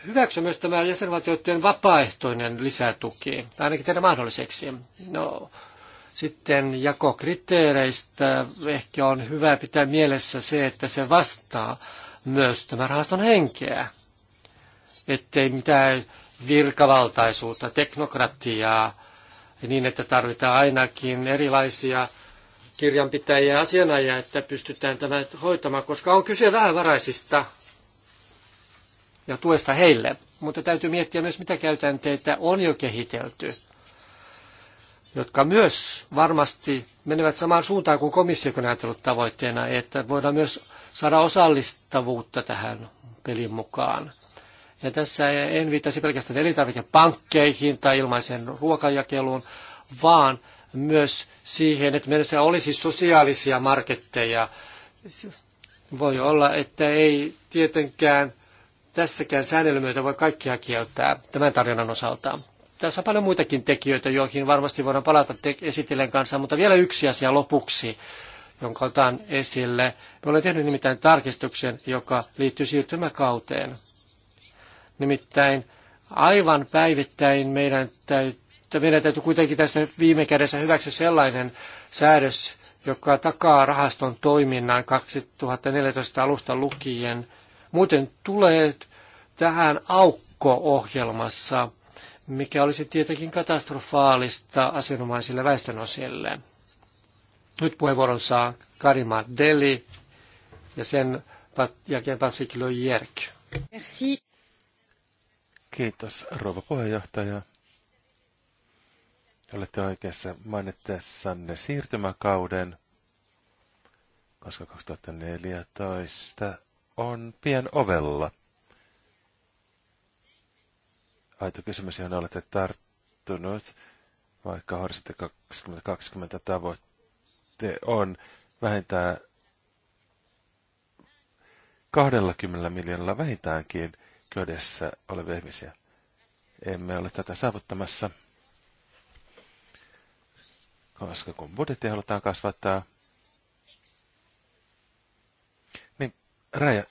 hyväksyä myös tämä jäsenvaltioiden vapaaehtoinen lisätuki, ainakin tehdä mahdolliseksi. No, sitten jakokriteereistä ehkä on hyvä pitää mielessä se, että se vastaa myös tämän rahaston henkeä. Ettei mitään virkavaltaisuutta, teknokratiaa, niin että tarvitaan ainakin erilaisia kirjanpitäjiä ja asianajia, että pystytään tämä hoitamaan, koska on kyse vähävaraisista ja tuesta heille. Mutta täytyy miettiä myös, mitä käytänteitä on jo kehitelty, jotka myös varmasti menevät samaan suuntaan kuin komissio on ajatellut tavoitteena, että voidaan myös saada osallistavuutta tähän pelin mukaan. Ja tässä en viittasi pelkästään elintarvikepankkeihin tai ilmaiseen ruokajakeluun, vaan myös siihen, että meillä olisi sosiaalisia marketteja. Voi olla, että ei tietenkään tässäkään säännellyn myötä voi kaikkia kieltää tämän tarjonnan osalta. Tässä on paljon muitakin tekijöitä, joihin varmasti voidaan palata esitellen kanssa, mutta vielä yksi asia lopuksi, jonka otan esille. Me olemme tehneet nimittäin tarkistuksen, joka liittyy siirtymäkauteen. Nimittäin aivan päivittäin meidän täytyy, meidän täytyy kuitenkin tässä viime kädessä hyväksyä sellainen säädös, joka takaa rahaston toiminnan 2014 alusta lukien. Muuten tulee tähän aukko ohjelmassa, mikä olisi tietenkin katastrofaalista asianomaisille väestönosille. Nyt puheenvuoron saa Karima Deli ja sen jälkeen Patrick Lojerk. Merci. Kiitos, rouva puheenjohtaja. Olette oikeassa mainittessanne siirtymäkauden, koska 2014 on pien ovella. Aito kysymys, johon olette tarttunut, vaikka horisontti 2020 tavoitte on vähintään 20 miljoonalla vähintäänkin köydessä olevia ihmisiä. Emme ole tätä saavuttamassa, koska kun budjetti halutaan kasvattaa, niin raja,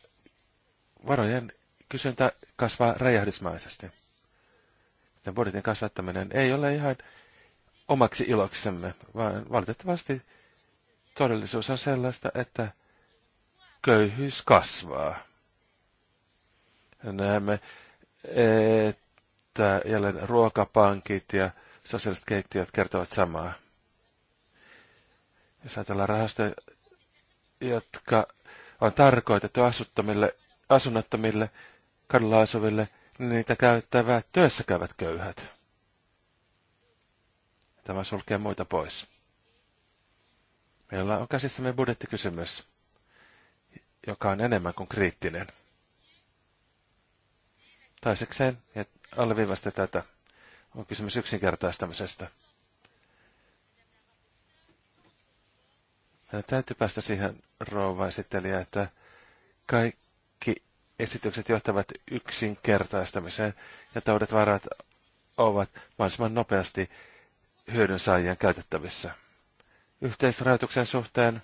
varojen kysyntä kasvaa räjähdysmaisesti. Tämän budjetin kasvattaminen ei ole ihan omaksi iloksemme, vaan valitettavasti todellisuus on sellaista, että köyhyys kasvaa. Näemme, että jälleen ruokapankit ja sosiaaliset keittiöt kertovat samaa. Jos ajatellaan rahastoja, jotka on tarkoitettu asuttomille, asunnottomille, kadulla asuville, niin niitä käyttävät työssä käyvät köyhät. Tämä sulkee muita pois. Meillä on käsissämme budjettikysymys, joka on enemmän kuin kriittinen. Toisekseen, ja alleviivaista tätä, on kysymys yksinkertaistamisesta. Meidän täytyy päästä siihen, rouva esittelijä, että kaikki esitykset johtavat yksinkertaistamiseen ja taudet varat ovat mahdollisimman nopeasti hyödyn saajien käytettävissä. Yhteisrajoituksen suhteen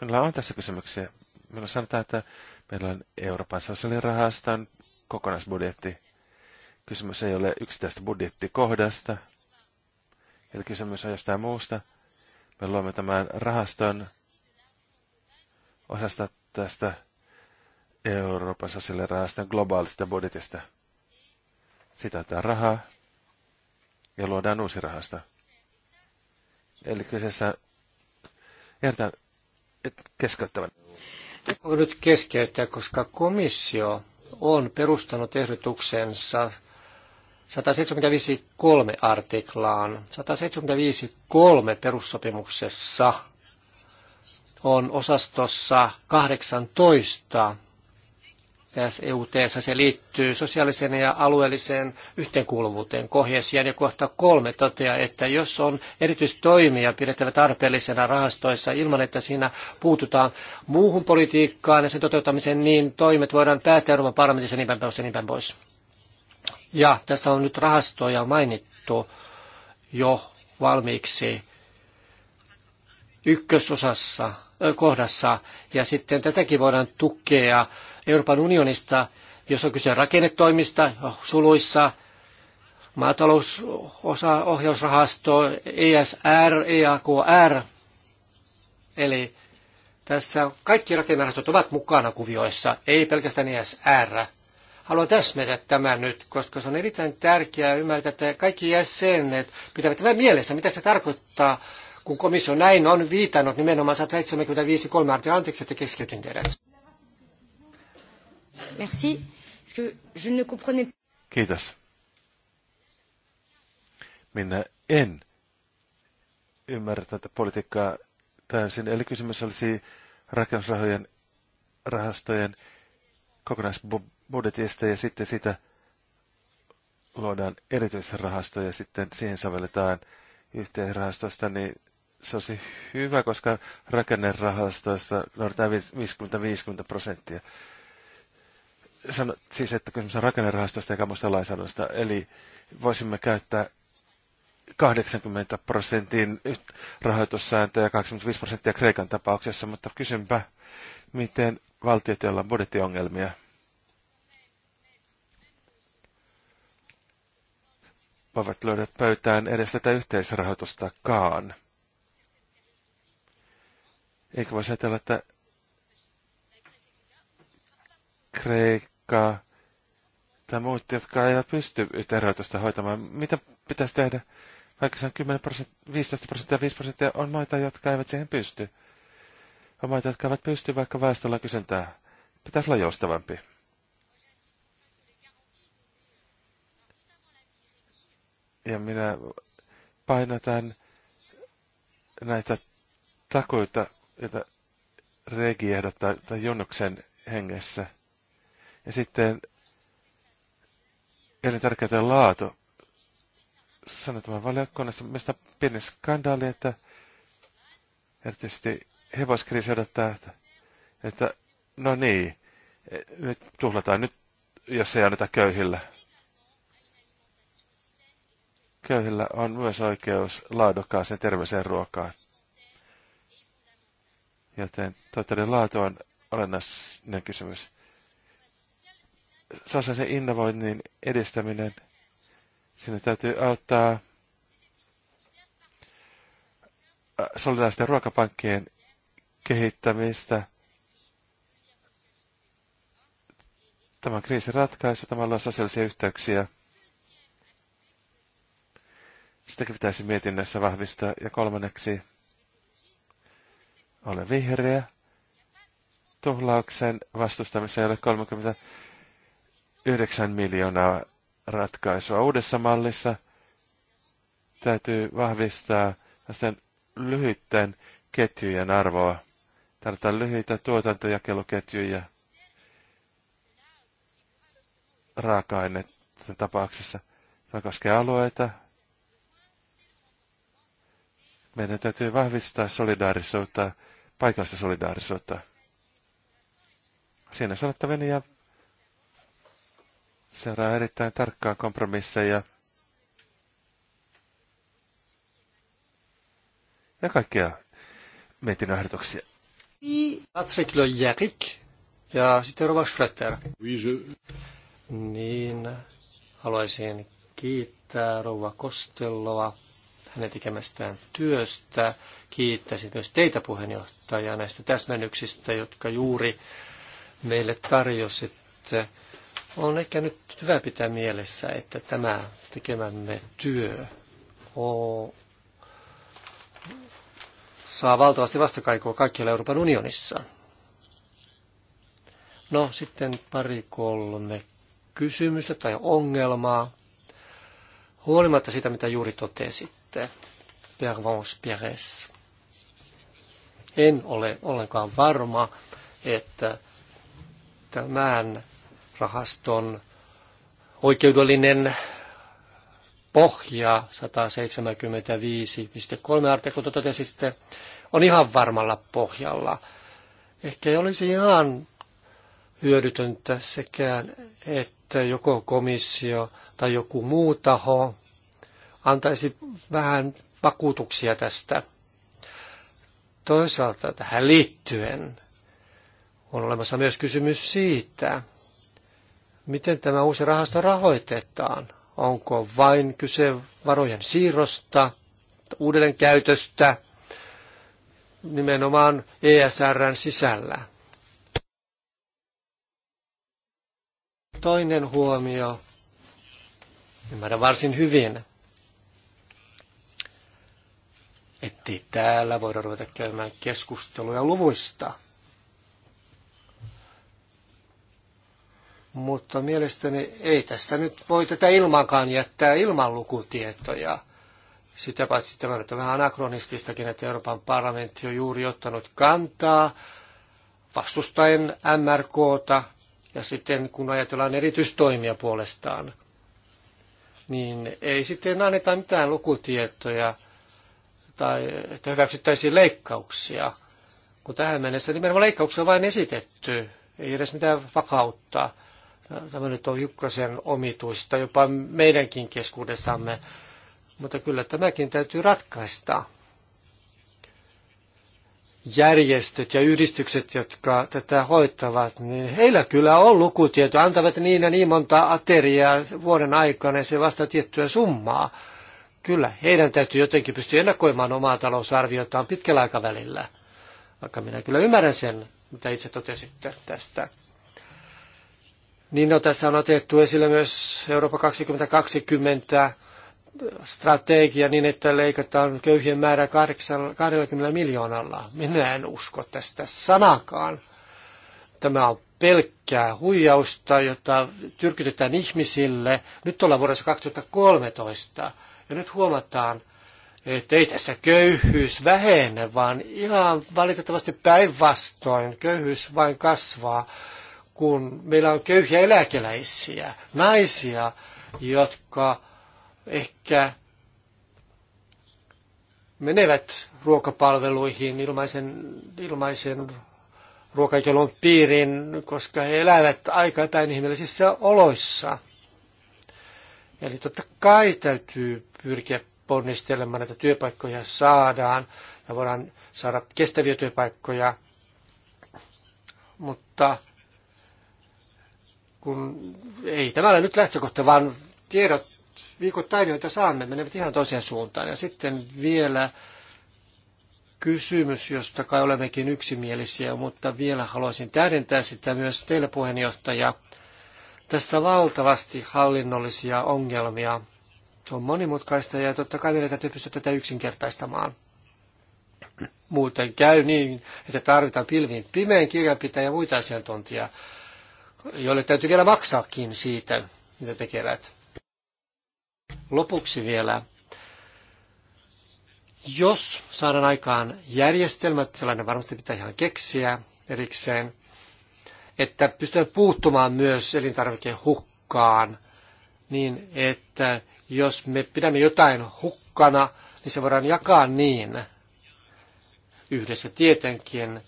Minulla on tässä kysymyksiä. Minulla sanotaan, että Meillä on Euroopan rahaston kokonaisbudjetti. Kysymys ei ole yksittäistä budjettikohdasta, eli kysymys on jostain muusta. Me luomme tämän rahaston osasta tästä Euroopan rahaston globaalista budjetista. Sitä tämä rahaa ja luodaan uusi rahasto. Eli kyseessä järjestetään keskeyttävän. Voinko nyt keskeyttää, koska komissio on perustanut ehdotuksensa 175.3 artiklaan. 175.3 perussopimuksessa on osastossa 18 SEUT, se liittyy sosiaaliseen ja alueelliseen yhteenkuuluvuuteen kohjesiaan ja kohta kolme toteaa, että jos on erityistoimia pidettävä tarpeellisena rahastoissa ilman, että siinä puututaan muuhun politiikkaan ja sen toteuttamiseen, niin toimet voidaan päättää Euroopan parlamentissa niin päin pois ja niin päin pois. Ja tässä on nyt rahastoja mainittu jo valmiiksi ykkösosassa, kohdassa, ja sitten tätäkin voidaan tukea Euroopan unionista, jos on kyse rakennetoimista, suluissa, maatalousohjausrahasto, ESR, EAKR. Eli tässä kaikki rakennerahastot ovat mukana kuvioissa, ei pelkästään ESR. Haluan täsmätä tämän nyt, koska se on erittäin tärkeää ymmärtää, että kaikki jäsenet pitävät tämän mielessä, mitä se tarkoittaa, kun komissio näin on viitannut nimenomaan 175.3. Anteeksi, että keskeytin teidät. Merci. Parce que je ne comprenais... Kiitos. Minä en ymmärrä tätä politiikkaa täysin. Eli kysymys olisi rakennusrahojen rahastojen kokonaisbudjetista ja sitten sitä luodaan erityisrahasto ja sitten siihen sovelletaan yhteisrahastosta, niin se olisi hyvä, koska rakennerahastoista noudataan 50-50 prosenttia. Sano, siis, että kysymys on rakennerahastosta ja muista lainsäädännöstä, eli voisimme käyttää 80 prosentin rahoitussääntöä ja 85 prosenttia Kreikan tapauksessa, mutta kysynpä, miten valtiot, joilla on budjettiongelmia, voivat löydä pöytään edes tätä yhteisrahoitustakaan. Eikö voisi ajatella, että Kreik jotka, tai muut, jotka eivät pysty yhteenrahoitusta hoitamaan. Mitä pitäisi tehdä? se on 10 prosenttia, 15 prosenttia, 5 prosenttia on maita, jotka eivät siihen pysty. On maita, jotka eivät pysty, vaikka väestöllä kysyntää. Pitäisi olla joustavampi. Ja minä painotan näitä takuita, joita Regi ehdottaa tai Junnuksen hengessä. Ja sitten elintärkeää laatu. Sanotaan tämän valiokunnassa, mistä pieni skandaali, että erityisesti hevoskriisi odottaa, että, että no niin, e, nyt tuhlataan nyt, jos ei anneta köyhillä. Köyhillä on myös oikeus laadukkaaseen terveeseen ruokaan. Joten tuotteiden laatu on olennainen kysymys sosiaalisen innovoinnin edistäminen. sinne täytyy auttaa äh, solidaaristen ruokapankkien kehittämistä. Tämän kriisin ratkaisu, tämä on sosiaalisia yhteyksiä. Sitäkin pitäisi mietinnässä vahvistaa. Ja kolmanneksi, ole vihreä. Tuhlauksen vastustamissa ei ole 30 9 miljoonaa ratkaisua. Uudessa mallissa täytyy vahvistaa tästä lyhyiden ketjujen arvoa. Tarvitaan lyhyitä tuotantojakeluketjuja raaka-aineiden tapauksessa. Tämä koskee alueita. Meidän täytyy vahvistaa solidaarisuutta, paikallista solidaarisuutta. Siinä sanottavani ja seuraa erittäin tarkkaa kompromisseja ja kaikkea mietin ehdotuksia. Patrick Lojärik ja sitten Rova Schröter. Niin, haluaisin kiittää Rova Kostelloa hänen tekemästään työstä. Kiittäisin myös teitä puheenjohtajaa näistä täsmennyksistä, jotka juuri meille tarjositte on ehkä nyt hyvä pitää mielessä, että tämä tekemämme työ on, saa valtavasti vastakaikua kaikkialla Euroopan unionissa. No sitten pari kolme kysymystä tai ongelmaa. Huolimatta siitä, mitä juuri totesitte, Pervance En ole ollenkaan varma, että tämän rahaston oikeudellinen pohja 175.3 artikla totesitte, on ihan varmalla pohjalla. Ehkä ei olisi ihan hyödytöntä sekään, että joko komissio tai joku muu taho antaisi vähän vakuutuksia tästä. Toisaalta tähän liittyen on olemassa myös kysymys siitä, miten tämä uusi rahasto rahoitetaan. Onko vain kyse varojen siirrosta, uudelleen käytöstä, nimenomaan ESRn sisällä. Toinen huomio, ymmärrän varsin hyvin, ettei täällä voida ruveta käymään keskusteluja luvuista – Mutta mielestäni ei tässä nyt voi tätä ilmankaan jättää ilman lukutietoja. Sitä paitsi tämä on vähän anakronististakin, että Euroopan parlamentti on juuri ottanut kantaa vastustaen MRKta ja sitten kun ajatellaan erityistoimia puolestaan, niin ei sitten anneta mitään lukutietoja tai että hyväksyttäisiin leikkauksia, kun tähän mennessä nimenomaan leikkauksia on vain esitetty, ei edes mitään vakautta. Tämä nyt on hiukkasen omituista jopa meidänkin keskuudessamme, mutta kyllä tämäkin täytyy ratkaista. Järjestöt ja yhdistykset, jotka tätä hoitavat, niin heillä kyllä on lukutieto, antavat niin ja niin monta ateriaa vuoden aikana ja se vasta tiettyä summaa. Kyllä, heidän täytyy jotenkin pystyä ennakoimaan omaa talousarviotaan pitkällä aikavälillä. Vaikka minä kyllä ymmärrän sen, mitä itse totesitte tästä. Niin no, tässä on otettu esille myös Eurooppa 2020 strategia niin, että leikataan köyhien määrä 20 miljoonalla. Minä en usko tästä sanakaan. Tämä on pelkkää huijausta, jota tyrkytetään ihmisille. Nyt ollaan vuodessa 2013 ja nyt huomataan, että ei tässä köyhyys vähene, vaan ihan valitettavasti päinvastoin köyhyys vain kasvaa kun meillä on köyhiä eläkeläisiä, naisia, jotka ehkä menevät ruokapalveluihin ilmaisen, ilmaisen ruokakelon piiriin, koska he elävät aika epäinhimillisissä oloissa. Eli totta kai täytyy pyrkiä ponnistelemaan, että työpaikkoja saadaan ja voidaan saada kestäviä työpaikkoja, mutta kun ei tämä ole nyt lähtökohta, vaan tiedot viikoittain, joita saamme, menevät ihan toiseen suuntaan. Ja sitten vielä kysymys, josta kai olemmekin yksimielisiä, mutta vielä haluaisin täydentää sitä myös teille puheenjohtaja. Tässä valtavasti hallinnollisia ongelmia. Se on monimutkaista ja totta kai meidän täytyy pystyä tätä yksinkertaistamaan. Muuten käy niin, että tarvitaan pilviin pimeän kirjanpitäjä ja muita asiantuntijaa joille täytyy vielä maksaakin siitä, mitä tekevät. Lopuksi vielä, jos saadaan aikaan järjestelmät, sellainen varmasti pitää ihan keksiä erikseen, että pystytään puuttumaan myös elintarvikehukkaan, niin että jos me pidämme jotain hukkana, niin se voidaan jakaa niin, yhdessä tietenkin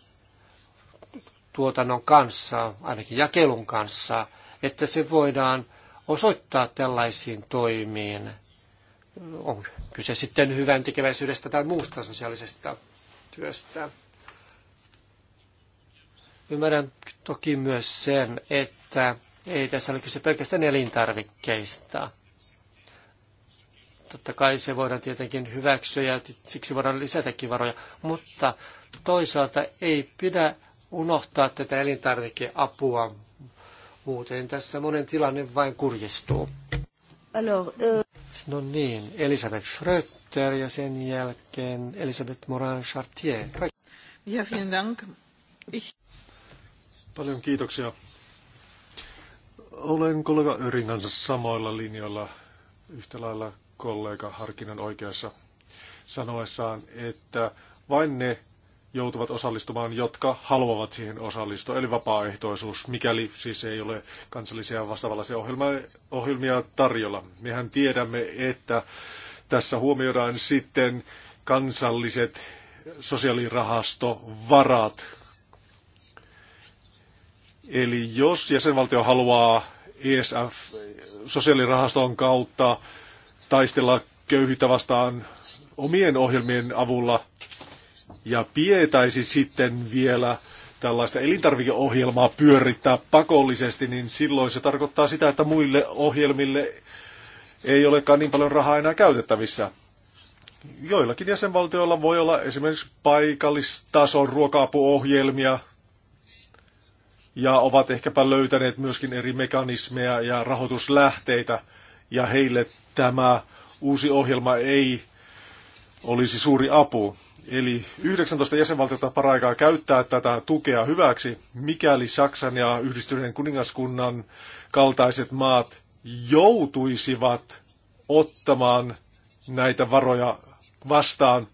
tuotannon kanssa, ainakin jakelun kanssa, että se voidaan osoittaa tällaisiin toimiin. On kyse sitten hyvän tekeväisyydestä tai muusta sosiaalisesta työstä. Ymmärrän toki myös sen, että ei tässä ole kyse pelkästään elintarvikkeista. Totta kai se voidaan tietenkin hyväksyä ja siksi voidaan lisätäkin varoja, mutta toisaalta ei pidä unohtaa tätä elintarvikeapua. Muuten tässä monen tilanne vain kurjistuu. Alors, euh... No niin, Elisabeth Schröter ja sen jälkeen Elisabeth Morin-Chartier. Ja, vielen Dank. Ich... Paljon kiitoksia. Olen kollega Örin kanssa samoilla linjoilla, yhtä lailla kollega Harkinen oikeassa sanoessaan, että vain ne joutuvat osallistumaan, jotka haluavat siihen osallistua, eli vapaaehtoisuus, mikäli siis ei ole kansallisia vastaavanlaisia ohjelmia, ohjelmia tarjolla. Mehän tiedämme, että tässä huomioidaan sitten kansalliset sosiaalirahastovarat. Eli jos jäsenvaltio haluaa ESF sosiaalirahaston kautta taistella köyhyyttä vastaan omien ohjelmien avulla, ja pietäisi sitten vielä tällaista elintarvikeohjelmaa pyörittää pakollisesti, niin silloin se tarkoittaa sitä, että muille ohjelmille ei olekaan niin paljon rahaa enää käytettävissä. Joillakin jäsenvaltioilla voi olla esimerkiksi paikallistason ruoka-apuohjelmia, ja ovat ehkäpä löytäneet myöskin eri mekanismeja ja rahoituslähteitä, ja heille tämä uusi ohjelma ei olisi suuri apu. Eli 19 jäsenvaltiota paraikaa käyttää tätä tukea hyväksi, mikäli Saksan ja yhdistyneen kuningaskunnan kaltaiset maat joutuisivat ottamaan näitä varoja vastaan,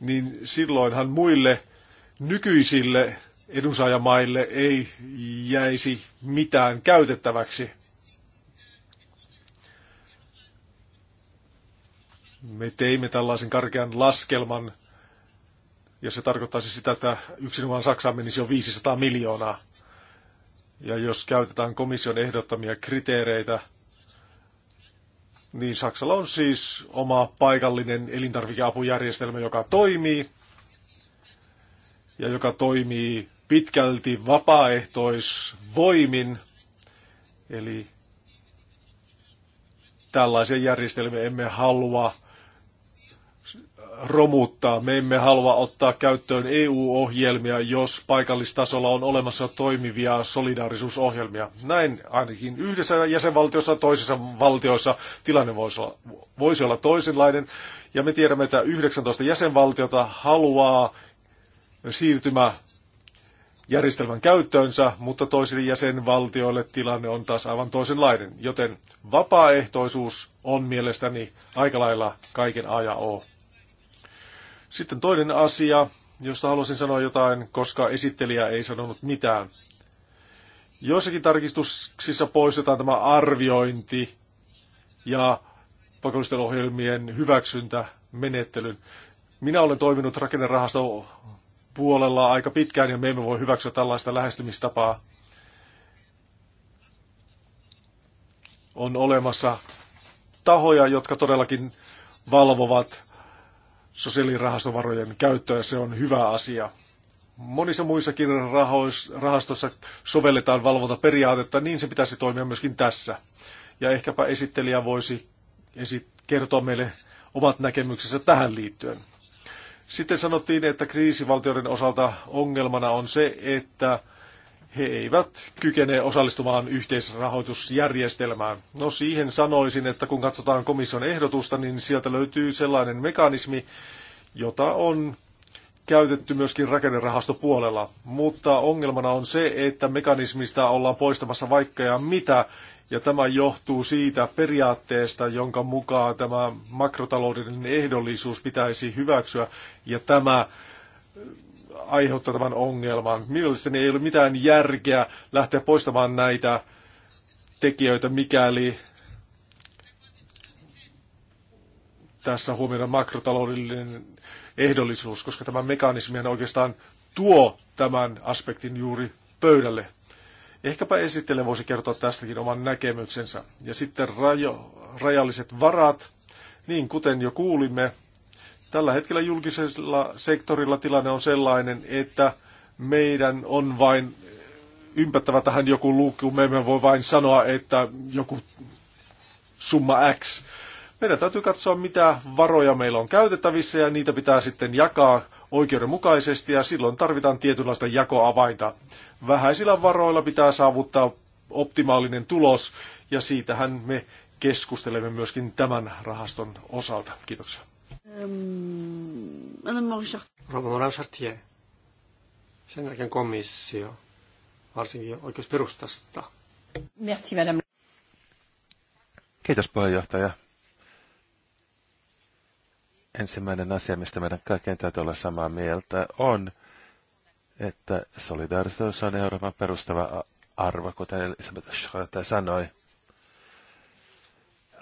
niin silloinhan muille nykyisille edunsaajamaille ei jäisi mitään käytettäväksi. Me teimme tällaisen karkean laskelman ja se tarkoittaisi sitä, että yksinomaan Saksaan menisi jo 500 miljoonaa. Ja jos käytetään komission ehdottamia kriteereitä, niin Saksalla on siis oma paikallinen elintarvikeapujärjestelmä, joka toimii ja joka toimii pitkälti vapaaehtoisvoimin. Eli tällaisia järjestelmiä emme halua romuttaa. Me emme halua ottaa käyttöön EU-ohjelmia, jos paikallistasolla on olemassa toimivia solidaarisuusohjelmia. Näin ainakin yhdessä jäsenvaltiossa, toisessa valtiossa tilanne voisi olla, voisi olla toisenlainen. Ja me tiedämme, että 19 jäsenvaltiota haluaa siirtymä järjestelmän käyttöönsä, mutta toisille jäsenvaltioille tilanne on taas aivan toisenlainen. Joten vapaaehtoisuus on mielestäni aika lailla kaiken ajan ja O. Sitten toinen asia, josta haluaisin sanoa jotain, koska esittelijä ei sanonut mitään. Joissakin tarkistuksissa poistetaan tämä arviointi ja pakollisten ohjelmien hyväksyntä menettelyn. Minä olen toiminut rakennerahasto puolella aika pitkään ja me emme voi hyväksyä tällaista lähestymistapaa. On olemassa tahoja, jotka todellakin valvovat sosiaalirahastovarojen käyttöä, se on hyvä asia. Monissa muissakin rahastossa sovelletaan valvontaperiaatetta, niin se pitäisi toimia myöskin tässä. Ja ehkäpä esittelijä voisi esit- kertoa meille omat näkemyksensä tähän liittyen. Sitten sanottiin, että kriisivaltioiden osalta ongelmana on se, että he eivät kykene osallistumaan yhteisrahoitusjärjestelmään. No siihen sanoisin, että kun katsotaan komission ehdotusta, niin sieltä löytyy sellainen mekanismi, jota on käytetty myöskin rakennerahastopuolella. Mutta ongelmana on se, että mekanismista ollaan poistamassa vaikka ja mitä, ja tämä johtuu siitä periaatteesta, jonka mukaan tämä makrotaloudellinen ehdollisuus pitäisi hyväksyä, ja tämä aiheuttaa tämän ongelman. Mielestäni ei ole mitään järkeä lähteä poistamaan näitä tekijöitä, mikäli tässä huomioidaan makrotaloudellinen ehdollisuus, koska tämä mekanismi oikeastaan tuo tämän aspektin juuri pöydälle. Ehkäpä esittele voisi kertoa tästäkin oman näkemyksensä. Ja sitten rajo, rajalliset varat, niin kuten jo kuulimme, Tällä hetkellä julkisella sektorilla tilanne on sellainen, että meidän on vain ympättävä tähän joku luukku. Me emme voi vain sanoa, että joku summa X. Meidän täytyy katsoa, mitä varoja meillä on käytettävissä ja niitä pitää sitten jakaa oikeudenmukaisesti ja silloin tarvitaan tietynlaista jakoavainta. Vähäisillä varoilla pitää saavuttaa optimaalinen tulos ja siitähän me keskustelemme myöskin tämän rahaston osalta. Kiitoksia. Rouva Moran Chartier. Sen jälkeen komissio, varsinkin oikeusperustasta. Merci, madame. Kiitos puheenjohtaja. Ensimmäinen asia, mistä meidän kaikkien täytyy olla samaa mieltä, on, että solidaarisuus on Euroopan perustava arvo, kuten Elisabeth Schröter sanoi.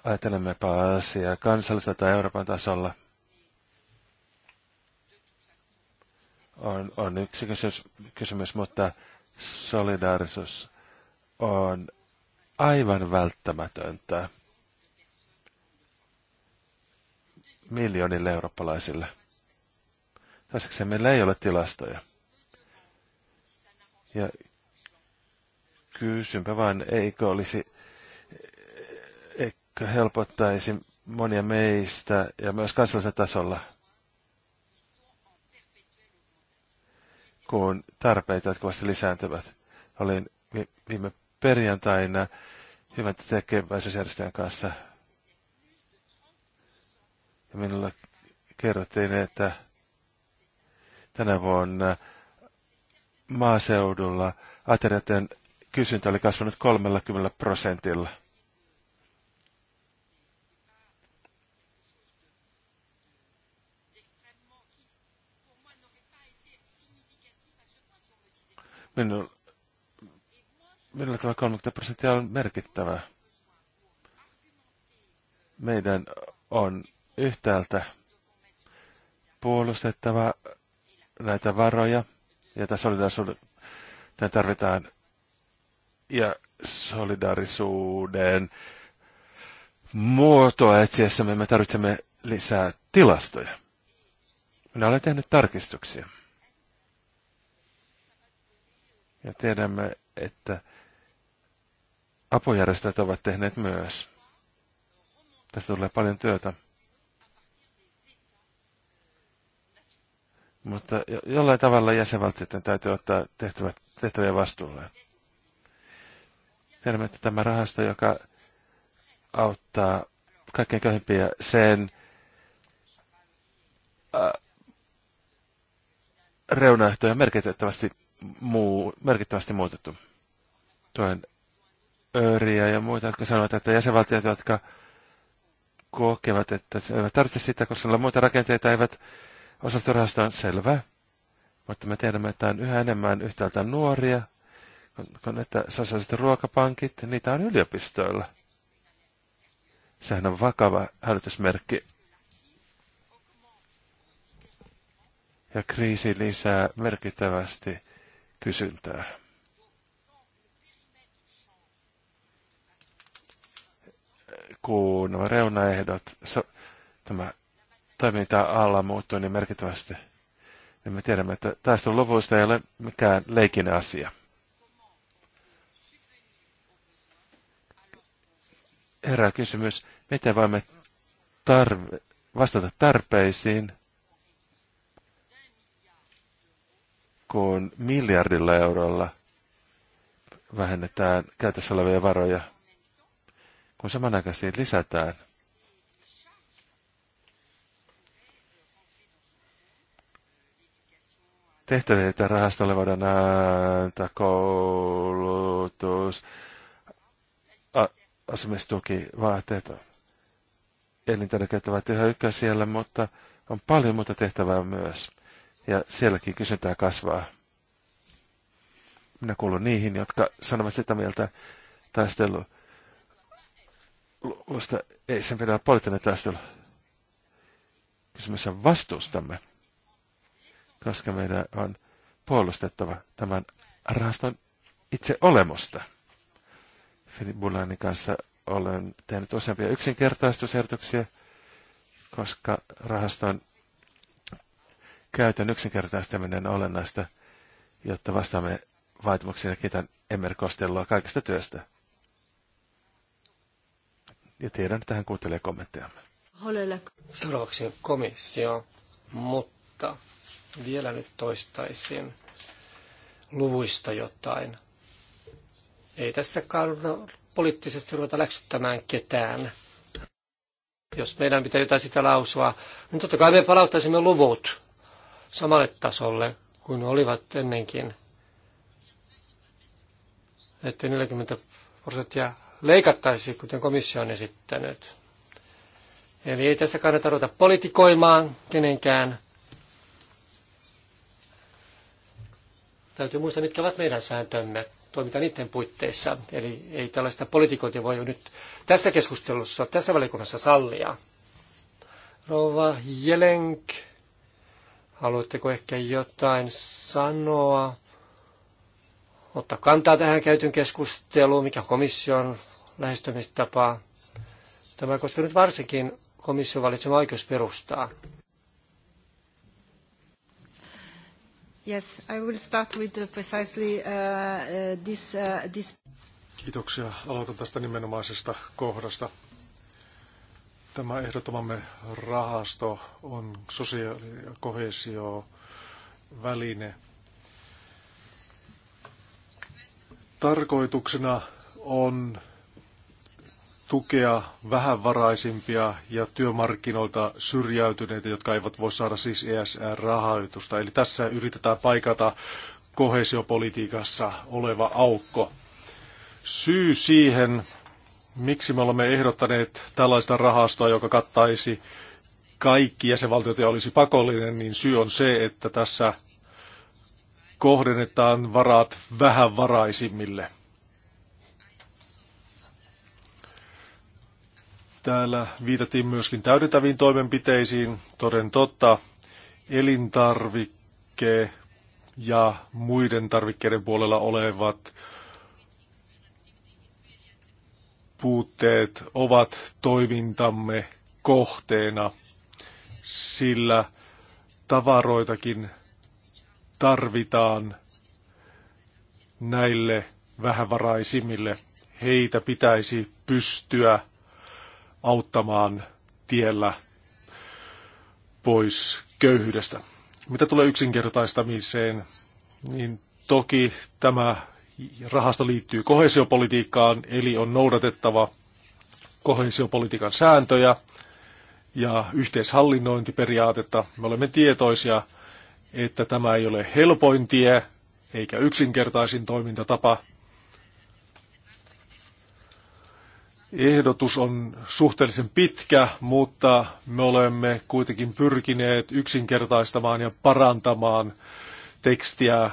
Ajatelemmepa asiaa kansallisella tai Euroopan tasolla. on, on yksi kysymys, kysymys, mutta solidaarisuus on aivan välttämätöntä miljoonille eurooppalaisille. Toiseksi meillä ei ole tilastoja. Ja kysynpä vain, eikö olisi, eikö helpottaisi monia meistä ja myös kansallisella tasolla – kun tarpeet jatkuvasti lisääntyvät. Olin viime perjantaina hyvän tekeväisyysjärjestöjen kanssa. Ja minulle kerrottiin, että tänä vuonna maaseudulla aterioiden kysyntä oli kasvanut 30 prosentilla – Minulla, millä tämä 30 prosenttia on merkittävä. Meidän on yhtäältä puolustettava näitä varoja, joita solidaarisuuden tarvitaan, ja solidaarisuuden muotoa etsiessä me tarvitsemme lisää tilastoja. Minä olen tehnyt tarkistuksia. Ja tiedämme, että apujärjestöt ovat tehneet myös. Tästä tulee paljon työtä. Mutta jollain tavalla jäsenvaltioiden täytyy ottaa tehtävät, tehtäviä vastuulle. Tiedämme, että tämä rahasto, joka auttaa kaikkein köyhimpiä, sen äh, reunaehtoja merkittävästi muu, merkittävästi muutettu. Tuen Öriä ja muita, jotka sanovat, että jäsenvaltiot, jotka kokevat, että eivät tarvitse sitä, koska on muita rakenteita, eivät osastorahasta on selvä. Mutta me tiedämme, että on yhä enemmän yhtäältä nuoria, kun, kun että sosiaaliset ruokapankit, niitä on yliopistoilla. Sehän on vakava hälytysmerkki. Ja kriisi lisää merkittävästi kysyntää. Kun nämä reunaehdot, tämä toiminta-alla muuttuu niin merkittävästi, niin me tiedämme, että luvusta ei ole mikään leikin asia. Herää kysymys, miten voimme tarve, vastata tarpeisiin, kun miljardilla eurolla vähennetään käytössä olevia varoja, kun samanaikaisesti lisätään tehtäviä, että rahastolle voidaan antaa koulutus, asumistuki, vaatteet, elintarvikkeet ovat yhä siellä, mutta on paljon muuta tehtävää myös ja sielläkin kysyntää kasvaa. Minä kuulun niihin, jotka sanovat sitä mieltä taistelu. Luosta ei sen pidä olla poliittinen taistelu. Kysymys on vastuustamme, koska meidän on puolustettava tämän rahaston itse olemusta. Filip Bulanin kanssa olen tehnyt useampia yksinkertaistusehdotuksia, koska rahaston käytön yksinkertaistaminen on olennaista, jotta vastaamme vaatimuksiin ja kiitän Emmer Kostelloa kaikesta työstä. Ja tiedän, että hän kuuntelee kommenttejamme. Seuraavaksi komissio, mutta vielä nyt toistaisin luvuista jotain. Ei tästä kannata poliittisesti ruveta läksyttämään ketään. Jos meidän pitää jotain sitä lausua, niin totta kai me palauttaisimme luvut samalle tasolle kuin olivat ennenkin. Että 40 prosenttia leikattaisiin, kuten komissio on esittänyt. Eli ei tässä kannata ruveta politikoimaan kenenkään. Täytyy muistaa, mitkä ovat meidän sääntömme. Toimita niiden puitteissa. Eli ei tällaista politikointia voi nyt tässä keskustelussa, tässä valikunnassa sallia. Rova Jelenk Haluatteko ehkä jotain sanoa? Ottaa kantaa tähän käytyn keskusteluun, mikä komission lähestymistapa. Tämä koskee nyt varsinkin komission valitsema oikeusperustaa. Yes, I will start with uh, precisely uh, uh, this, uh, this... Kiitoksia. Aloitan tästä nimenomaisesta kohdasta. Tämä ehdottomamme rahasto on sosiaali- ja väline Tarkoituksena on tukea vähävaraisimpia ja työmarkkinoilta syrjäytyneitä, jotka eivät voi saada siis ESR-rahoitusta. Eli tässä yritetään paikata kohesiopolitiikassa oleva aukko. Syy siihen Miksi me olemme ehdottaneet tällaista rahastoa, joka kattaisi kaikki jäsenvaltiot ja olisi pakollinen, niin syy on se, että tässä kohdennetaan varat varaisimmille. Täällä viitattiin myöskin täydentäviin toimenpiteisiin. Toden totta, elintarvikkeen ja muiden tarvikkeiden puolella olevat puutteet ovat toimintamme kohteena, sillä tavaroitakin tarvitaan näille vähävaraisimmille. Heitä pitäisi pystyä auttamaan tiellä pois köyhyydestä. Mitä tulee yksinkertaistamiseen, niin toki tämä rahasto liittyy kohesiopolitiikkaan, eli on noudatettava kohesiopolitiikan sääntöjä ja yhteishallinnointiperiaatetta. Me olemme tietoisia, että tämä ei ole helpoin tie eikä yksinkertaisin toimintatapa. Ehdotus on suhteellisen pitkä, mutta me olemme kuitenkin pyrkineet yksinkertaistamaan ja parantamaan tekstiä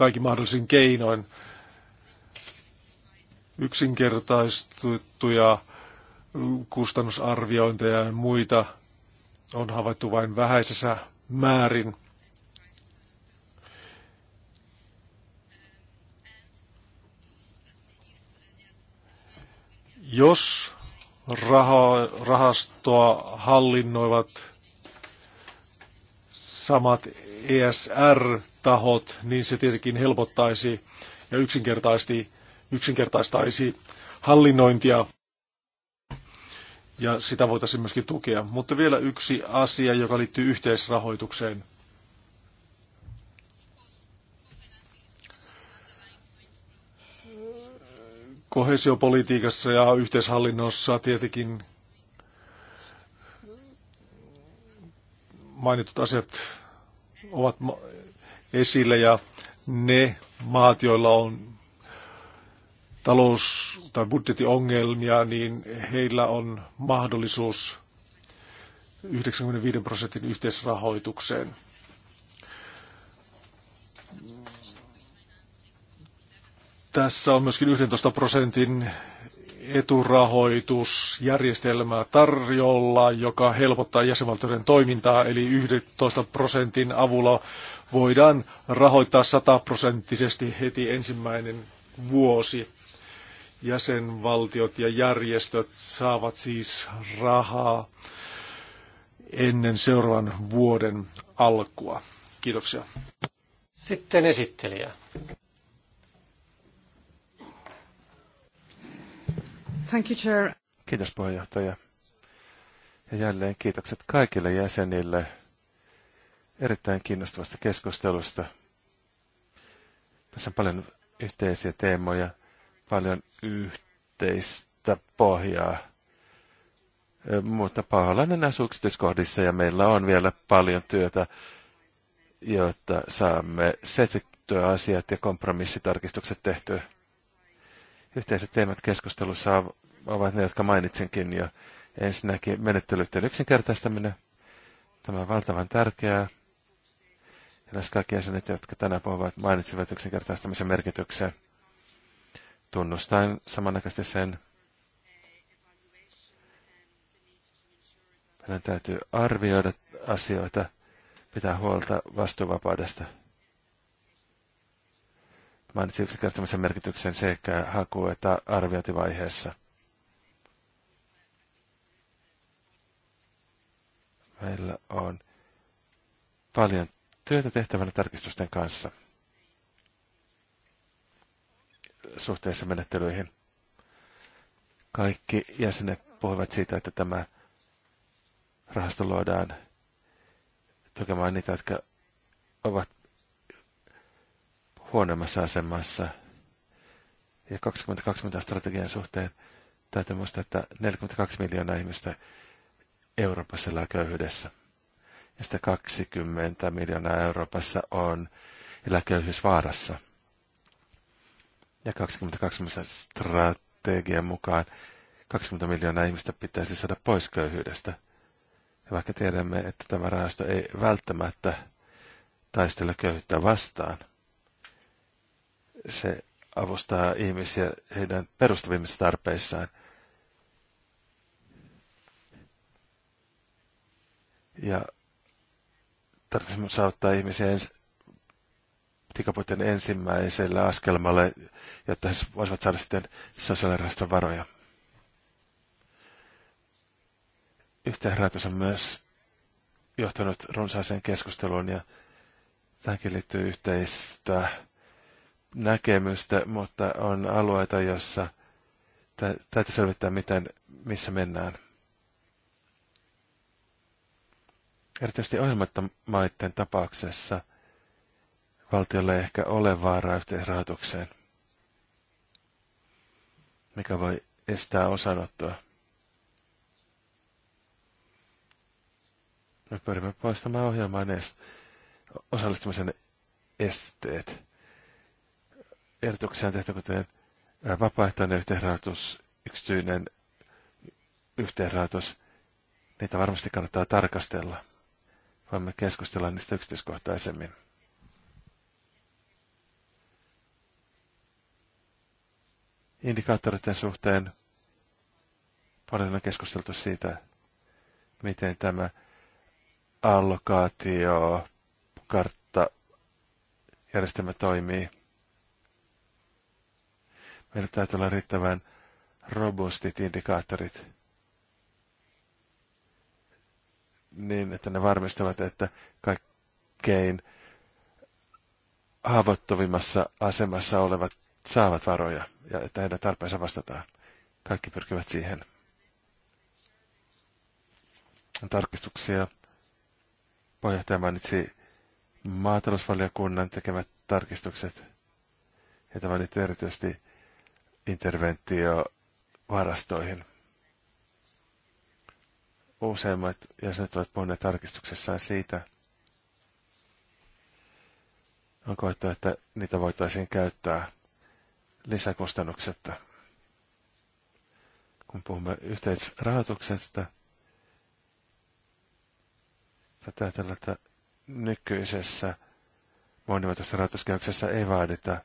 kaikki mahdollisin keinoin yksinkertaistettuja kustannusarviointeja ja muita on havaittu vain vähäisessä määrin. Jos raho, rahastoa hallinnoivat samat ESR tahot, niin se tietenkin helpottaisi ja yksinkertaisesti, yksinkertaistaisi hallinnointia ja sitä voitaisiin myöskin tukea. Mutta vielä yksi asia, joka liittyy yhteisrahoitukseen. Kohesiopolitiikassa ja yhteishallinnossa tietenkin mainitut asiat ovat esille ja ne maat, joilla on talous- tai budjettiongelmia, niin heillä on mahdollisuus 95 prosentin yhteisrahoitukseen. Tässä on myöskin 11 prosentin eturahoitusjärjestelmää tarjolla, joka helpottaa jäsenvaltioiden toimintaa, eli 11 prosentin avulla voidaan rahoittaa prosenttisesti heti ensimmäinen vuosi. Jäsenvaltiot ja järjestöt saavat siis rahaa ennen seuraavan vuoden alkua. Kiitoksia. Sitten esittelijä. Thank you, Chair. Kiitos puheenjohtaja. Ja jälleen kiitokset kaikille jäsenille erittäin kiinnostavasta keskustelusta. Tässä on paljon yhteisiä teemoja, paljon yhteistä pohjaa. Mutta paholainen asuu yksityiskohdissa ja meillä on vielä paljon työtä, jotta saamme setittyä asiat ja kompromissitarkistukset tehtyä. Yhteiset teemat keskustelussa ovat ne, jotka mainitsinkin jo. Ensinnäkin menettelyiden yksinkertaistaminen. Tämä on valtavan tärkeää. Ja tässä kaikki jäsenet, jotka tänä puhuvat, mainitsivat yksinkertaistamisen merkityksen. Tunnustan samanaikaisesti sen. Meidän täytyy arvioida asioita, pitää huolta vastuuvapaudesta – mainitsi yksinkertaisen merkityksen sekä haku- että arviointivaiheessa. Meillä on paljon työtä tehtävänä tarkistusten kanssa suhteessa menettelyihin. Kaikki jäsenet puhuvat siitä, että tämä rahasto luodaan tukemaan niitä, jotka ovat huonommassa asemassa. Ja 2020 strategian suhteen täytyy muistaa, että 42 miljoonaa ihmistä Euroopassa elää köyhyydessä. Ja sitä 20 miljoonaa Euroopassa on elää köyhyysvaarassa. Ja 2020 strategian mukaan 20 miljoonaa ihmistä pitäisi saada pois köyhyydestä. Ja vaikka tiedämme, että tämä rahasto ei välttämättä taistella köyhyyttä vastaan, se avustaa ihmisiä heidän perustavimmissa tarpeissaan. Ja tarvitsemme saattaa ihmisiä ens, tikapuiden ensimmäisellä askelmalle, jotta he voisivat saada sitten sosiaalirahaston varoja. Yhteenrahoitus on myös johtanut runsaaseen keskusteluun ja tähänkin liittyy yhteistä näkemystä, mutta on alueita, joissa täytyy selvittää, miten, missä mennään. Erityisesti ohjelmattomaiden tapauksessa valtiolle ei ehkä ole vaaraa yhteisrahoitukseen, mikä voi estää osanottoa. Me pyrimme poistamaan ohjelmaan osallistumisen esteet ehdotuksia on tehty, kuten vapaaehtoinen yhteenrahoitus, yksityinen yhteenrahoitus. Niitä varmasti kannattaa tarkastella. Voimme keskustella niistä yksityiskohtaisemmin. Indikaattoreiden suhteen paljon on keskusteltu siitä, miten tämä allokaatio kartta järjestelmä toimii. Meillä täytyy olla riittävän robustit indikaattorit niin, että ne varmistavat, että kaikkein haavoittuvimmassa asemassa olevat saavat varoja ja että heidän tarpeensa vastataan. Kaikki pyrkivät siihen. Tarkistuksia. Pohjohtaja mainitsi maatalousvaliokunnan tekemät tarkistukset. Ja tämä liittyy erityisesti interventio varastoihin. Useimmat jäsenet ovat puhuneet tarkistuksessaan siitä, on koettu, että niitä voitaisiin käyttää lisäkustannuksetta. Kun puhumme yhteisrahoituksesta, tätä ajatella, että nykyisessä monimuotoisessa rahoituskehyksessä ei vaadita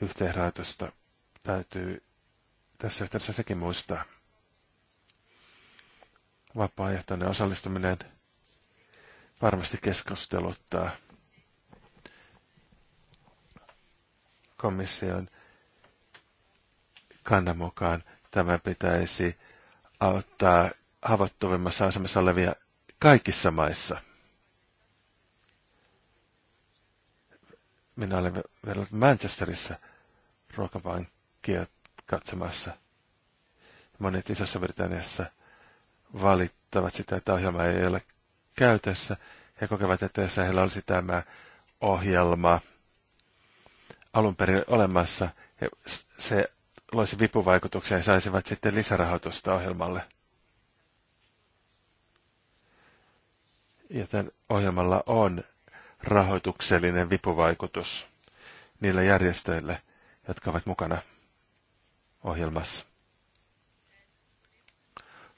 yhteisrahoitusta Täytyy tässä yhteydessä sekin muistaa. Vapaaehtoinen osallistuminen varmasti keskusteluttaa komission kannan mukaan tämä pitäisi auttaa haavoittuvimmassa asemassa olevia kaikissa maissa. Minä olen vielä Manchesterissa ruokapankki kaikkia katsomassa. Monet Isossa Britanniassa valittavat sitä, että ohjelma ei ole käytössä. He kokevat, että jos heillä olisi tämä ohjelma alun perin olemassa, se loisi vipuvaikutuksia ja saisivat sitten lisärahoitusta ohjelmalle. Joten ohjelmalla on rahoituksellinen vipuvaikutus niille järjestöille, jotka ovat mukana ohjelmassa.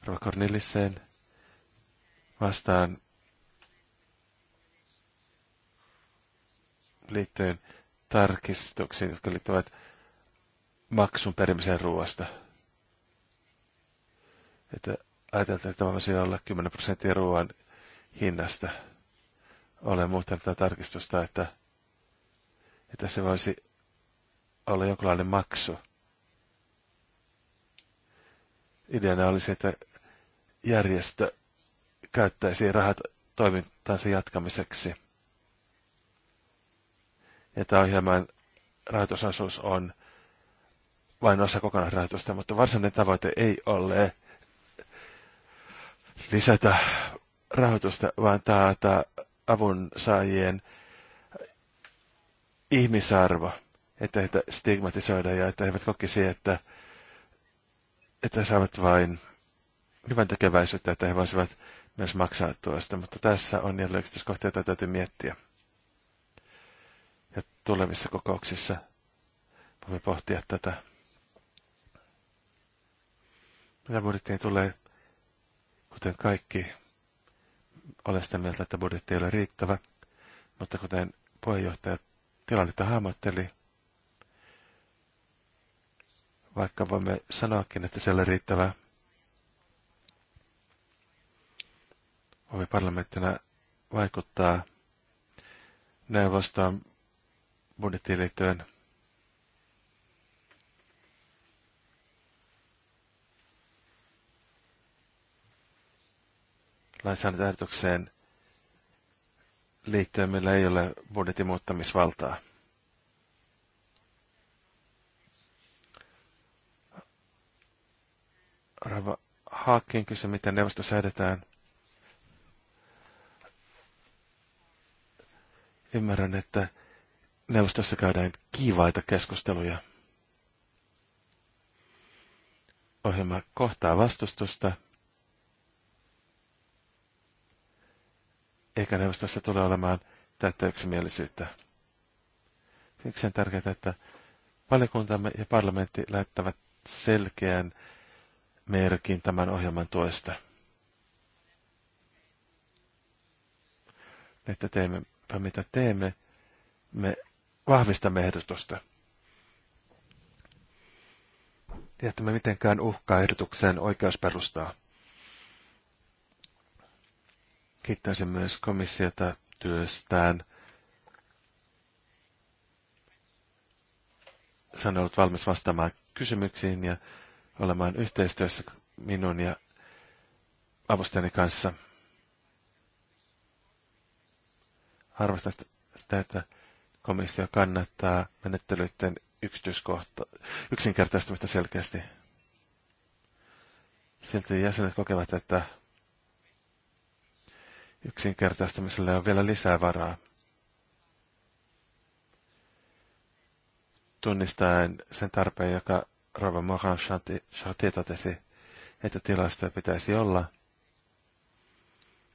Rova Kornilliseen vastaan liittyen tarkistuksiin, jotka liittyvät maksun perimiseen ruoasta. Että ajateltiin, että voisi olla 10 prosenttia ruoan hinnasta. Olen muuttanut tätä tarkistusta, että, että se voisi olla jonkinlainen maksu ideana oli se, että järjestö käyttäisi rahat toimintansa jatkamiseksi. Ja tämä ohjelman rahoitusosuus on vain osa kokonaisrahoitusta, mutta varsinainen tavoite ei ole lisätä rahoitusta, vaan taata avun saajien ihmisarvo, että heitä stigmatisoida ja että he eivät kokisi, että että he saavat vain hyvän tekeväisyyttä, että he voisivat myös maksaa tuosta, mutta tässä on jälleen yksityiskohtia, joita täytyy miettiä. Ja tulevissa kokouksissa voimme pohtia tätä. Mitä budjettiin tulee, kuten kaikki, olen sitä mieltä, että budjetti ei ole riittävä, mutta kuten puheenjohtaja tilannetta hahmotteli, vaikka voimme sanoakin, että siellä on riittävää. Voimme parlamenttina vaikuttaa neuvostoon budjettiin liittyen. lainsäädäntöehdotukseen liittyen meillä ei ole budjetin muuttamisvaltaa. Rava Haakkin kysyi, miten neuvosto säädetään. Ymmärrän, että neuvostossa käydään kiivaita keskusteluja. Ohjelma kohtaa vastustusta. Eikä neuvostossa tule olemaan täyttä yksimielisyyttä. Siksi on tärkeää, että valiokuntamme ja parlamentti lähettävät selkeän merkin tämän ohjelman tuesta. Että teemme, mitä teemme, me vahvistamme ehdotusta. Ja että me mitenkään uhkaa ehdotukseen oikeusperustaa. Kiittäisin myös komissiota työstään. Sanoit valmis vastaamaan kysymyksiin ja olemaan yhteistyössä minun ja avustajani kanssa. Arvostan sitä, että komissio kannattaa menettelyiden yksityiskohta, yksinkertaistamista selkeästi. Silti jäsenet kokevat, että yksinkertaistumiselle on vielä lisää varaa. Tunnistaen sen tarpeen, joka Rava Moran Chartier totesi, että tilastoja pitäisi olla.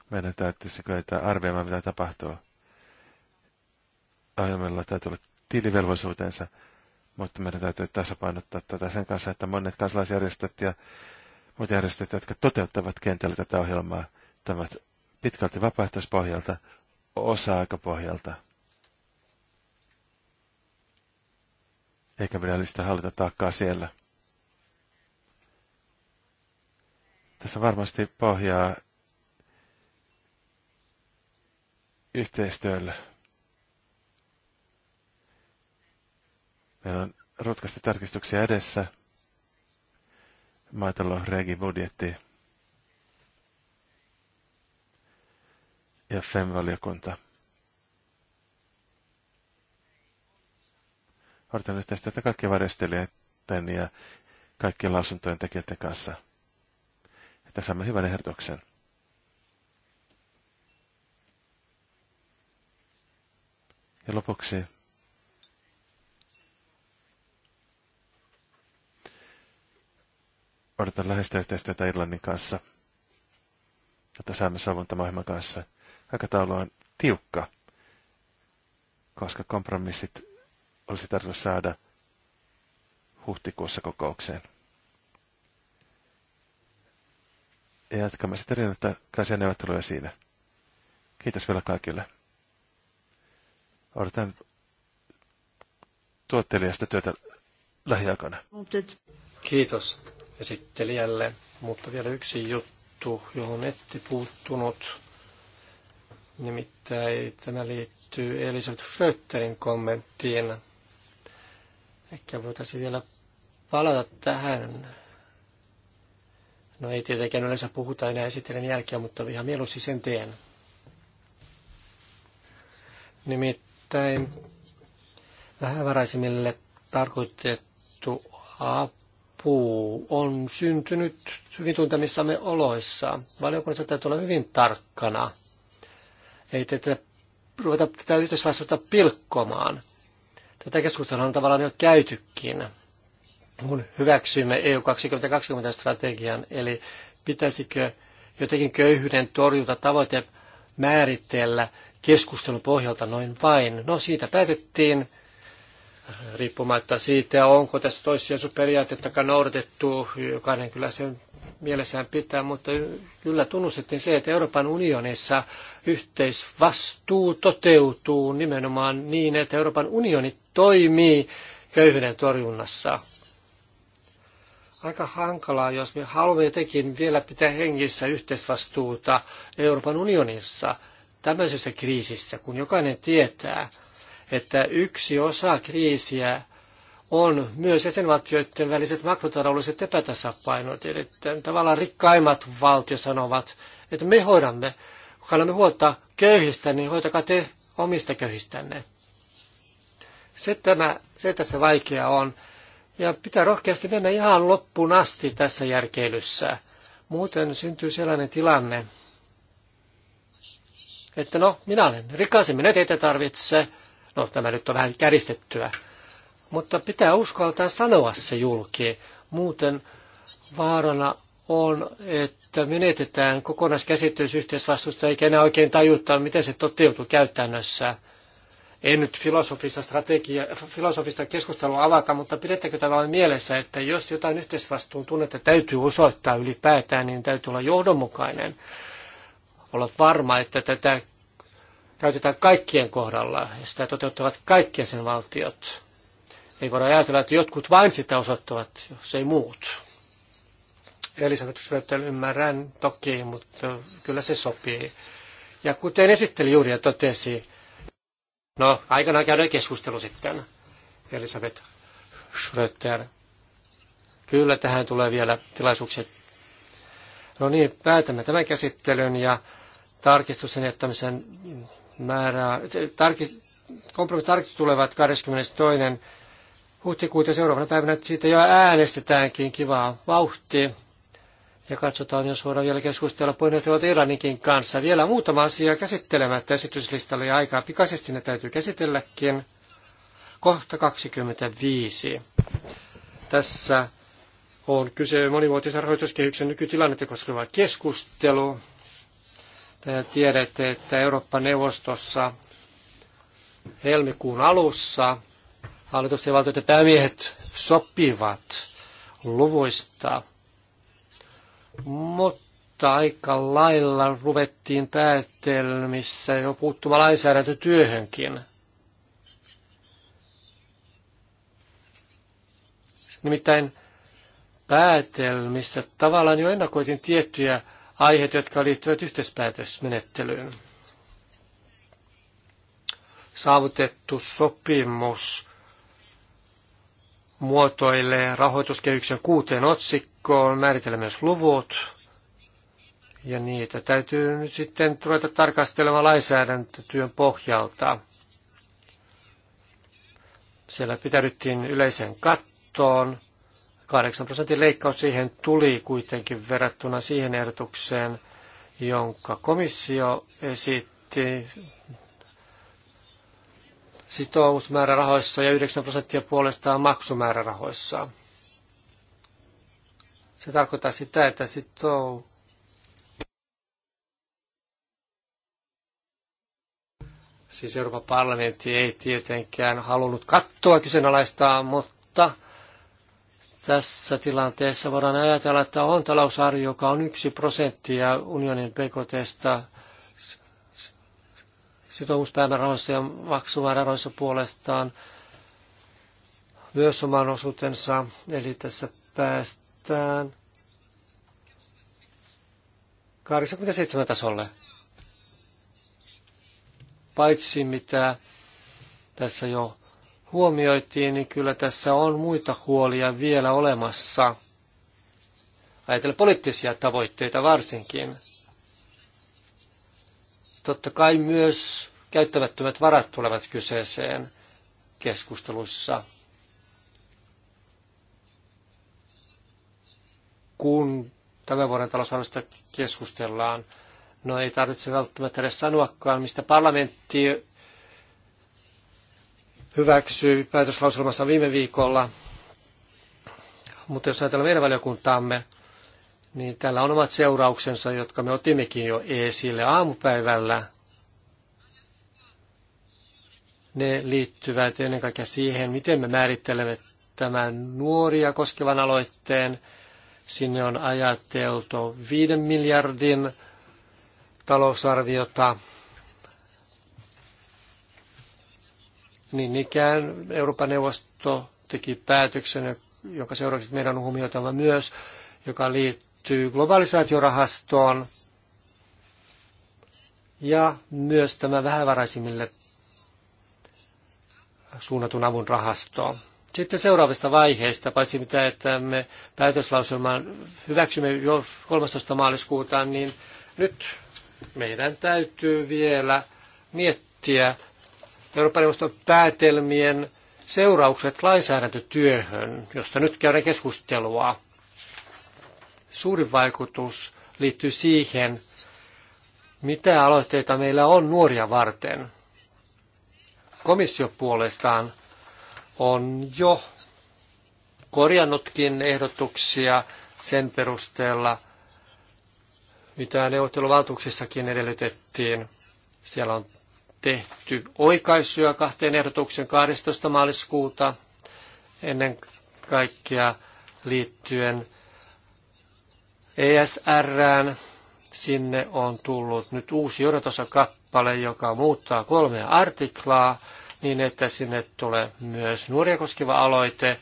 Meidän täytyisi kyetä arvioimaan, mitä tapahtuu. Ohjelmilla täytyy olla tilivelvollisuutensa, mutta meidän täytyy tasapainottaa tätä sen kanssa, että monet kansalaisjärjestöt ja muut järjestöt, jotka toteuttavat kentällä tätä ohjelmaa, tämä pitkälti vapaaehtoispohjalta, osa-aikapohjalta. eikä virallista hallita taakkaa siellä. Tässä varmasti pohjaa yhteistyöllä. Meillä on rutkasti tarkistuksia edessä. Maatalon regi budjetti ja FEM-valiokunta. Odotan yhteistyötä kaikkien varjastelijoiden ja kaikkien lausuntojen tekijöiden kanssa, että saamme hyvän ehdotuksen. Ja lopuksi odotan läheistä yhteistyötä Irlannin kanssa, jotta saamme sovun tämän kanssa. Aikataulu on tiukka, koska kompromissit olisi tarvinnut saada huhtikuussa kokoukseen. Ja jatkamme sitten rinnattakkaisia neuvotteluja siinä. Kiitos vielä kaikille. Odotan tuottelijasta työtä lähiaikana. Kiitos esittelijälle, mutta vielä yksi juttu, johon etti puuttunut. Nimittäin tämä liittyy Elisabeth Schröterin kommenttiin Ehkä voitaisiin vielä palata tähän. No ei tietenkään yleensä puhuta enää esitellen jälkeen, mutta ihan mieluusti sen teen. Nimittäin vähävaraisimmille tarkoitettu apu on syntynyt hyvin tuntemissamme oloissa. Valiokunnassa täytyy olla hyvin tarkkana. Ei tätä ruveta tätä yhteisvastuuta pilkkomaan – Tätä keskustelua on tavallaan jo käytykin, kun hyväksyimme EU 2020-strategian, eli pitäisikö jotenkin köyhyyden torjunta tavoite määritellä keskustelun pohjalta noin vain. No siitä päätettiin, riippumatta siitä, onko tässä toissijaisuusperiaatettakaan noudatettu, jokainen kyllä sen mielessään pitää, mutta kyllä tunnustettiin se, että Euroopan unionissa yhteisvastuu toteutuu nimenomaan niin, että Euroopan unioni toimii köyhyyden torjunnassa. Aika hankalaa, jos me haluamme jotenkin vielä pitää hengissä yhteisvastuuta Euroopan unionissa tämmöisessä kriisissä, kun jokainen tietää, että yksi osa kriisiä on myös jäsenvaltioiden väliset makrotaloudelliset epätasapainot. Eli tavallaan rikkaimmat valtiot sanovat, että me hoidamme, me huolta köyhistä, niin hoitakaa te omista köyhistänne. Se, tämä, se tässä vaikea on. Ja pitää rohkeasti mennä ihan loppuun asti tässä järkeilyssä. Muuten syntyy sellainen tilanne, että no, minä olen rikas ja minä teitä tarvitse. No, tämä nyt on vähän käristettyä. Mutta pitää uskaltaa sanoa se julki. Muuten vaarana on, että menetetään kokonaiskäsitys yhteisvastuusta eikä enää oikein tajuta, miten se toteutuu käytännössä en nyt filosofista, strategia, filosofista keskustelua avata, mutta pidettekö tavallaan mielessä, että jos jotain yhteisvastuun tunnetta täytyy osoittaa ylipäätään, niin täytyy olla johdonmukainen, olla varma, että tätä käytetään kaikkien kohdalla ja sitä toteuttavat kaikki sen valtiot. Ei voida ajatella, että jotkut vain sitä osoittavat, jos ei muut. Elisabeth Schröter ymmärrän toki, mutta kyllä se sopii. Ja kuten esitteli juuri ja totesi, No, aikanaan käydään keskustelu sitten, Elisabeth Schröter. Kyllä, tähän tulee vielä tilaisuuksia. No niin, päätämme tämän käsittelyn ja tarkistuksen jättämisen määrää. Tarki, kompromissitarkistukset tulevat 22. huhtikuuta seuraavana päivänä. Siitä jo äänestetäänkin kivaa vauhtia ja katsotaan, jos voidaan vielä keskustella puheenjohtajavaltio Iraninkin kanssa. Vielä muutama asia käsittelemättä esityslistalla ja aikaa pikaisesti ne täytyy käsitelläkin. Kohta 25. Tässä on kyse monivuotisen rahoituskehyksen nykytilannetta koskeva keskustelu. Te tiedätte, että Euroopan neuvostossa helmikuun alussa hallitusten ja valtioiden päämiehet sopivat luvuista – mutta aika lailla ruvettiin päättelmissä jo puuttuma lainsäädäntötyöhönkin. Nimittäin päätelmissä tavallaan jo ennakoitin tiettyjä aiheita, jotka liittyvät yhteispäätösmenettelyyn. Saavutettu sopimus muotoilee rahoituskehyksen kuuteen otsikkoon, määritellä myös luvut, ja niitä täytyy nyt sitten ruveta tarkastelemaan lainsäädäntötyön pohjalta. Siellä pitäydyttiin yleiseen kattoon. 8 prosentin leikkaus siihen tuli kuitenkin verrattuna siihen ehdotukseen, jonka komissio esitti sitoumusmäärärahoissa ja 9 prosenttia puolestaan maksumäärärahoissa. Se tarkoittaa sitä, että sitou... Siis Euroopan parlamentti ei tietenkään halunnut kattoa kyseenalaistaa, mutta tässä tilanteessa voidaan ajatella, että on talousarvio, joka on yksi prosenttia unionin BKTstä sitoumuspäämäärärahoissa ja maksumäärärahoissa puolestaan myös oman osuutensa, eli tässä päästään 87 tasolle. Paitsi mitä tässä jo huomioitiin, niin kyllä tässä on muita huolia vielä olemassa. Ajatellen poliittisia tavoitteita varsinkin. Totta kai myös käyttämättömät varat tulevat kyseeseen keskustelussa. Kun tämän vuoden talousarvosta keskustellaan, no ei tarvitse välttämättä edes sanoakaan, mistä parlamentti hyväksyi päätöslauselmassa viime viikolla. Mutta jos ajatellaan meidän valiokuntaamme, niin tällä on omat seurauksensa, jotka me otimmekin jo esille aamupäivällä. Ne liittyvät ennen kaikkea siihen, miten me määrittelemme tämän nuoria koskevan aloitteen. Sinne on ajateltu viiden miljardin talousarviota. Niin ikään Euroopan neuvosto teki päätöksen, jonka seuraavaksi meidän on huomioitava myös, joka liittyy liittyy globalisaatiorahastoon ja myös tämä vähävaraisimmille suunnatun avun rahastoon. Sitten seuraavista vaiheista, paitsi mitä että me päätöslauselman hyväksymme jo 13. maaliskuuta, niin nyt meidän täytyy vielä miettiä Euroopan neuvoston päätelmien seuraukset lainsäädäntötyöhön, josta nyt käydään keskustelua. Suuri vaikutus liittyy siihen, mitä aloitteita meillä on nuoria varten. Komissio puolestaan on jo korjannutkin ehdotuksia sen perusteella, mitä neuvotteluvaltuuksissakin edellytettiin. Siellä on tehty oikaisuja kahteen ehdotuksen 12. maaliskuuta ennen kaikkea liittyen ESRään. Sinne on tullut nyt uusi kappale, joka muuttaa kolmea artiklaa niin, että sinne tulee myös nuoria koskeva aloite,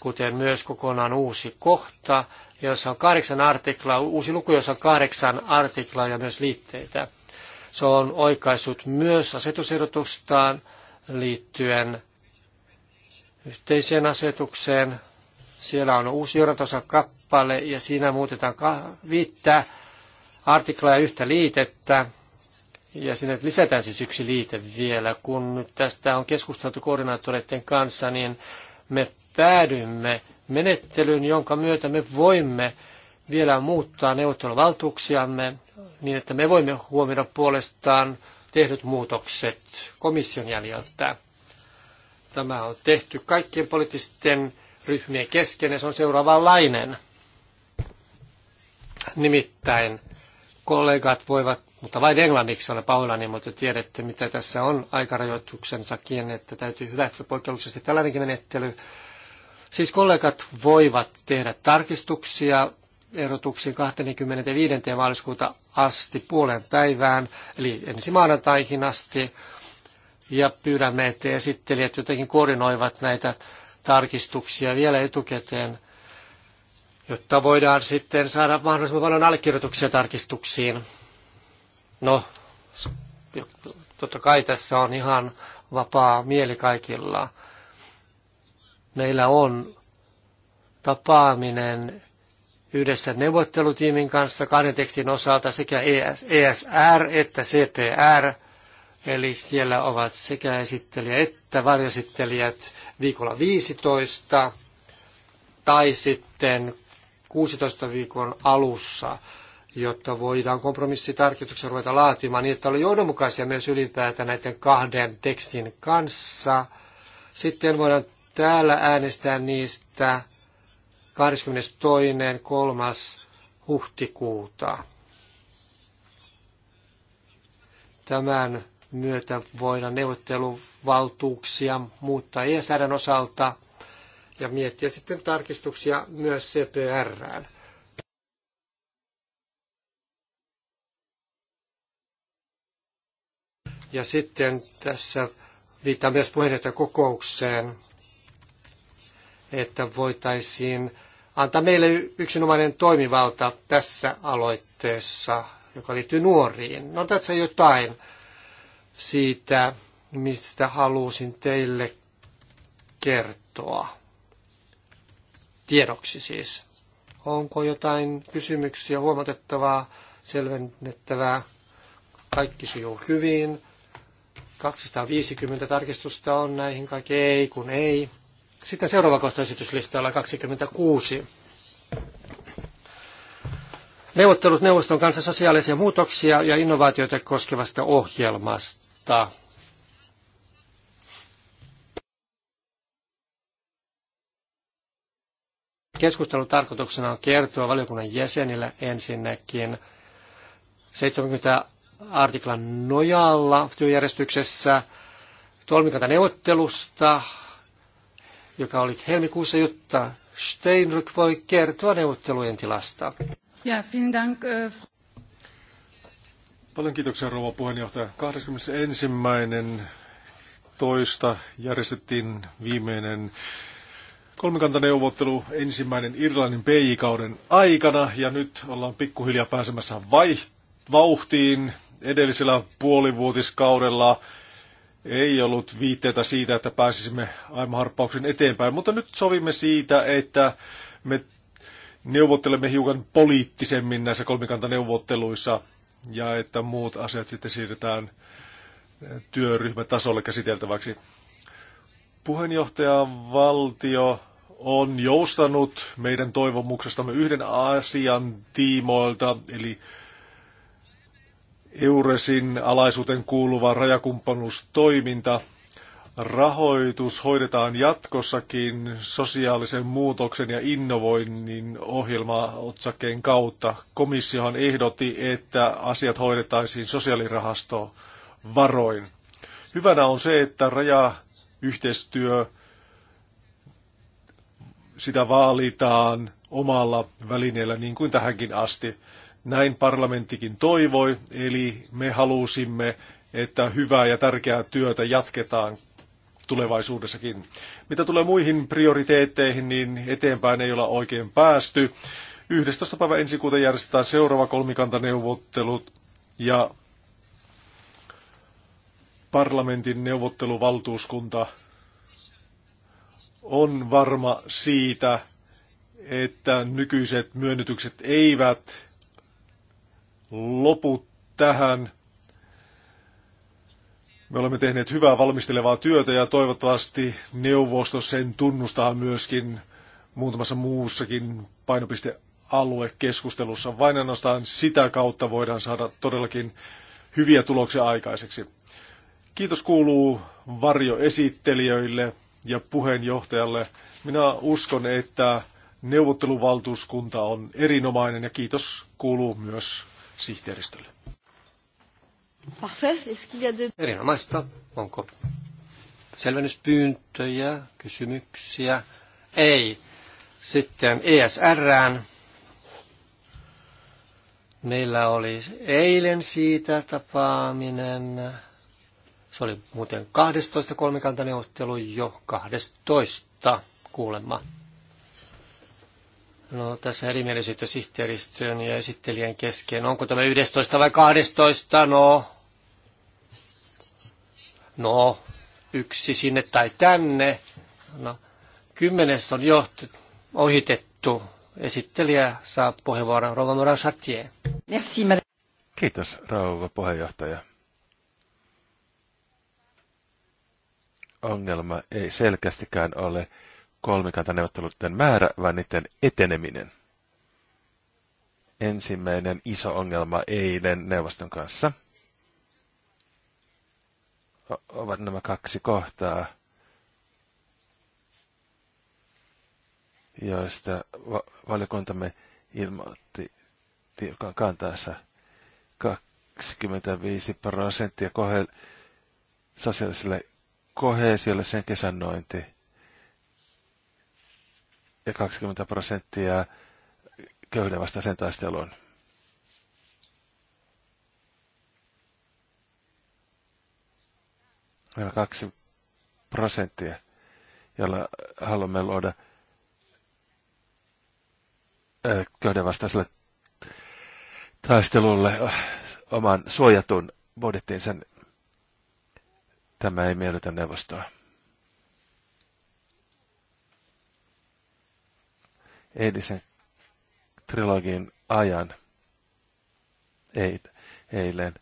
kuten myös kokonaan uusi kohta, jossa on kahdeksan artiklaa, uusi luku, jossa on kahdeksan artiklaa ja myös liitteitä. Se on oikaissut myös asetusehdotustaan liittyen yhteiseen asetukseen. Siellä on uusi johdatosa kappale kappale ja siinä muutetaan viittä artiklaa ja yhtä liitettä. Ja sinne lisätään siis yksi liite vielä. Kun nyt tästä on keskusteltu koordinaattoreiden kanssa, niin me päädymme menettelyyn, jonka myötä me voimme vielä muuttaa neuvotteluvaltuuksiamme niin, että me voimme huomioida puolestaan tehdyt muutokset komission jäljiltä Tämä on tehty kaikkien poliittisten ryhmien kesken ja se on seuraavanlainen nimittäin kollegat voivat, mutta vain englanniksi olen pahoillani, mutta tiedätte mitä tässä on aikarajoituksensakin, että täytyy hyväksyä poikkeuksellisesti tällainenkin menettely. Siis kollegat voivat tehdä tarkistuksia ehdotuksiin 25. maaliskuuta asti puolen päivään, eli ensi maanantaihin asti, ja pyydämme, että esittelijät jotenkin koordinoivat näitä tarkistuksia vielä etukäteen jotta voidaan sitten saada mahdollisimman paljon allekirjoituksia tarkistuksiin. No, totta kai tässä on ihan vapaa mieli kaikilla. Meillä on tapaaminen yhdessä neuvottelutiimin kanssa kahden tekstin osalta sekä ESR e että CPR. Eli siellä ovat sekä esittelijä että varjosittelijät viikolla 15 tai sitten 16 viikon alussa, jotta voidaan kompromissitarkistuksen ruveta laatimaan niin, että oli johdonmukaisia myös ylipäätään näiden kahden tekstin kanssa. Sitten voidaan täällä äänestää niistä 22.3. huhtikuuta. Tämän myötä voidaan neuvotteluvaltuuksia muuttaa ESRn osalta – ja miettiä sitten tarkistuksia myös CPRään. Ja sitten tässä viittaa myös kokoukseen, että voitaisiin antaa meille yksinomainen toimivalta tässä aloitteessa, joka liittyy nuoriin. No tässä jotain siitä, mistä halusin teille kertoa tiedoksi siis. Onko jotain kysymyksiä huomatettavaa, selvennettävää? Kaikki sujuu hyvin. 250 tarkistusta on näihin kaikki ei kun ei. Sitten seuraava kohta esityslistalla 26. Neuvottelut neuvoston kanssa sosiaalisia muutoksia ja innovaatioita koskevasta ohjelmasta. Keskustelun tarkoituksena on kertoa valiokunnan jäsenille ensinnäkin 70 artiklan nojalla työjärjestyksessä neuvottelusta, joka oli helmikuussa, jotta Steinruck voi kertoa neuvottelujen tilasta. Ja, vielen dank. Äh, Paljon kiitoksia rouva puheenjohtaja. 21. toista järjestettiin viimeinen kolmikantaneuvottelu ensimmäinen Irlannin pi kauden aikana ja nyt ollaan pikkuhiljaa pääsemässä vauhtiin. Edellisellä puolivuotiskaudella ei ollut viitteitä siitä, että pääsisimme aimaharppauksen eteenpäin, mutta nyt sovimme siitä, että me neuvottelemme hiukan poliittisemmin näissä kolmikantaneuvotteluissa ja että muut asiat sitten siirretään työryhmätasolle käsiteltäväksi puheenjohtaja valtio on joustanut meidän toivomuksestamme yhden asian tiimoilta, eli Euresin alaisuuteen kuuluva rajakumppanuustoiminta. Rahoitus hoidetaan jatkossakin sosiaalisen muutoksen ja innovoinnin ohjelmaotsakkeen kautta. Komissiohan ehdotti, että asiat hoidettaisiin sosiaalirahasto varoin. Hyvänä on se, että rajayhteistyö sitä vaalitaan omalla välineellä niin kuin tähänkin asti. Näin parlamenttikin toivoi, eli me halusimme, että hyvää ja tärkeää työtä jatketaan tulevaisuudessakin. Mitä tulee muihin prioriteetteihin, niin eteenpäin ei olla oikein päästy. 11. päivä ensi kuuta järjestetään seuraava kolmikantaneuvottelut ja parlamentin neuvotteluvaltuuskunta on varma siitä, että nykyiset myönnytykset eivät lopu tähän. Me olemme tehneet hyvää valmistelevaa työtä ja toivottavasti neuvosto sen tunnustaa myöskin muutamassa muussakin painopistealuekeskustelussa. Vain ainoastaan sitä kautta voidaan saada todellakin hyviä tuloksia aikaiseksi. Kiitos kuuluu varjoesittelijöille ja puheenjohtajalle. Minä uskon, että neuvotteluvaltuuskunta on erinomainen ja kiitos kuuluu myös sihteeristölle. Erinomaista. Onko selvennyspyyntöjä, kysymyksiä? Ei. Sitten ESRään. Meillä oli eilen siitä tapaaminen se oli muuten 12 kolmikantaneuvottelu jo 12 kuulemma. No tässä erimielisyyttä sihteeristön ja esittelijän kesken. Onko tämä 11 vai 12? No, no yksi sinne tai tänne. No, kymmenes on johti, ohitettu. Esittelijä saa puheenvuoron Rova Moran Chartier. Merci, Kiitos, rouva puheenjohtaja. ongelma ei selkeästikään ole kolmikantaneuvotteluiden määrä, vaan niiden eteneminen. Ensimmäinen iso ongelma eilen neuvoston kanssa ovat nämä kaksi kohtaa, joista va- valiokuntamme ilmoitti tiukan kantansa 25 prosenttia kohel- sosiaaliselle siellä sen nointi. Ja 20 prosenttia köyhden sen taisteluun. Meillä on kaksi prosenttia, jolla haluamme luoda köyden vastaiselle taistelulle oman suojatun budjettinsa Tämä ei miellytä neuvostoa. Eilisen trilogin ajan ei, eilen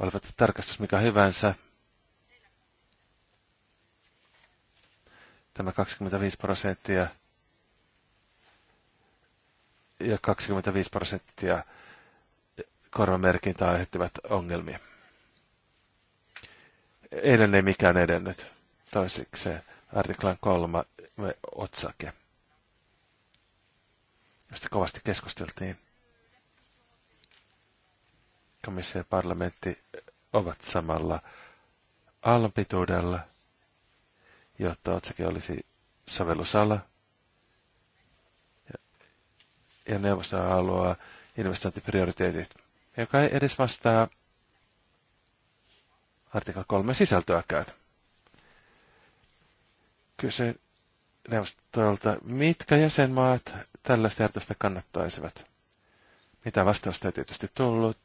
olivat tarkastus mikä hyvänsä. Tämä 25 prosenttia ja 25 prosenttia korvamerkintää aiheuttivat ongelmia eilen ei mikään edennyt. se artiklan kolme otsake, josta kovasti keskusteltiin. Komissio ja parlamentti ovat samalla aallonpituudella, jotta otsake olisi sovellusala. Ja, ja neuvosto haluaa investointiprioriteetit, joka ei edes vastaa artikla 3 sisältöäkään. Kyse neuvostolta, mitkä jäsenmaat tällaista järjestöstä kannattaisivat? Mitä vastausta ei tietysti tullut.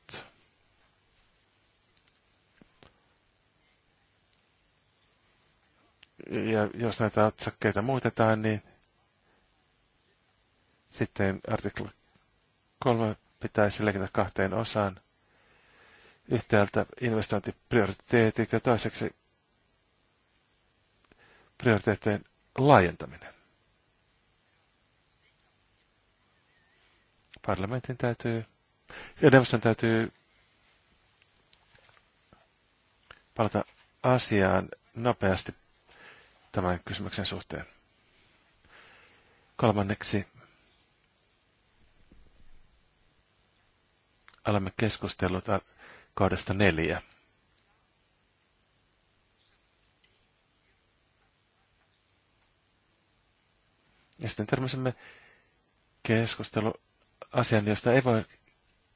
Ja jos näitä otsakkeita muutetaan, niin sitten artikla 3 pitäisi leikata kahteen osaan – yhtäältä investointiprioriteetit ja toiseksi prioriteettien laajentaminen. Parlamentin täytyy, ja neuvoston täytyy palata asiaan nopeasti tämän kysymyksen suhteen. Kolmanneksi alamme keskustelut kaudesta neljä. Ja sitten törmäsimme keskustelu asian, josta ei voi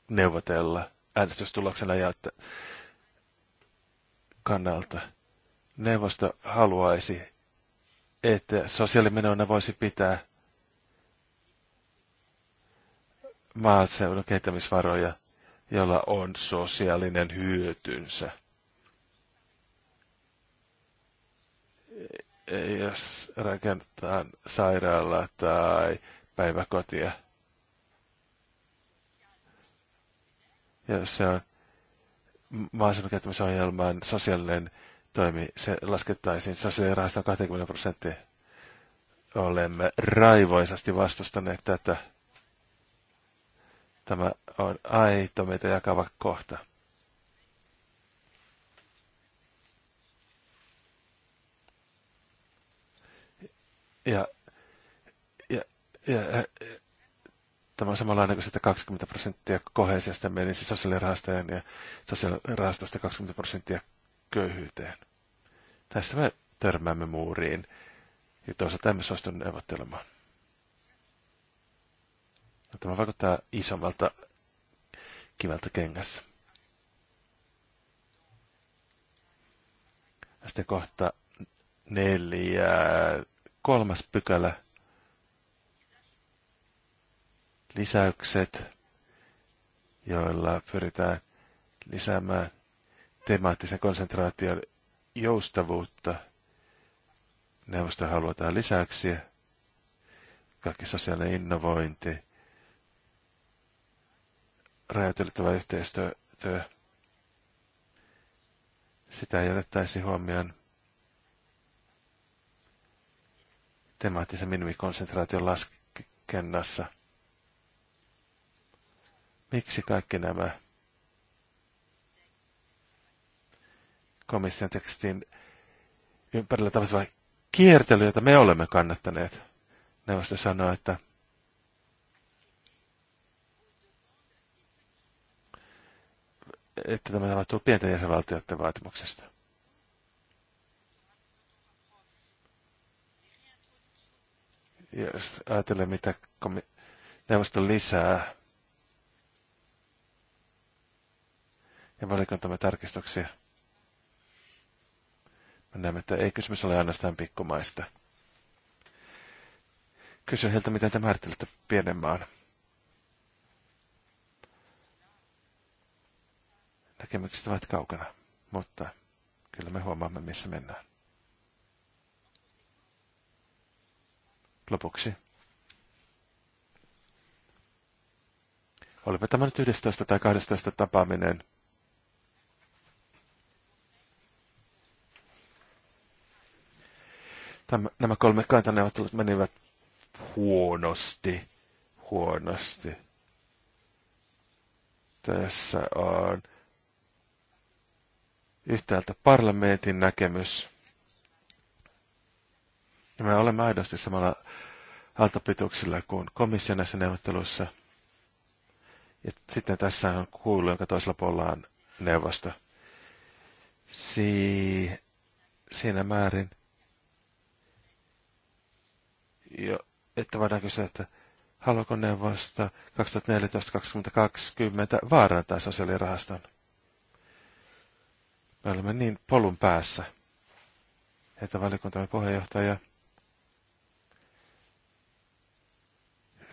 neuvotella äänestystuloksena ja että kannalta. Neuvosto haluaisi, että sosiaalimenoina voisi pitää maaseudun kehittämisvaroja jolla on sosiaalinen hyötynsä. Jos rakennetaan sairaala tai päiväkotia, ja se on maaseudun sosiaalinen toimi, se laskettaisiin sosiaalirahaston 20 prosenttia. Olemme raivoisasti vastustaneet tätä. Tämä on aito meitä jakava kohta. Ja, ja, ja, ja tämä on samanlainen kuin sitä 20 prosenttia kohesiasta menisi niin sosiaalirahastojen ja sosiaalirahastosta 20 prosenttia köyhyyteen. Tässä me törmäämme muuriin ja toisaalta emme suostu neuvottelemaan. Tämä vaikuttaa isommalta kivältä kengässä. Ja sitten kohta neljä, kolmas pykälä, lisäykset, joilla pyritään lisäämään temaattisen konsentraation joustavuutta. Neuvosto haluaa lisäyksiä. Kaikki sosiaalinen innovointi, rajoiteltava yhteistyö, sitä ei otettaisi huomioon temaattisen minimikonsentraation laskennassa. Miksi kaikki nämä komission tekstin ympärillä tapahtuva kiertely, jota me olemme kannattaneet? Neuvosto sanoo, että että tämä tapahtuu pienten jäsenvaltioiden vaatimuksesta. Jos ajatellaan, mitä neuvosto lisää ja valikuntamme tarkistuksia, me näemme, että ei kysymys ole ainoastaan pikkumaista. Kysyn heiltä, miten te määrittelette pienen maan. näkemykset ovat kaukana, mutta kyllä me huomaamme, missä mennään. Lopuksi. Olipa tämä nyt 11 tai 12 tapaaminen. Tämä, nämä kolme kantaneuvottelut menivät huonosti, huonosti. Tässä on yhtäältä parlamentin näkemys. Ja me olemme aidosti samalla altapituksilla kuin komission näissä neuvotteluissa. Ja sitten tässä on kuulu, jonka toisella puolella on neuvosto. Si- siinä määrin, jo, että voidaan kysyä, että haluako neuvosto 2014-2020 vaarantaa sosiaalirahaston? Me olemme niin polun päässä, että valiokuntamme puheenjohtaja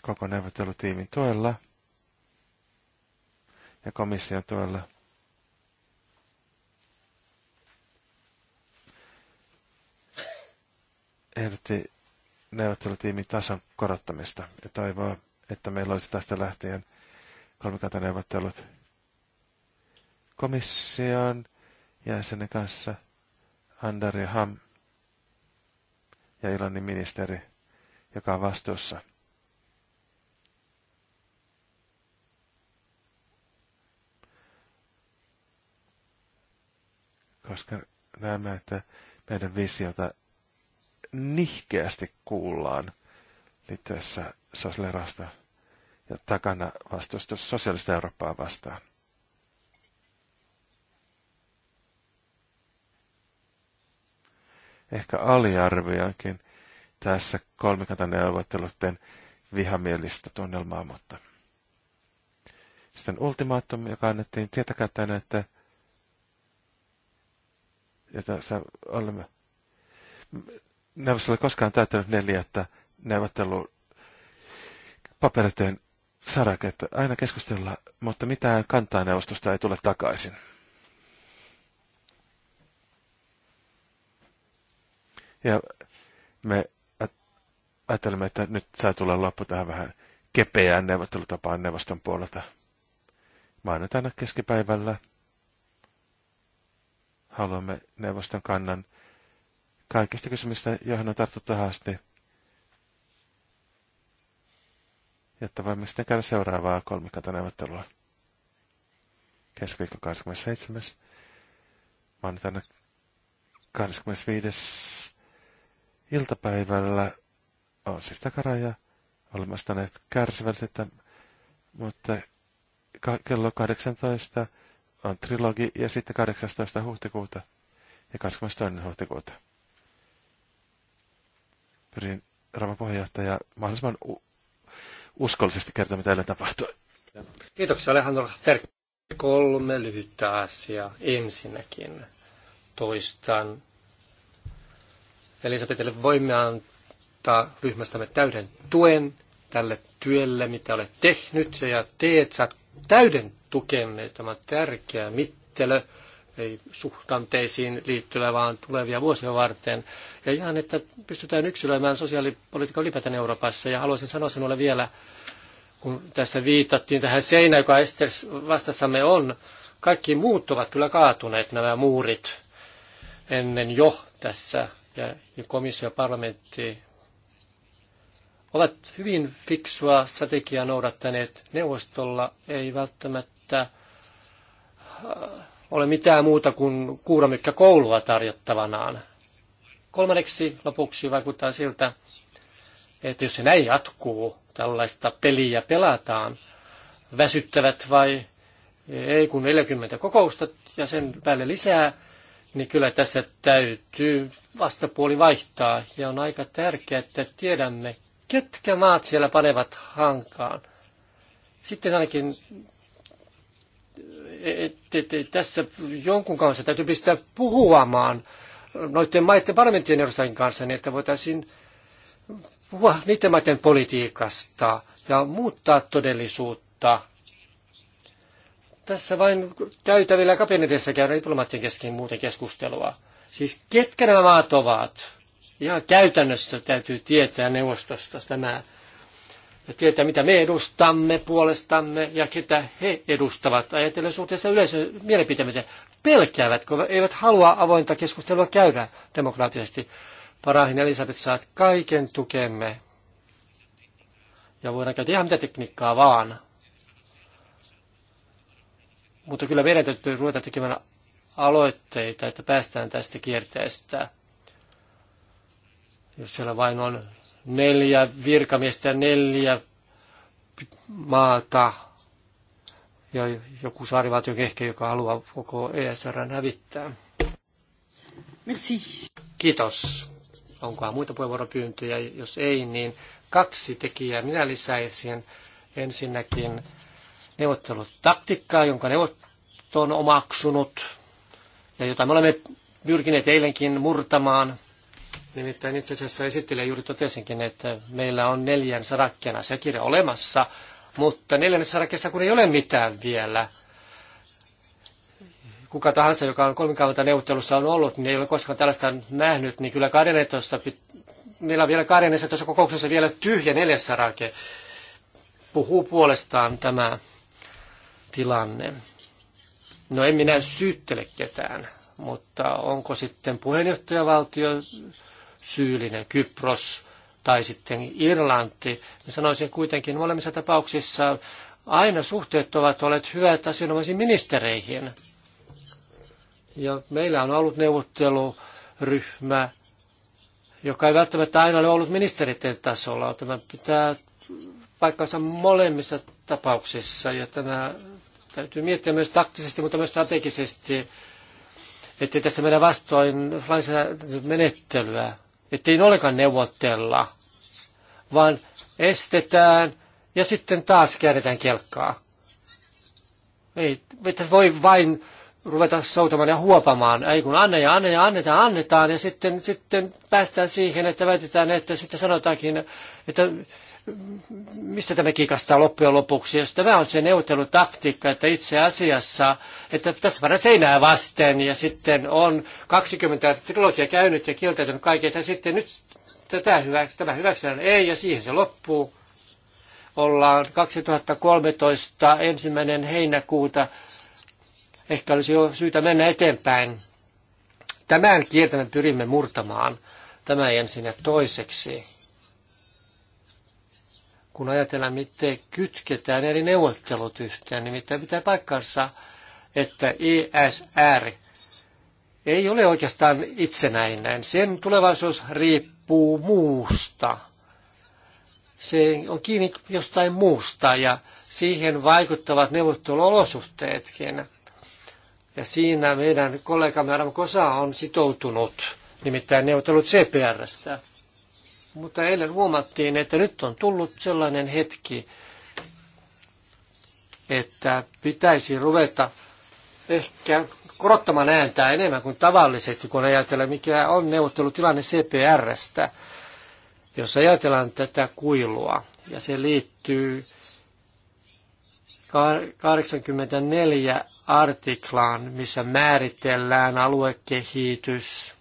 koko neuvottelutiimin tuella ja komission tuella ehdotti neuvottelutiimin tason korottamista ja toivoo, että meillä olisi tästä lähtien kolmikantaneuvottelut komission jäsenen kanssa, andari Ham ja Ilanin ministeri, joka on vastuussa. Koska näemme, että meidän visiota nihkeästi kuullaan liittyessä sosiaalirasta ja takana vastustus sosiaalista Eurooppaa vastaan. ehkä aliarvioinkin tässä kolmikantaneuvotteluiden vihamielistä tunnelmaa, mutta sitten ultimaattum, joka annettiin tietäkää tänne, että jota sä olemme neuvosto oli koskaan täyttänyt neljättä neuvottelu paperitöön saraketta. Aina keskustella, mutta mitään kantaa neuvostosta ei tule takaisin. Ja me ajattelemme, että nyt saa tulla loppu tähän vähän kepeään neuvottelutapaan neuvoston puolelta. Maanantaina keskipäivällä haluamme neuvoston kannan kaikista kysymistä, joihin on tartuttu haasti, jotta voimme sitten käydä seuraavaa kolmikantaneuvottelua. Keskiviikko 27. Maanantaina 25 iltapäivällä on siis takaraja. Olemme näitä kärsivällisyyttä, mutta kello 18 on trilogi ja sitten 18. huhtikuuta ja 22. huhtikuuta. Pyrin Raman puheenjohtaja mahdollisimman uskollisesti kertoa, mitä eilen tapahtui. Kiitoksia Alejandro. Kolme lyhyttä asiaa ensinnäkin. Toistan Elisabetille voimme antaa ryhmästämme täyden tuen tälle työlle, mitä olet tehnyt ja teet. Saat täyden tukemme. Tämä on tärkeä mittelö, ei suhdanteisiin liittyvä, vaan tulevia vuosia varten. Ja ihan, että pystytään yksilöimään sosiaalipolitiikan ylipäätään Euroopassa. Ja haluaisin sanoa sinulle vielä, kun tässä viitattiin tähän seinään, joka vastassamme on, kaikki muut ovat kyllä kaatuneet nämä muurit ennen jo tässä ja komissio ja parlamentti ovat hyvin fiksua strategiaa noudattaneet. Neuvostolla ei välttämättä äh, ole mitään muuta kuin kuuramykkä koulua tarjottavanaan. Kolmanneksi lopuksi vaikuttaa siltä, että jos se näin jatkuu, tällaista peliä pelataan, väsyttävät vai ei kun 40 kokousta ja sen päälle lisää, niin kyllä tässä täytyy vastapuoli vaihtaa. Ja on aika tärkeää, että tiedämme, ketkä maat siellä panevat hankaan. Sitten ainakin et, et, et, tässä jonkun kanssa täytyy pistää puhuamaan noiden maiden parlamenttien edustajien kanssa, niin että voitaisiin puhua niiden maiden politiikasta ja muuttaa todellisuutta tässä vain käytävillä kabineteissa käydä diplomaattien kesken muuten keskustelua. Siis ketkä nämä maat ovat? Ihan käytännössä täytyy tietää neuvostosta tämä ja tietää, mitä me edustamme puolestamme ja ketä he edustavat. Ajatellen suhteessa yleisön mielipiteemiseen. Pelkäävätkö, eivät halua avointa keskustelua käydä demokraattisesti. Parahin Elisabeth saat kaiken tukemme. Ja voidaan käyttää ihan mitä tekniikkaa vaan. Mutta kyllä meidän täytyy ruveta tekemään aloitteita, että päästään tästä kierteestä. Jos siellä vain on neljä virkamiestä ja neljä maata ja joku saarivaltio ehkä, joka haluaa koko ESR hävittää. Merci. Kiitos. Onkohan muita puheenvuoropyyntöjä? Jos ei, niin kaksi tekijää minä lisäisin. Ensinnäkin neuvottelutaktiikkaa, jonka neuvotto on omaksunut ja jota me olemme pyrkineet eilenkin murtamaan. Nimittäin itse asiassa esittelijä juuri totesinkin, että meillä on neljän sarakkeena asiakirja olemassa, mutta neljännessä sarakkeessa kun ei ole mitään vielä. Kuka tahansa, joka on kolmikanvalta neuvottelussa on ollut, niin ei ole koskaan tällaista nähnyt, niin kyllä 12, meillä on vielä 12 kokouksessa vielä tyhjä neljäs sarake. Puhuu puolestaan tämä tilanne. No en minä syyttele ketään, mutta onko sitten puheenjohtajavaltio syyllinen, Kypros tai sitten Irlanti, niin sanoisin kuitenkin molemmissa tapauksissa aina suhteet ovat olleet hyvät asianomaisiin ministereihin. Ja meillä on ollut neuvotteluryhmä, joka ei välttämättä aina ole ollut ministeriten tasolla. Tämä pitää paikkansa molemmissa tapauksissa ja tämä Täytyy miettiä myös taktisesti, mutta myös strategisesti, ettei tässä mennä vastoin menettelyä, ettei ne olekaan neuvotella, vaan estetään ja sitten taas käännetään kelkkaa. Ei, että voi vain ruveta soutamaan ja huopamaan. Ei kun anna ja anna ja annetaan, annetaan ja sitten, sitten päästään siihen, että väitetään, että sitten sanotaankin, että mistä tämä kikastaa loppujen lopuksi, jos tämä on se neuvottelutaktiikka, että itse asiassa, että tässä varmaan seinää vasten ja sitten on 20 trilogia käynyt ja kieltäytynyt kaikesta ja sitten nyt tätä hyvä, tämä hyväksytään ei ja siihen se loppuu. Ollaan 2013 ensimmäinen heinäkuuta. Ehkä olisi jo syytä mennä eteenpäin. Tämän me pyrimme murtamaan. Tämä ensin ja toiseksi kun ajatellaan, miten kytketään eri neuvottelut yhteen, niin mitä pitää paikkansa, että ESR ei ole oikeastaan itsenäinen. Sen tulevaisuus riippuu muusta. Se on kiinni jostain muusta ja siihen vaikuttavat neuvotteluolosuhteetkin. Ja siinä meidän kollegamme Aram Kosa on sitoutunut, nimittäin neuvottelut CPRstä. Mutta eilen huomattiin, että nyt on tullut sellainen hetki, että pitäisi ruveta ehkä korottamaan ääntää enemmän kuin tavallisesti, kun ajatellaan, mikä on neuvottelutilanne CPRstä, jos ajatellaan tätä kuilua. Ja se liittyy 84 artiklaan, missä määritellään aluekehitys,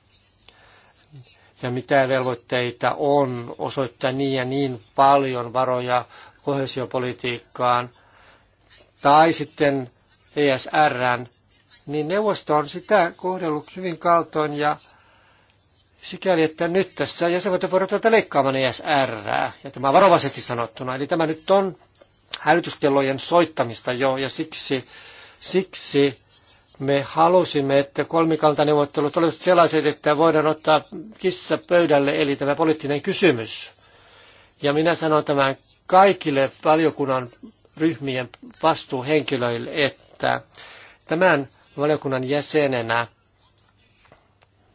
ja mitä velvoitteita on osoittaa niin ja niin paljon varoja kohesiopolitiikkaan tai sitten ESRn, niin neuvosto on sitä kohdellut hyvin kaltoin ja sikäli, että nyt tässä jäsenvaltiot voivat ruveta leikkaamaan ESRää, ja tämä varovaisesti sanottuna. Eli tämä nyt on hälytyskellojen soittamista jo, ja siksi, siksi me halusimme, että kolmikantaneuvottelut olisivat sellaiset, että voidaan ottaa kissa pöydälle, eli tämä poliittinen kysymys. Ja minä sanon tämän kaikille valiokunnan ryhmien vastuuhenkilöille, että tämän valiokunnan jäsenenä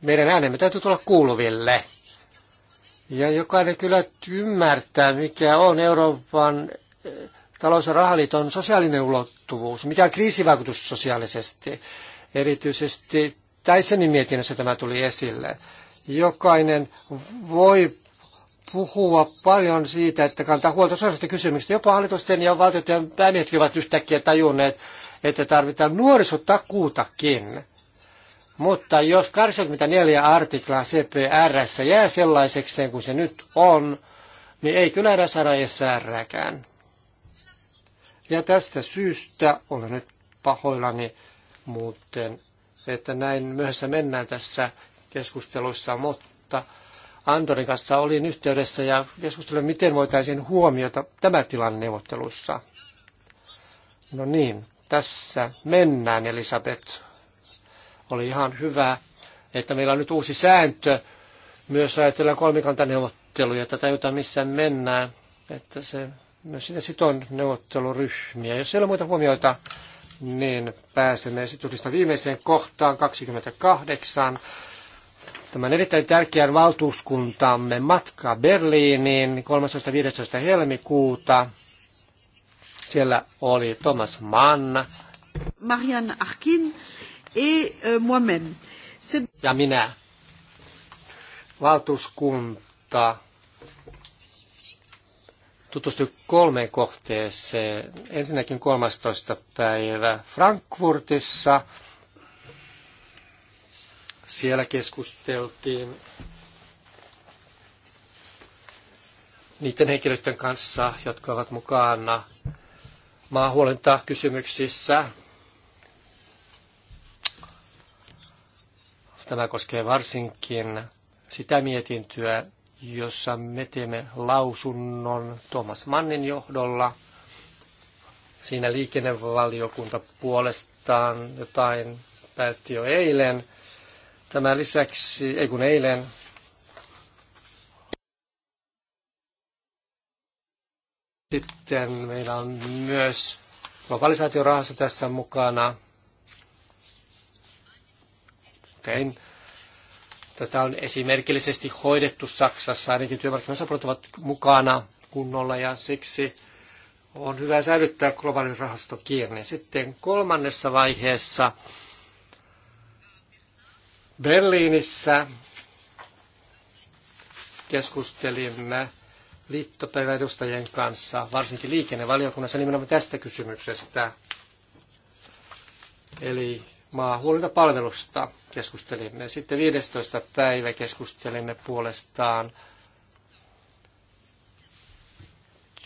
meidän äänemme täytyy tulla kuuluville. Ja jokainen kyllä ymmärtää, mikä on Euroopan talous- ja rahaliiton sosiaalinen ulottuvuus, mikä on kriisivaikutus sosiaalisesti, erityisesti Täisenin mietinnössä tämä tuli esille. Jokainen voi puhua paljon siitä, että kantaa huolta sosiaalisesta kysymyksistä. Jopa hallitusten ja valtioiden päämiehetkin ovat yhtäkkiä tajunneet, että tarvitaan nuorisotakuutakin. Mutta jos 84 artiklaa CPRssä jää sellaiseksi kuin se nyt on, niin ei kyllä saada SRkään. Ja tästä syystä olen nyt pahoillani muuten, että näin myöhässä mennään tässä keskustelussa, mutta Antonin kanssa olin yhteydessä ja keskustelin, miten voitaisiin huomiota tämä tilanne neuvottelussa. No niin, tässä mennään, Elisabeth. Oli ihan hyvä, että meillä on nyt uusi sääntö. Myös ajatellaan kolmikantaneuvotteluja, että tajutaan missä mennään, että se myös sitä siton neuvotteluryhmiä. Jos ei ole muita huomioita, niin pääsemme esityksestä viimeiseen kohtaan 28. Tämän erittäin tärkeän valtuuskuntamme matka Berliiniin 13.15. helmikuuta. Siellä oli Thomas Mann. Marianne Arkin euh, Ja minä. Valtuuskunta tutustu kolmeen kohteeseen. Ensinnäkin 13. päivä Frankfurtissa. Siellä keskusteltiin niiden henkilöiden kanssa, jotka ovat mukana kysymyksissä Tämä koskee varsinkin sitä mietintyä, jossa me teemme lausunnon Thomas Mannin johdolla. Siinä liikennevaliokunta puolestaan jotain päätti jo eilen. Tämä lisäksi, ei kun eilen, Sitten meillä on myös globalisaatiorahasto tässä mukana. Tein Tätä on esimerkillisesti hoidettu Saksassa, ainakin työmarkkinoisapuolet ovat mukana kunnolla ja siksi on hyvä säilyttää globaalin rahastokierne. Sitten kolmannessa vaiheessa Berliinissä keskustelimme liittopäiväedustajien kanssa, varsinkin liikennevaliokunnassa nimenomaan tästä kysymyksestä. Eli Maahuolinta-palvelusta keskustelimme. Sitten 15. päivä keskustelimme puolestaan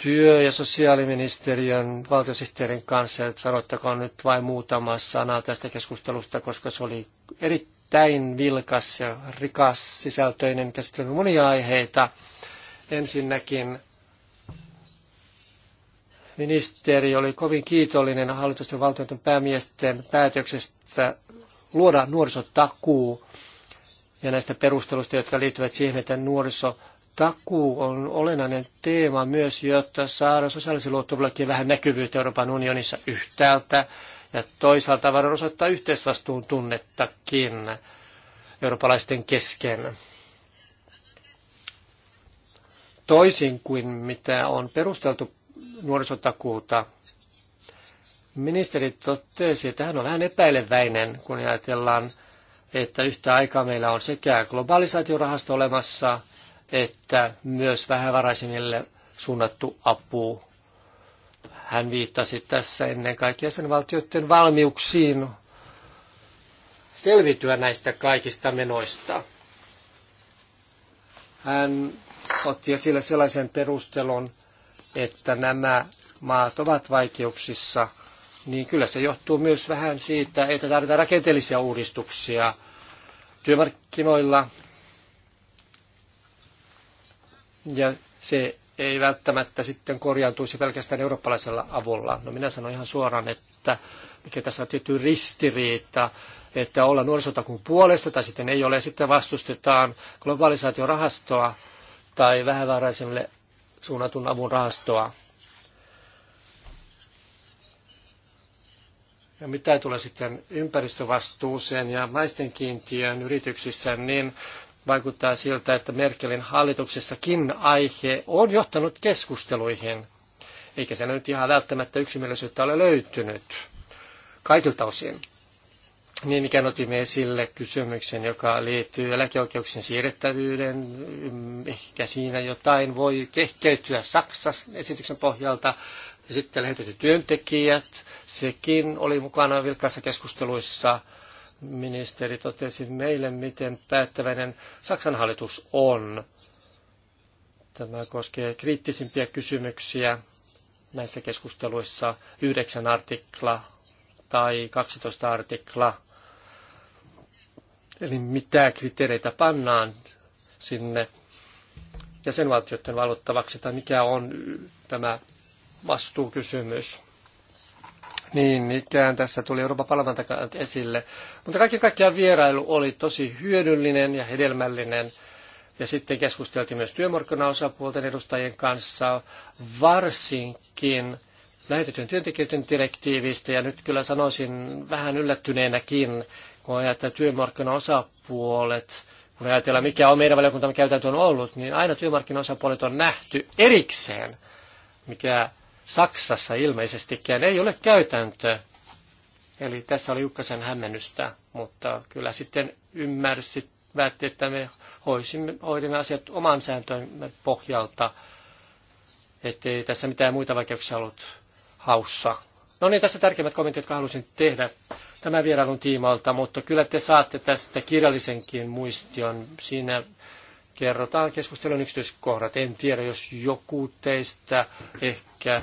työ- ja sosiaaliministeriön valtiosihteerin kanssa. Sanottakoon nyt vain muutama sana tästä keskustelusta, koska se oli erittäin vilkas ja rikas sisältöinen. Käsittelimme monia aiheita. Ensinnäkin Ministeri oli kovin kiitollinen hallitusten valtioiden päämiesten päätöksestä luoda nuorisotakuu ja näistä perusteluista, jotka liittyvät siihen, että nuorisotakuu on olennainen teema myös, jotta saadaan sosiaalisen luottavuudellakin vähän näkyvyyttä Euroopan unionissa yhtäältä ja toisaalta voidaan osoittaa yhteisvastuun tunnettakin eurooppalaisten kesken. Toisin kuin mitä on perusteltu nuorisotakuuta. Ministeri totesi, että hän on vähän epäileväinen, kun ajatellaan, että yhtä aikaa meillä on sekä globalisaatiorahasto olemassa, että myös vähävaraisimmille suunnattu apu. Hän viittasi tässä ennen kaikkea sen valtioiden valmiuksiin selvityä näistä kaikista menoista. Hän otti esille sellaisen perustelun, että nämä maat ovat vaikeuksissa, niin kyllä se johtuu myös vähän siitä, että tarvitaan rakenteellisia uudistuksia työmarkkinoilla. Ja se ei välttämättä sitten korjaantuisi pelkästään eurooppalaisella avulla. No minä sanon ihan suoraan, että mikä tässä on tietty ristiriita, että olla nuorisotakuun puolesta tai sitten ei ole, sitten vastustetaan globalisaatiorahastoa tai vähävaraisemmille suunnatun avun rahastoa. Ja mitä tulee sitten ympäristövastuuseen ja naisten kiintiön yrityksissä, niin vaikuttaa siltä, että Merkelin hallituksessakin aihe on johtanut keskusteluihin. Eikä se nyt ihan välttämättä yksimielisyyttä ole löytynyt kaikilta osin. Niin ikään otimme esille kysymyksen, joka liittyy eläkeoikeuksien siirrettävyyden. Ehkä siinä jotain voi kehkeytyä Saksan esityksen pohjalta. Ja sitten lähetetty työntekijät, sekin oli mukana vilkaissa keskusteluissa. Ministeri totesi meille, miten päättäväinen Saksan hallitus on. Tämä koskee kriittisimpiä kysymyksiä näissä keskusteluissa. Yhdeksän artikla tai 12 artikla Eli mitä kriteereitä pannaan sinne jäsenvaltioiden valvottavaksi tai mikä on tämä vastuukysymys. Niin ikään tässä tuli Euroopan parlamentakaan esille. Mutta kaiken kaikkiaan vierailu oli tosi hyödyllinen ja hedelmällinen. Ja sitten keskusteltiin myös työmarkkinaosapuolten edustajien kanssa, varsinkin lähetetyn työntekijöiden direktiivistä. Ja nyt kyllä sanoisin vähän yllättyneenäkin, kun ajatellaan työmarkkinaosapuolet, kun ajatellaan mikä on meidän valiokuntamme käytäntö on ollut, niin aina työmarkkinaosapuolet on nähty erikseen, mikä Saksassa ilmeisestikään ei ole käytäntö. Eli tässä oli Jukkasen hämmennystä, mutta kyllä sitten väitti, että me hoisimme, hoidimme asiat oman sääntömme pohjalta, ettei tässä mitään muita vaikeuksia ollut haussa. No niin, tässä tärkeimmät kommentit, jotka halusin tehdä tämän vierailun tiimalta, mutta kyllä te saatte tästä kirjallisenkin muistion. Siinä kerrotaan keskustelun yksityiskohdat. En tiedä, jos joku teistä ehkä